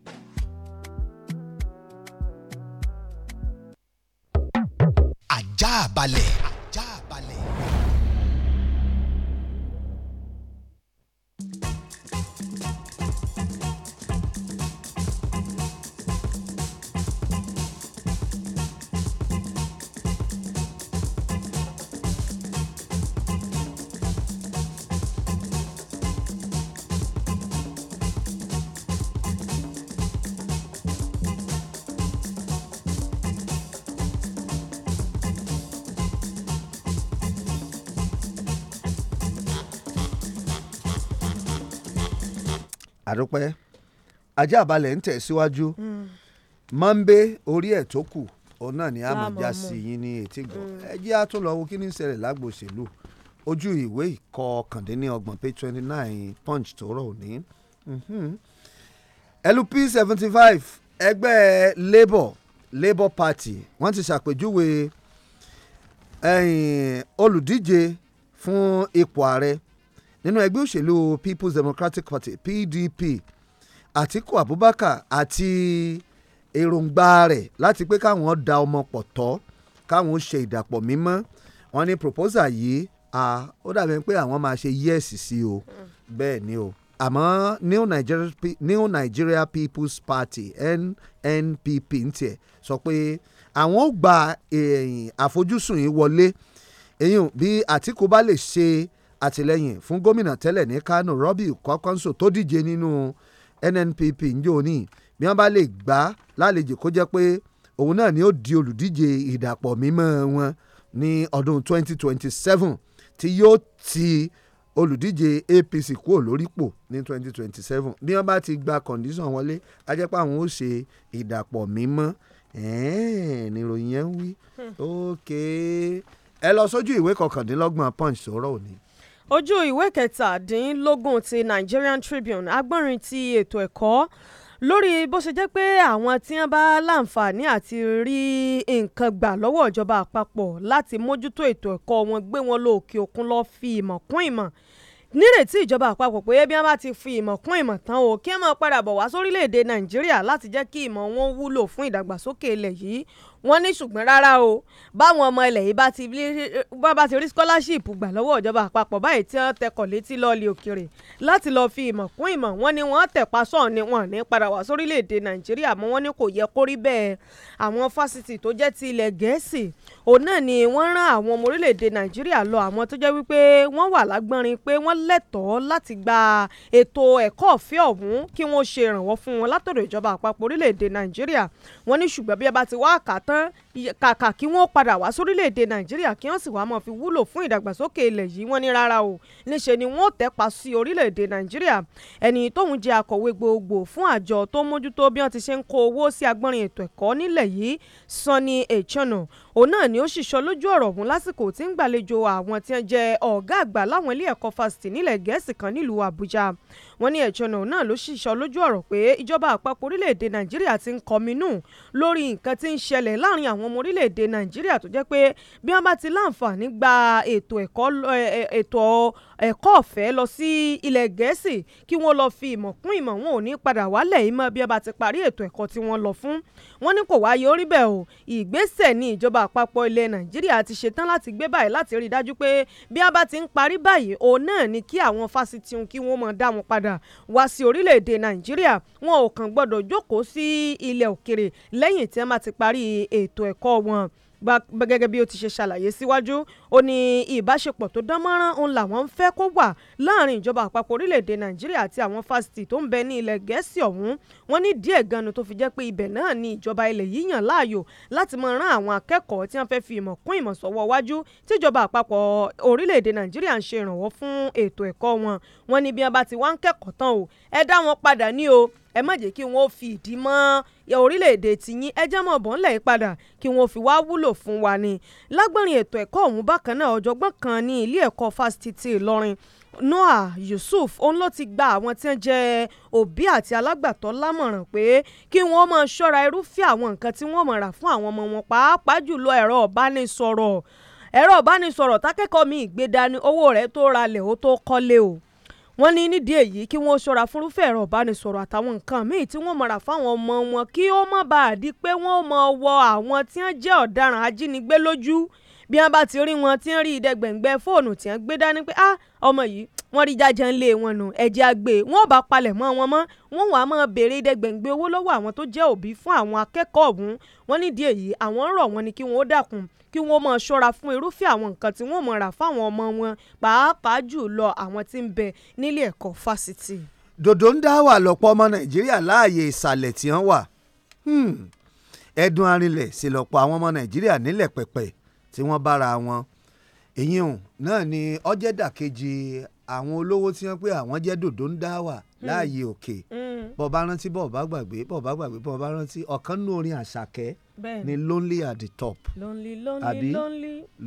Ajá balẹ̀. Ajá àdúpẹ́ ajá àbálẹ̀ ń tẹ̀síwájú mọ́ńbé orí ẹ̀ tó kù òun náà ni a máa já sí yín ní etígbọ̀n mm. ẹ jẹ́ á tún lọ wo kí ní ṣẹlẹ̀ lágbo òṣèlú ojú ìwé ìkọkàndínlọ́gbọ̀n page twenty nine punch tó rọ̀ òní mm-hmm. LP seventy five ẹgbẹ́ labour labour party wọ́n ti ṣàpèjúwe olùdíje fún ipò ààrẹ nínú ẹgbẹ́ òṣèlú People's Democratic Party PDP Àtíkù Abubakar àti èròǹgbà rẹ̀ láti pé káwọn da ọmọ pọ̀ tọ́ káwọn ṣe ìdàpọ̀ mímọ́ wọn ní proposal yìí ó dàbí pé àwọn máa ṣe yes sí o bẹ́ẹ̀ ni o àmọ́ New Nigeria, New Nigeria People's Party NNPP ń tiẹ̀ sọ pé àwọn ó gba eh, àfojúsùn yìí wọlé èyí bí Àtíkù bá lè ṣe. E, àtìlẹ́yìn fún gómìnà tẹ́lẹ̀ ní Kano Robiu Kwankwaso tó díje nínú NNPP ǹjẹ́ òní bí wọ́n bá lè gbà á lálejò kó jẹ́ pé òun náà ni ó di olùdíje ìdàpọ̀ mímọ́ wọn ní ọdún 2027 tí yóò ti olùdíje APC kúrò lórípò ní 2027 bí wọ́n bá ti gba kọ̀ǹdíṣàn wọlé a jẹ́ pé àwọn ó ṣe ìdàpọ̀ mímọ́ níròyìn yẹn ń wí. ókè hmm. ẹ lọ sójú ìwé kọkàndínlọ́gbọ̀n punch sọ̀rọ̀ òní ojú ìwé kẹtàdínlógún ti Nigerian Tribune agbọ́nrin ti ètò ẹ̀kọ́ lórí bó ṣe jẹ́ pé àwọn tí wọ́n bá láǹfààní àti rí nǹkan gbà lọ́wọ́ ìjọba àpapọ̀ láti mójútó ètò ẹ̀kọ́ wọn gbé wọn lọ òkè òkun lọ fi ìmọ̀ kún ìmọ̀ nírètí ìjọba àpapọ̀ pé bí wọ́n bá ti fi ìmọ̀ kún ìmọ̀ tán o kí wọ́n máa padà bọ̀ wá sórílẹ̀‐èdè Nàìjíríà láti jẹ́ kí ìmọ̀ wọn wúlò fún ìdàgbàsókè ilẹ̀ yìí wọ́n ní ṣùgbọ́n rárá o báwọn ọmọ ilẹ̀ yìí bá ti rí scholarship gbà lọ́wọ́ ìjọba àpapọ̀ báyìí tí wọ́n tẹkọ̀ létí lọ́ọ̀lì òkèrè láti lọ́ọ́ fi ìmọ̀ kún ìmọ̀ wọ́n ní wọ́n tẹ̀pá sọ́ọ̀ ni wọ́n ní padà wá sórílẹ̀‐èdè nàìjíríà mọ́ wọ́n ní kò yẹ kó rí bẹ́ẹ̀ àwọn fásitì tó jẹ́ ti ilẹ̀ gẹ̀ẹ́sì òun náà ni wọ́n rán àwọn ọmọ orílẹ̀‐èdè nàìjíríà lọ àwọn tó jẹ́ wípé wọ́n wà lágbọ́nrin pé wọ́n lẹ́tọ̀ọ́ láti gba ètò ẹ̀kọ́ ọ̀fẹ́ ọ̀hún kí wọ́n ṣe ìrànwọ́ fún wọn látọ̀dọ̀ ìjọba àpapọ̀ orílẹ̀‐èdè nàìjíríà wọ́n ní ṣùgbọ́n bí ẹ bá ti wá àkàtà tán kàkà kí wọ́n padà wá sórílẹ̀‐èdè nàìjíríà kí wọ́n sì wá máa fi wúlò fún ìdàgbàsókè ilẹ̀ yìí wọ́n ní rárá o níṣe ni wọ́n tẹ́pa sí orílẹ̀‐èdè nàìjíríà ẹni tóun jẹ́ akọ̀wé gbogbo fún àjọ tó mójútó bí wọ́n ti ṣe ń kó owó sí agbọ́nrin ètò ẹ̀kọ́ nílẹ̀ yìí Sunny Echano òun náà ni ó ṣìṣọ lójú ọ̀rọ̀ ọ̀hún lásìkò tí ń gbàlejò àwọn tí ń jẹ ọ̀gá àgbà láwọn ilé ẹ̀kọ́ fásitì nílẹ̀ gẹ̀ẹ́sì kan nílùú àbújá wọn ní ẹ̀chọ́nà náà ló ṣìṣọ lójú ọ̀rọ̀ pé ìjọba àpapọ̀ orílẹ̀-èdè nàìjíríà ti ń kọminú lórí nǹkan tí ń ṣẹlẹ̀ láàrin àwọn ọmọ orílẹ̀-èdè nàìjíríà tó jẹ́ pé bí wọ́n bá ti láǹfààní gba ètò ẹ̀kọ́ ọ̀fẹ́ lọ sí ilẹ̀ gẹ̀ẹ́sì kí wọ́n lọ fi ìmọ̀ kún ìmọ̀ wọn ò ní padà wálẹ̀ yìí bí wọ́n bá ti parí ètò ẹ̀kọ́ tí wọ́n lọ fún wọn ní kò wáyé orí bẹ́ẹ̀ o ìgbésẹ̀ ní ìjọba àpapọ̀ ilẹ̀ nàìjíríà ti ṣetán láti gbé báyìí láti rí i dájú pé bí a bá ti ń parí báyìí òun náà ni kí àwọn fásitì òun kí wọ́n mọ̀ dá wọn padà wá sí orílẹ̀-èdè nàìjíríà wọn ò kàn gbọ́dọ̀ jókòó sí ilẹ̀ òkèrè lẹ́yìn tí wọ́n ti parí ètò ẹ̀kọ́ wọn gẹ́gẹ́ bí ó ti ṣe ṣàlàyé síwájú ó ní ìbáṣepọ̀ tó dán mọ́rán òun làwọn ń fẹ́ kó wà láàrin ìjọba àpapọ̀ orílẹ̀-èdè nàìjíríà àti àwọn fásitì tó ń bẹ ní ilẹ̀ gẹ̀ẹ́sì ọ̀hún wọn ní díẹ̀ ganu tó fi jẹ́ pé ibẹ̀ náà ni ìjọba ilẹ̀ yìí yàn láàyò láti máa rán àwọn akẹ́kọ̀ọ́ tí wọ́n fẹ́ fi ìmọ̀ kún ìmọ̀ sọ́wọ́ wájú tíjọba àpapọ̀ orílẹ̀-èdè nàìjíríà ń ṣe ìrànwọ́ fún ètò ẹ̀kọ́ wọn wọn ní bí wọ́n bá ti wá ń kẹ́kọ̀ọ́ tán o ẹ dá wọn padà ní o ẹ má jẹ́ kí wọ́n fi ìdí mọ́ orílẹ̀-èdè tìyín ẹ jẹ́ mọ̀ bọ́ ńlẹ̀ ìpadà kí wọ́n fi wá wúlò fún wa ni lágbọ́nrin ètò ẹ̀kọ́ ọ̀hún bákan náà ọ̀jọ̀gbọ́n kan ní ilé ẹ̀kọ́ fásitì ti Ìlọrin Noah Yusuf òun ló ti gba àwọn tí wọ́n jẹ́ òbí àti alágbàtọ́ lámọ̀ràn pé kí wọ́n máa ṣọ́ra irúfẹ́ àwọn nǹkan tí wọ́n máa fún àwọn ọmọ wọn pàápàá jùlọ ẹ̀rọ ọ̀bánisọ̀rọ̀ ẹ̀rọ ọ̀bánisọ̀rọ̀ tákẹ́kọ̀ọ́ mi ìgbéda ni owó rẹ̀ tó ralẹ̀ ó tó kọ́lé o wọ́n ní nídìí èyí kí wọ́n ṣọ́ra fúnrúfẹ́ ẹ̀rọ ìbánisọ̀rọ̀ àtàwọn nǹkan míì tí wọ́n mọ̀ra fáwọn ọmọ wọn kí ó má bàa di pé wọ́n mọ̀ wọ àwọn tí wọ́n jẹ́ ọ̀daràn ajínigbé lójú bí wọ́n bá ti rí wọn tí wọ́n rí ìdẹ́gbẹ̀ngbẹ́ fóònù tí wọ́n gbé dání pé ah ọmọ yìí wọ́n rí jájẹ́ ńlé wọn nù ẹ̀jẹ̀ àgbè e. wọ́n bá palẹ̀ mọ́ wọn mọ́ wọ́n wàá máa béèrè dẹ́gbẹ̀ǹgbé owó lọ́wọ́ àwọn tó jẹ́ òbí fún àwọn akẹ́kọ̀ọ́ ọ̀hún wọ́n nídìí èyí àwọn ń rọ̀ wọn ni kí wọ́n dákun kí wọ́n máa ṣọ́ra fún irúfẹ́ àwọn nǹkan tí wọ́n máa rà fáwọn ọmọ wọn pàápàá jù lọ àwọn tí ń bẹ nílé ẹ̀kọ́ fásitì. dòdò ń dá wà lọ́pọ̀ ọmọ nàìjíríà láàyè ìsàlẹ̀ tí wọ́n wà hmm. ẹ̀dùn arinlẹ̀ sì lọ́pọ̀ àwọn ọmọ nàìjíríà nílẹ̀ pẹ̀pẹ̀ tí wọ́n bára wọn èyí hùn náà ni ọjẹ́dà àwọn olówó tí wọ́n pé àwọn jẹ́ dòdò ń dá wà hmm. láàyè òkè hmm. bó bá rántí bó bá gbàgbé bó bá gbàgbé bó bá rántí ọ̀kan nínú orin àṣàkẹ́ ni lonely at the top lonely lonely àbí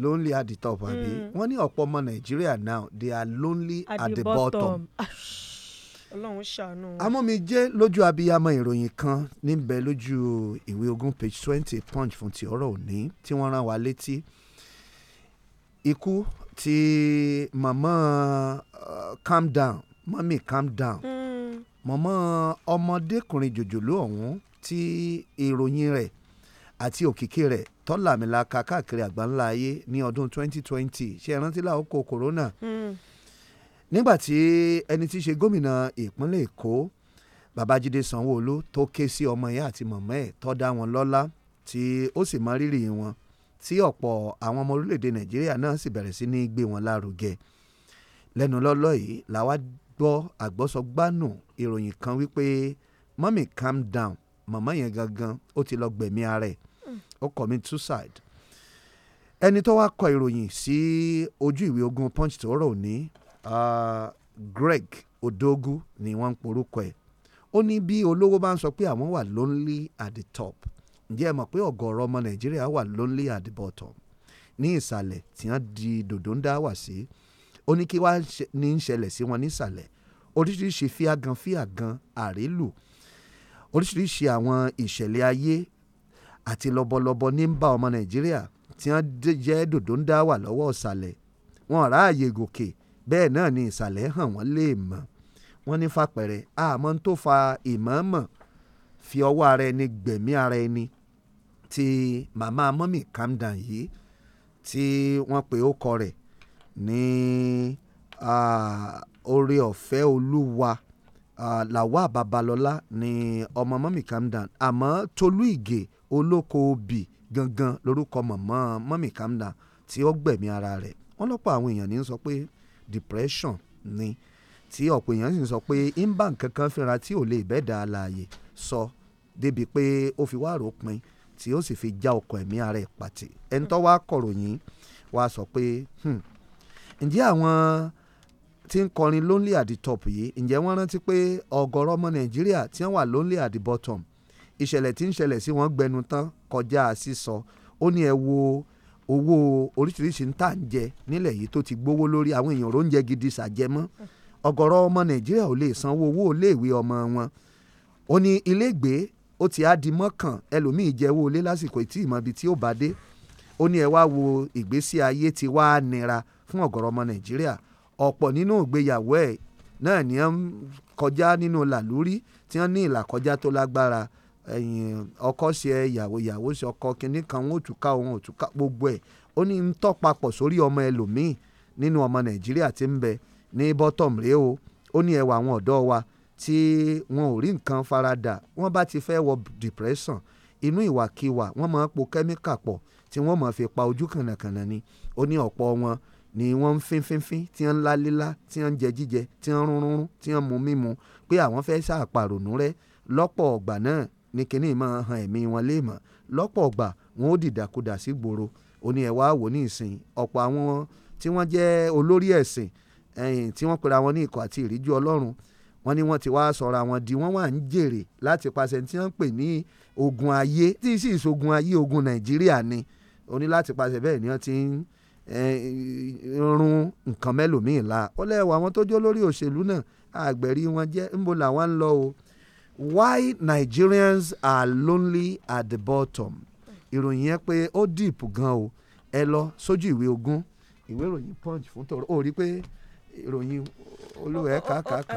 lonely. at the top àbí hmm. wọ́n ní ọ̀pọ̀ ọmọ nàìjíríà now they are lonely at, at the, the bottom. bottom. Ah, ọlọ́run ṣàánú. amómijé lójú abiyamọ ìròyìn kan níbẹ̀ lójú ìwé ogún page twenty punch fún ti ọ̀rọ̀ òní tí wọ́n rán wa létí ikú ti mama uh, calm down mami calm down Mama ọmọdékùnrin jòjòló ọ̀hún tí ìròyìn rẹ̀ àti òkìkí rẹ̀ tọ́làmìlaka káàkiri àgbáńlá ayé ní ọdún 2020 ṣe é rántí láòkó corona. Mm. nígbà tí ẹni tí í ṣe gómìnà ìpínlẹ̀ èkó babájídé sanwóolu tó ké sí ọmọ yẹn àti mọ̀mọ́ ẹ̀ tó dá wọn lọ́lá tí ó sì mọ rírì wọn tí ọ̀pọ̀ àwọn ọmọ orílẹ̀-èdè nàìjíríà náà sì bẹ̀rẹ̀ sí ní gbé wọn lárugẹ lẹ́nu lọ́lọ́ yìí làwa gbọ́ àgbọ́sọgbánù ìròyìn kan wípé mọ́mì calm down màmá yẹn gangan ó ti lọ gbẹ̀mí ara ẹ̀ hmm. ó commit suicide ẹni tó wá kọ ìròyìn sí ojú ìwé ogun punch tó rọ̀ ní Greg Odogu ni wọ́n ń porúkọ ẹ̀ ó ní bí olówó bá ń sọ pé àwọn wà lonely at the top ǹjẹ́ ẹ mọ̀ pé ọ̀gọ̀ọ̀rọ̀ ọmọ nàìjíríà wà lonely at the bottom ní ìsàlẹ̀ tí wọ́n di dòdò ń dá wà sí ó ní kí wá ní í ṣẹlẹ̀ sí wọn nísàlẹ̀ oríṣiríṣi fíagan fíagan àrélù oríṣiríṣi àwọn ìṣẹ̀lẹ̀ ayé àti lọ́bọ̀lọ́bọ̀ ní ń bá ọmọ nàìjíríà tí wọ́n jẹ́ dòdò ń dá wà lọ́wọ́ ìsàlẹ̀ wọn ráàyè gòkè bẹ́ẹ̀ náà ni ìsàlẹ̀ hàn wọ́n lè mọ̀ wọ́n ní fàpẹ̀rẹ̀ àmọ́ tó fa ìmọ̀ọ́mọ̀ fi ọwọ́ ara ẹni gbẹ̀mí ara ẹni ti màmá mọ́mì calm down yìí tí wọ́n pe ókọ rẹ̀ ní oore ọ̀fẹ́ olúwa làwa babalọ́lá ni ọmọ mọ́mì calm down àmọ́ tolú ìgè olóko obì gangan lórúkọ mọ̀mọ́ mọ́mì calm down tí ó gbẹ̀mí ara rẹ̀ wọ́n lọ́pọ̀ àwọn èèyàn ní sọ pé depression ni tí ọ̀pọ̀ èèyàn sì ń sọ pé inbank kankan fínra tí ò lè bẹ́ẹ̀ dá a láàyè sọ débi pé ó fi wá rò pin tí ó sì fi já ọkọ̀ ẹ̀mí ara ẹ̀ pàtì ẹni tó hmm. wá kọ̀ròyìn wá sọ pé hmm, ǹjẹ́ àwọn tí ń kọrin lonely at the top yìí ǹjẹ́ wọ́n rántí pé ọ̀gọ̀rọ̀ ọmọ Nàìjíríà tí wọ́n wà lonely at the bottom ìṣẹ̀lẹ̀ tí ń ṣẹlẹ̀ sí wọn gbẹnu tán kọjá sísọ ó ní ẹ wo owó oríṣiríṣi ń tà ń jẹ nílẹ̀ yìí tó ti gbówó lórí àwọn èèyàn oúnjẹ gidi ṣàjẹmọ́ hmm. ọ̀gọ̀rọ̀ ọmọ Nàìjíríà ò lè sanwó owó iléèwé ọmọ wọn ó ní iléègbé ó ti á di mọ́kàn ẹlòmíì jẹ́wọ́ olé lásìkò tí ìmọ̀bi tí ó bá dé ó ní ẹ wá wo ìgbésí ayé ti wá nira fún ọ̀gọ̀rọ̀ ọmọ nàìjíríà ọ̀pọ̀ nínú ìgbéyàwó ẹ̀ náà ni wọ́n kọjá nínú làlúrí tí wọ́n ní ìlàkọjá tó lágbára ọkọ ṣe ìyàwó ìyàwó ṣe ọkọ kínní kan wọn ò túká wọn ò túká gbogbo ẹ̀ ó ní ń tọ́ papọ̀ sórí ọmọ ẹlòmíì nínú ọmọ nàìjíríà tí ń bẹ ní bọ́tọ̀m rèé o ó ní ẹwà àwọn ọ̀dọ́ wa tí wọn ò rí nǹkan faradà wọ́n bá ti fẹ́ wọ depression inú ìwàkiwà wọ́n máa ń po kẹ́míkà pọ̀ tí wọ́n máa fi pa ojú kànàkànà ni ó ní ọ̀pọ̀ wọn ni wọ́n ń fín fínfín tí wọ́n ń lá lílá tí wọ́n ń jẹ jíjẹ tí wọ́n ń rún rún tí wọ́n ń mu mímu pé àwọn fẹ́ ṣàpàrònú rẹ lọ́pọ̀ ọ̀gbà náà ni kinní máa han ẹ̀mí wọn léèmọ̀ lọ́pọ̀ ọ̀gbà wọn ó dìdàkudà sí gbòòrò ó ní ẹ̀ wá wò ní ìsìn ọ̀pọ̀ àwọn tí wọ́n jẹ́ olórí ẹ̀sìn tí wọ́n pera wọn ní ikọ̀ àti ìríjú Ọlọ́run wọ́n ní wọ́n ti wá sọ̀rọ̀ àwọn di wọ́n wà ń jèrè láti paṣẹ tí wọ́n pè ní ogun ayé tí sì ìṣogun ayé ogun nàìjíríà ni ó ní láti paṣẹ bẹ́ẹ̀ ni wọ́n ti ń run nǹkan mẹ́lòmíì la ó lẹ́wọ̀ àwọn tó jó lórí òṣèlú náà àgbẹ̀rí wọn jẹ́ ńbo làwọn ń lọ o why Nigerians are lonely at the bottom ìròyìn yẹn pé ó deep gan o ẹ lọ sójú ìwé ogún ìwé ìròyìn punch fún tòró ó rí i pé ìròyìn olúwẹ̀ẹ́ kàkàkà.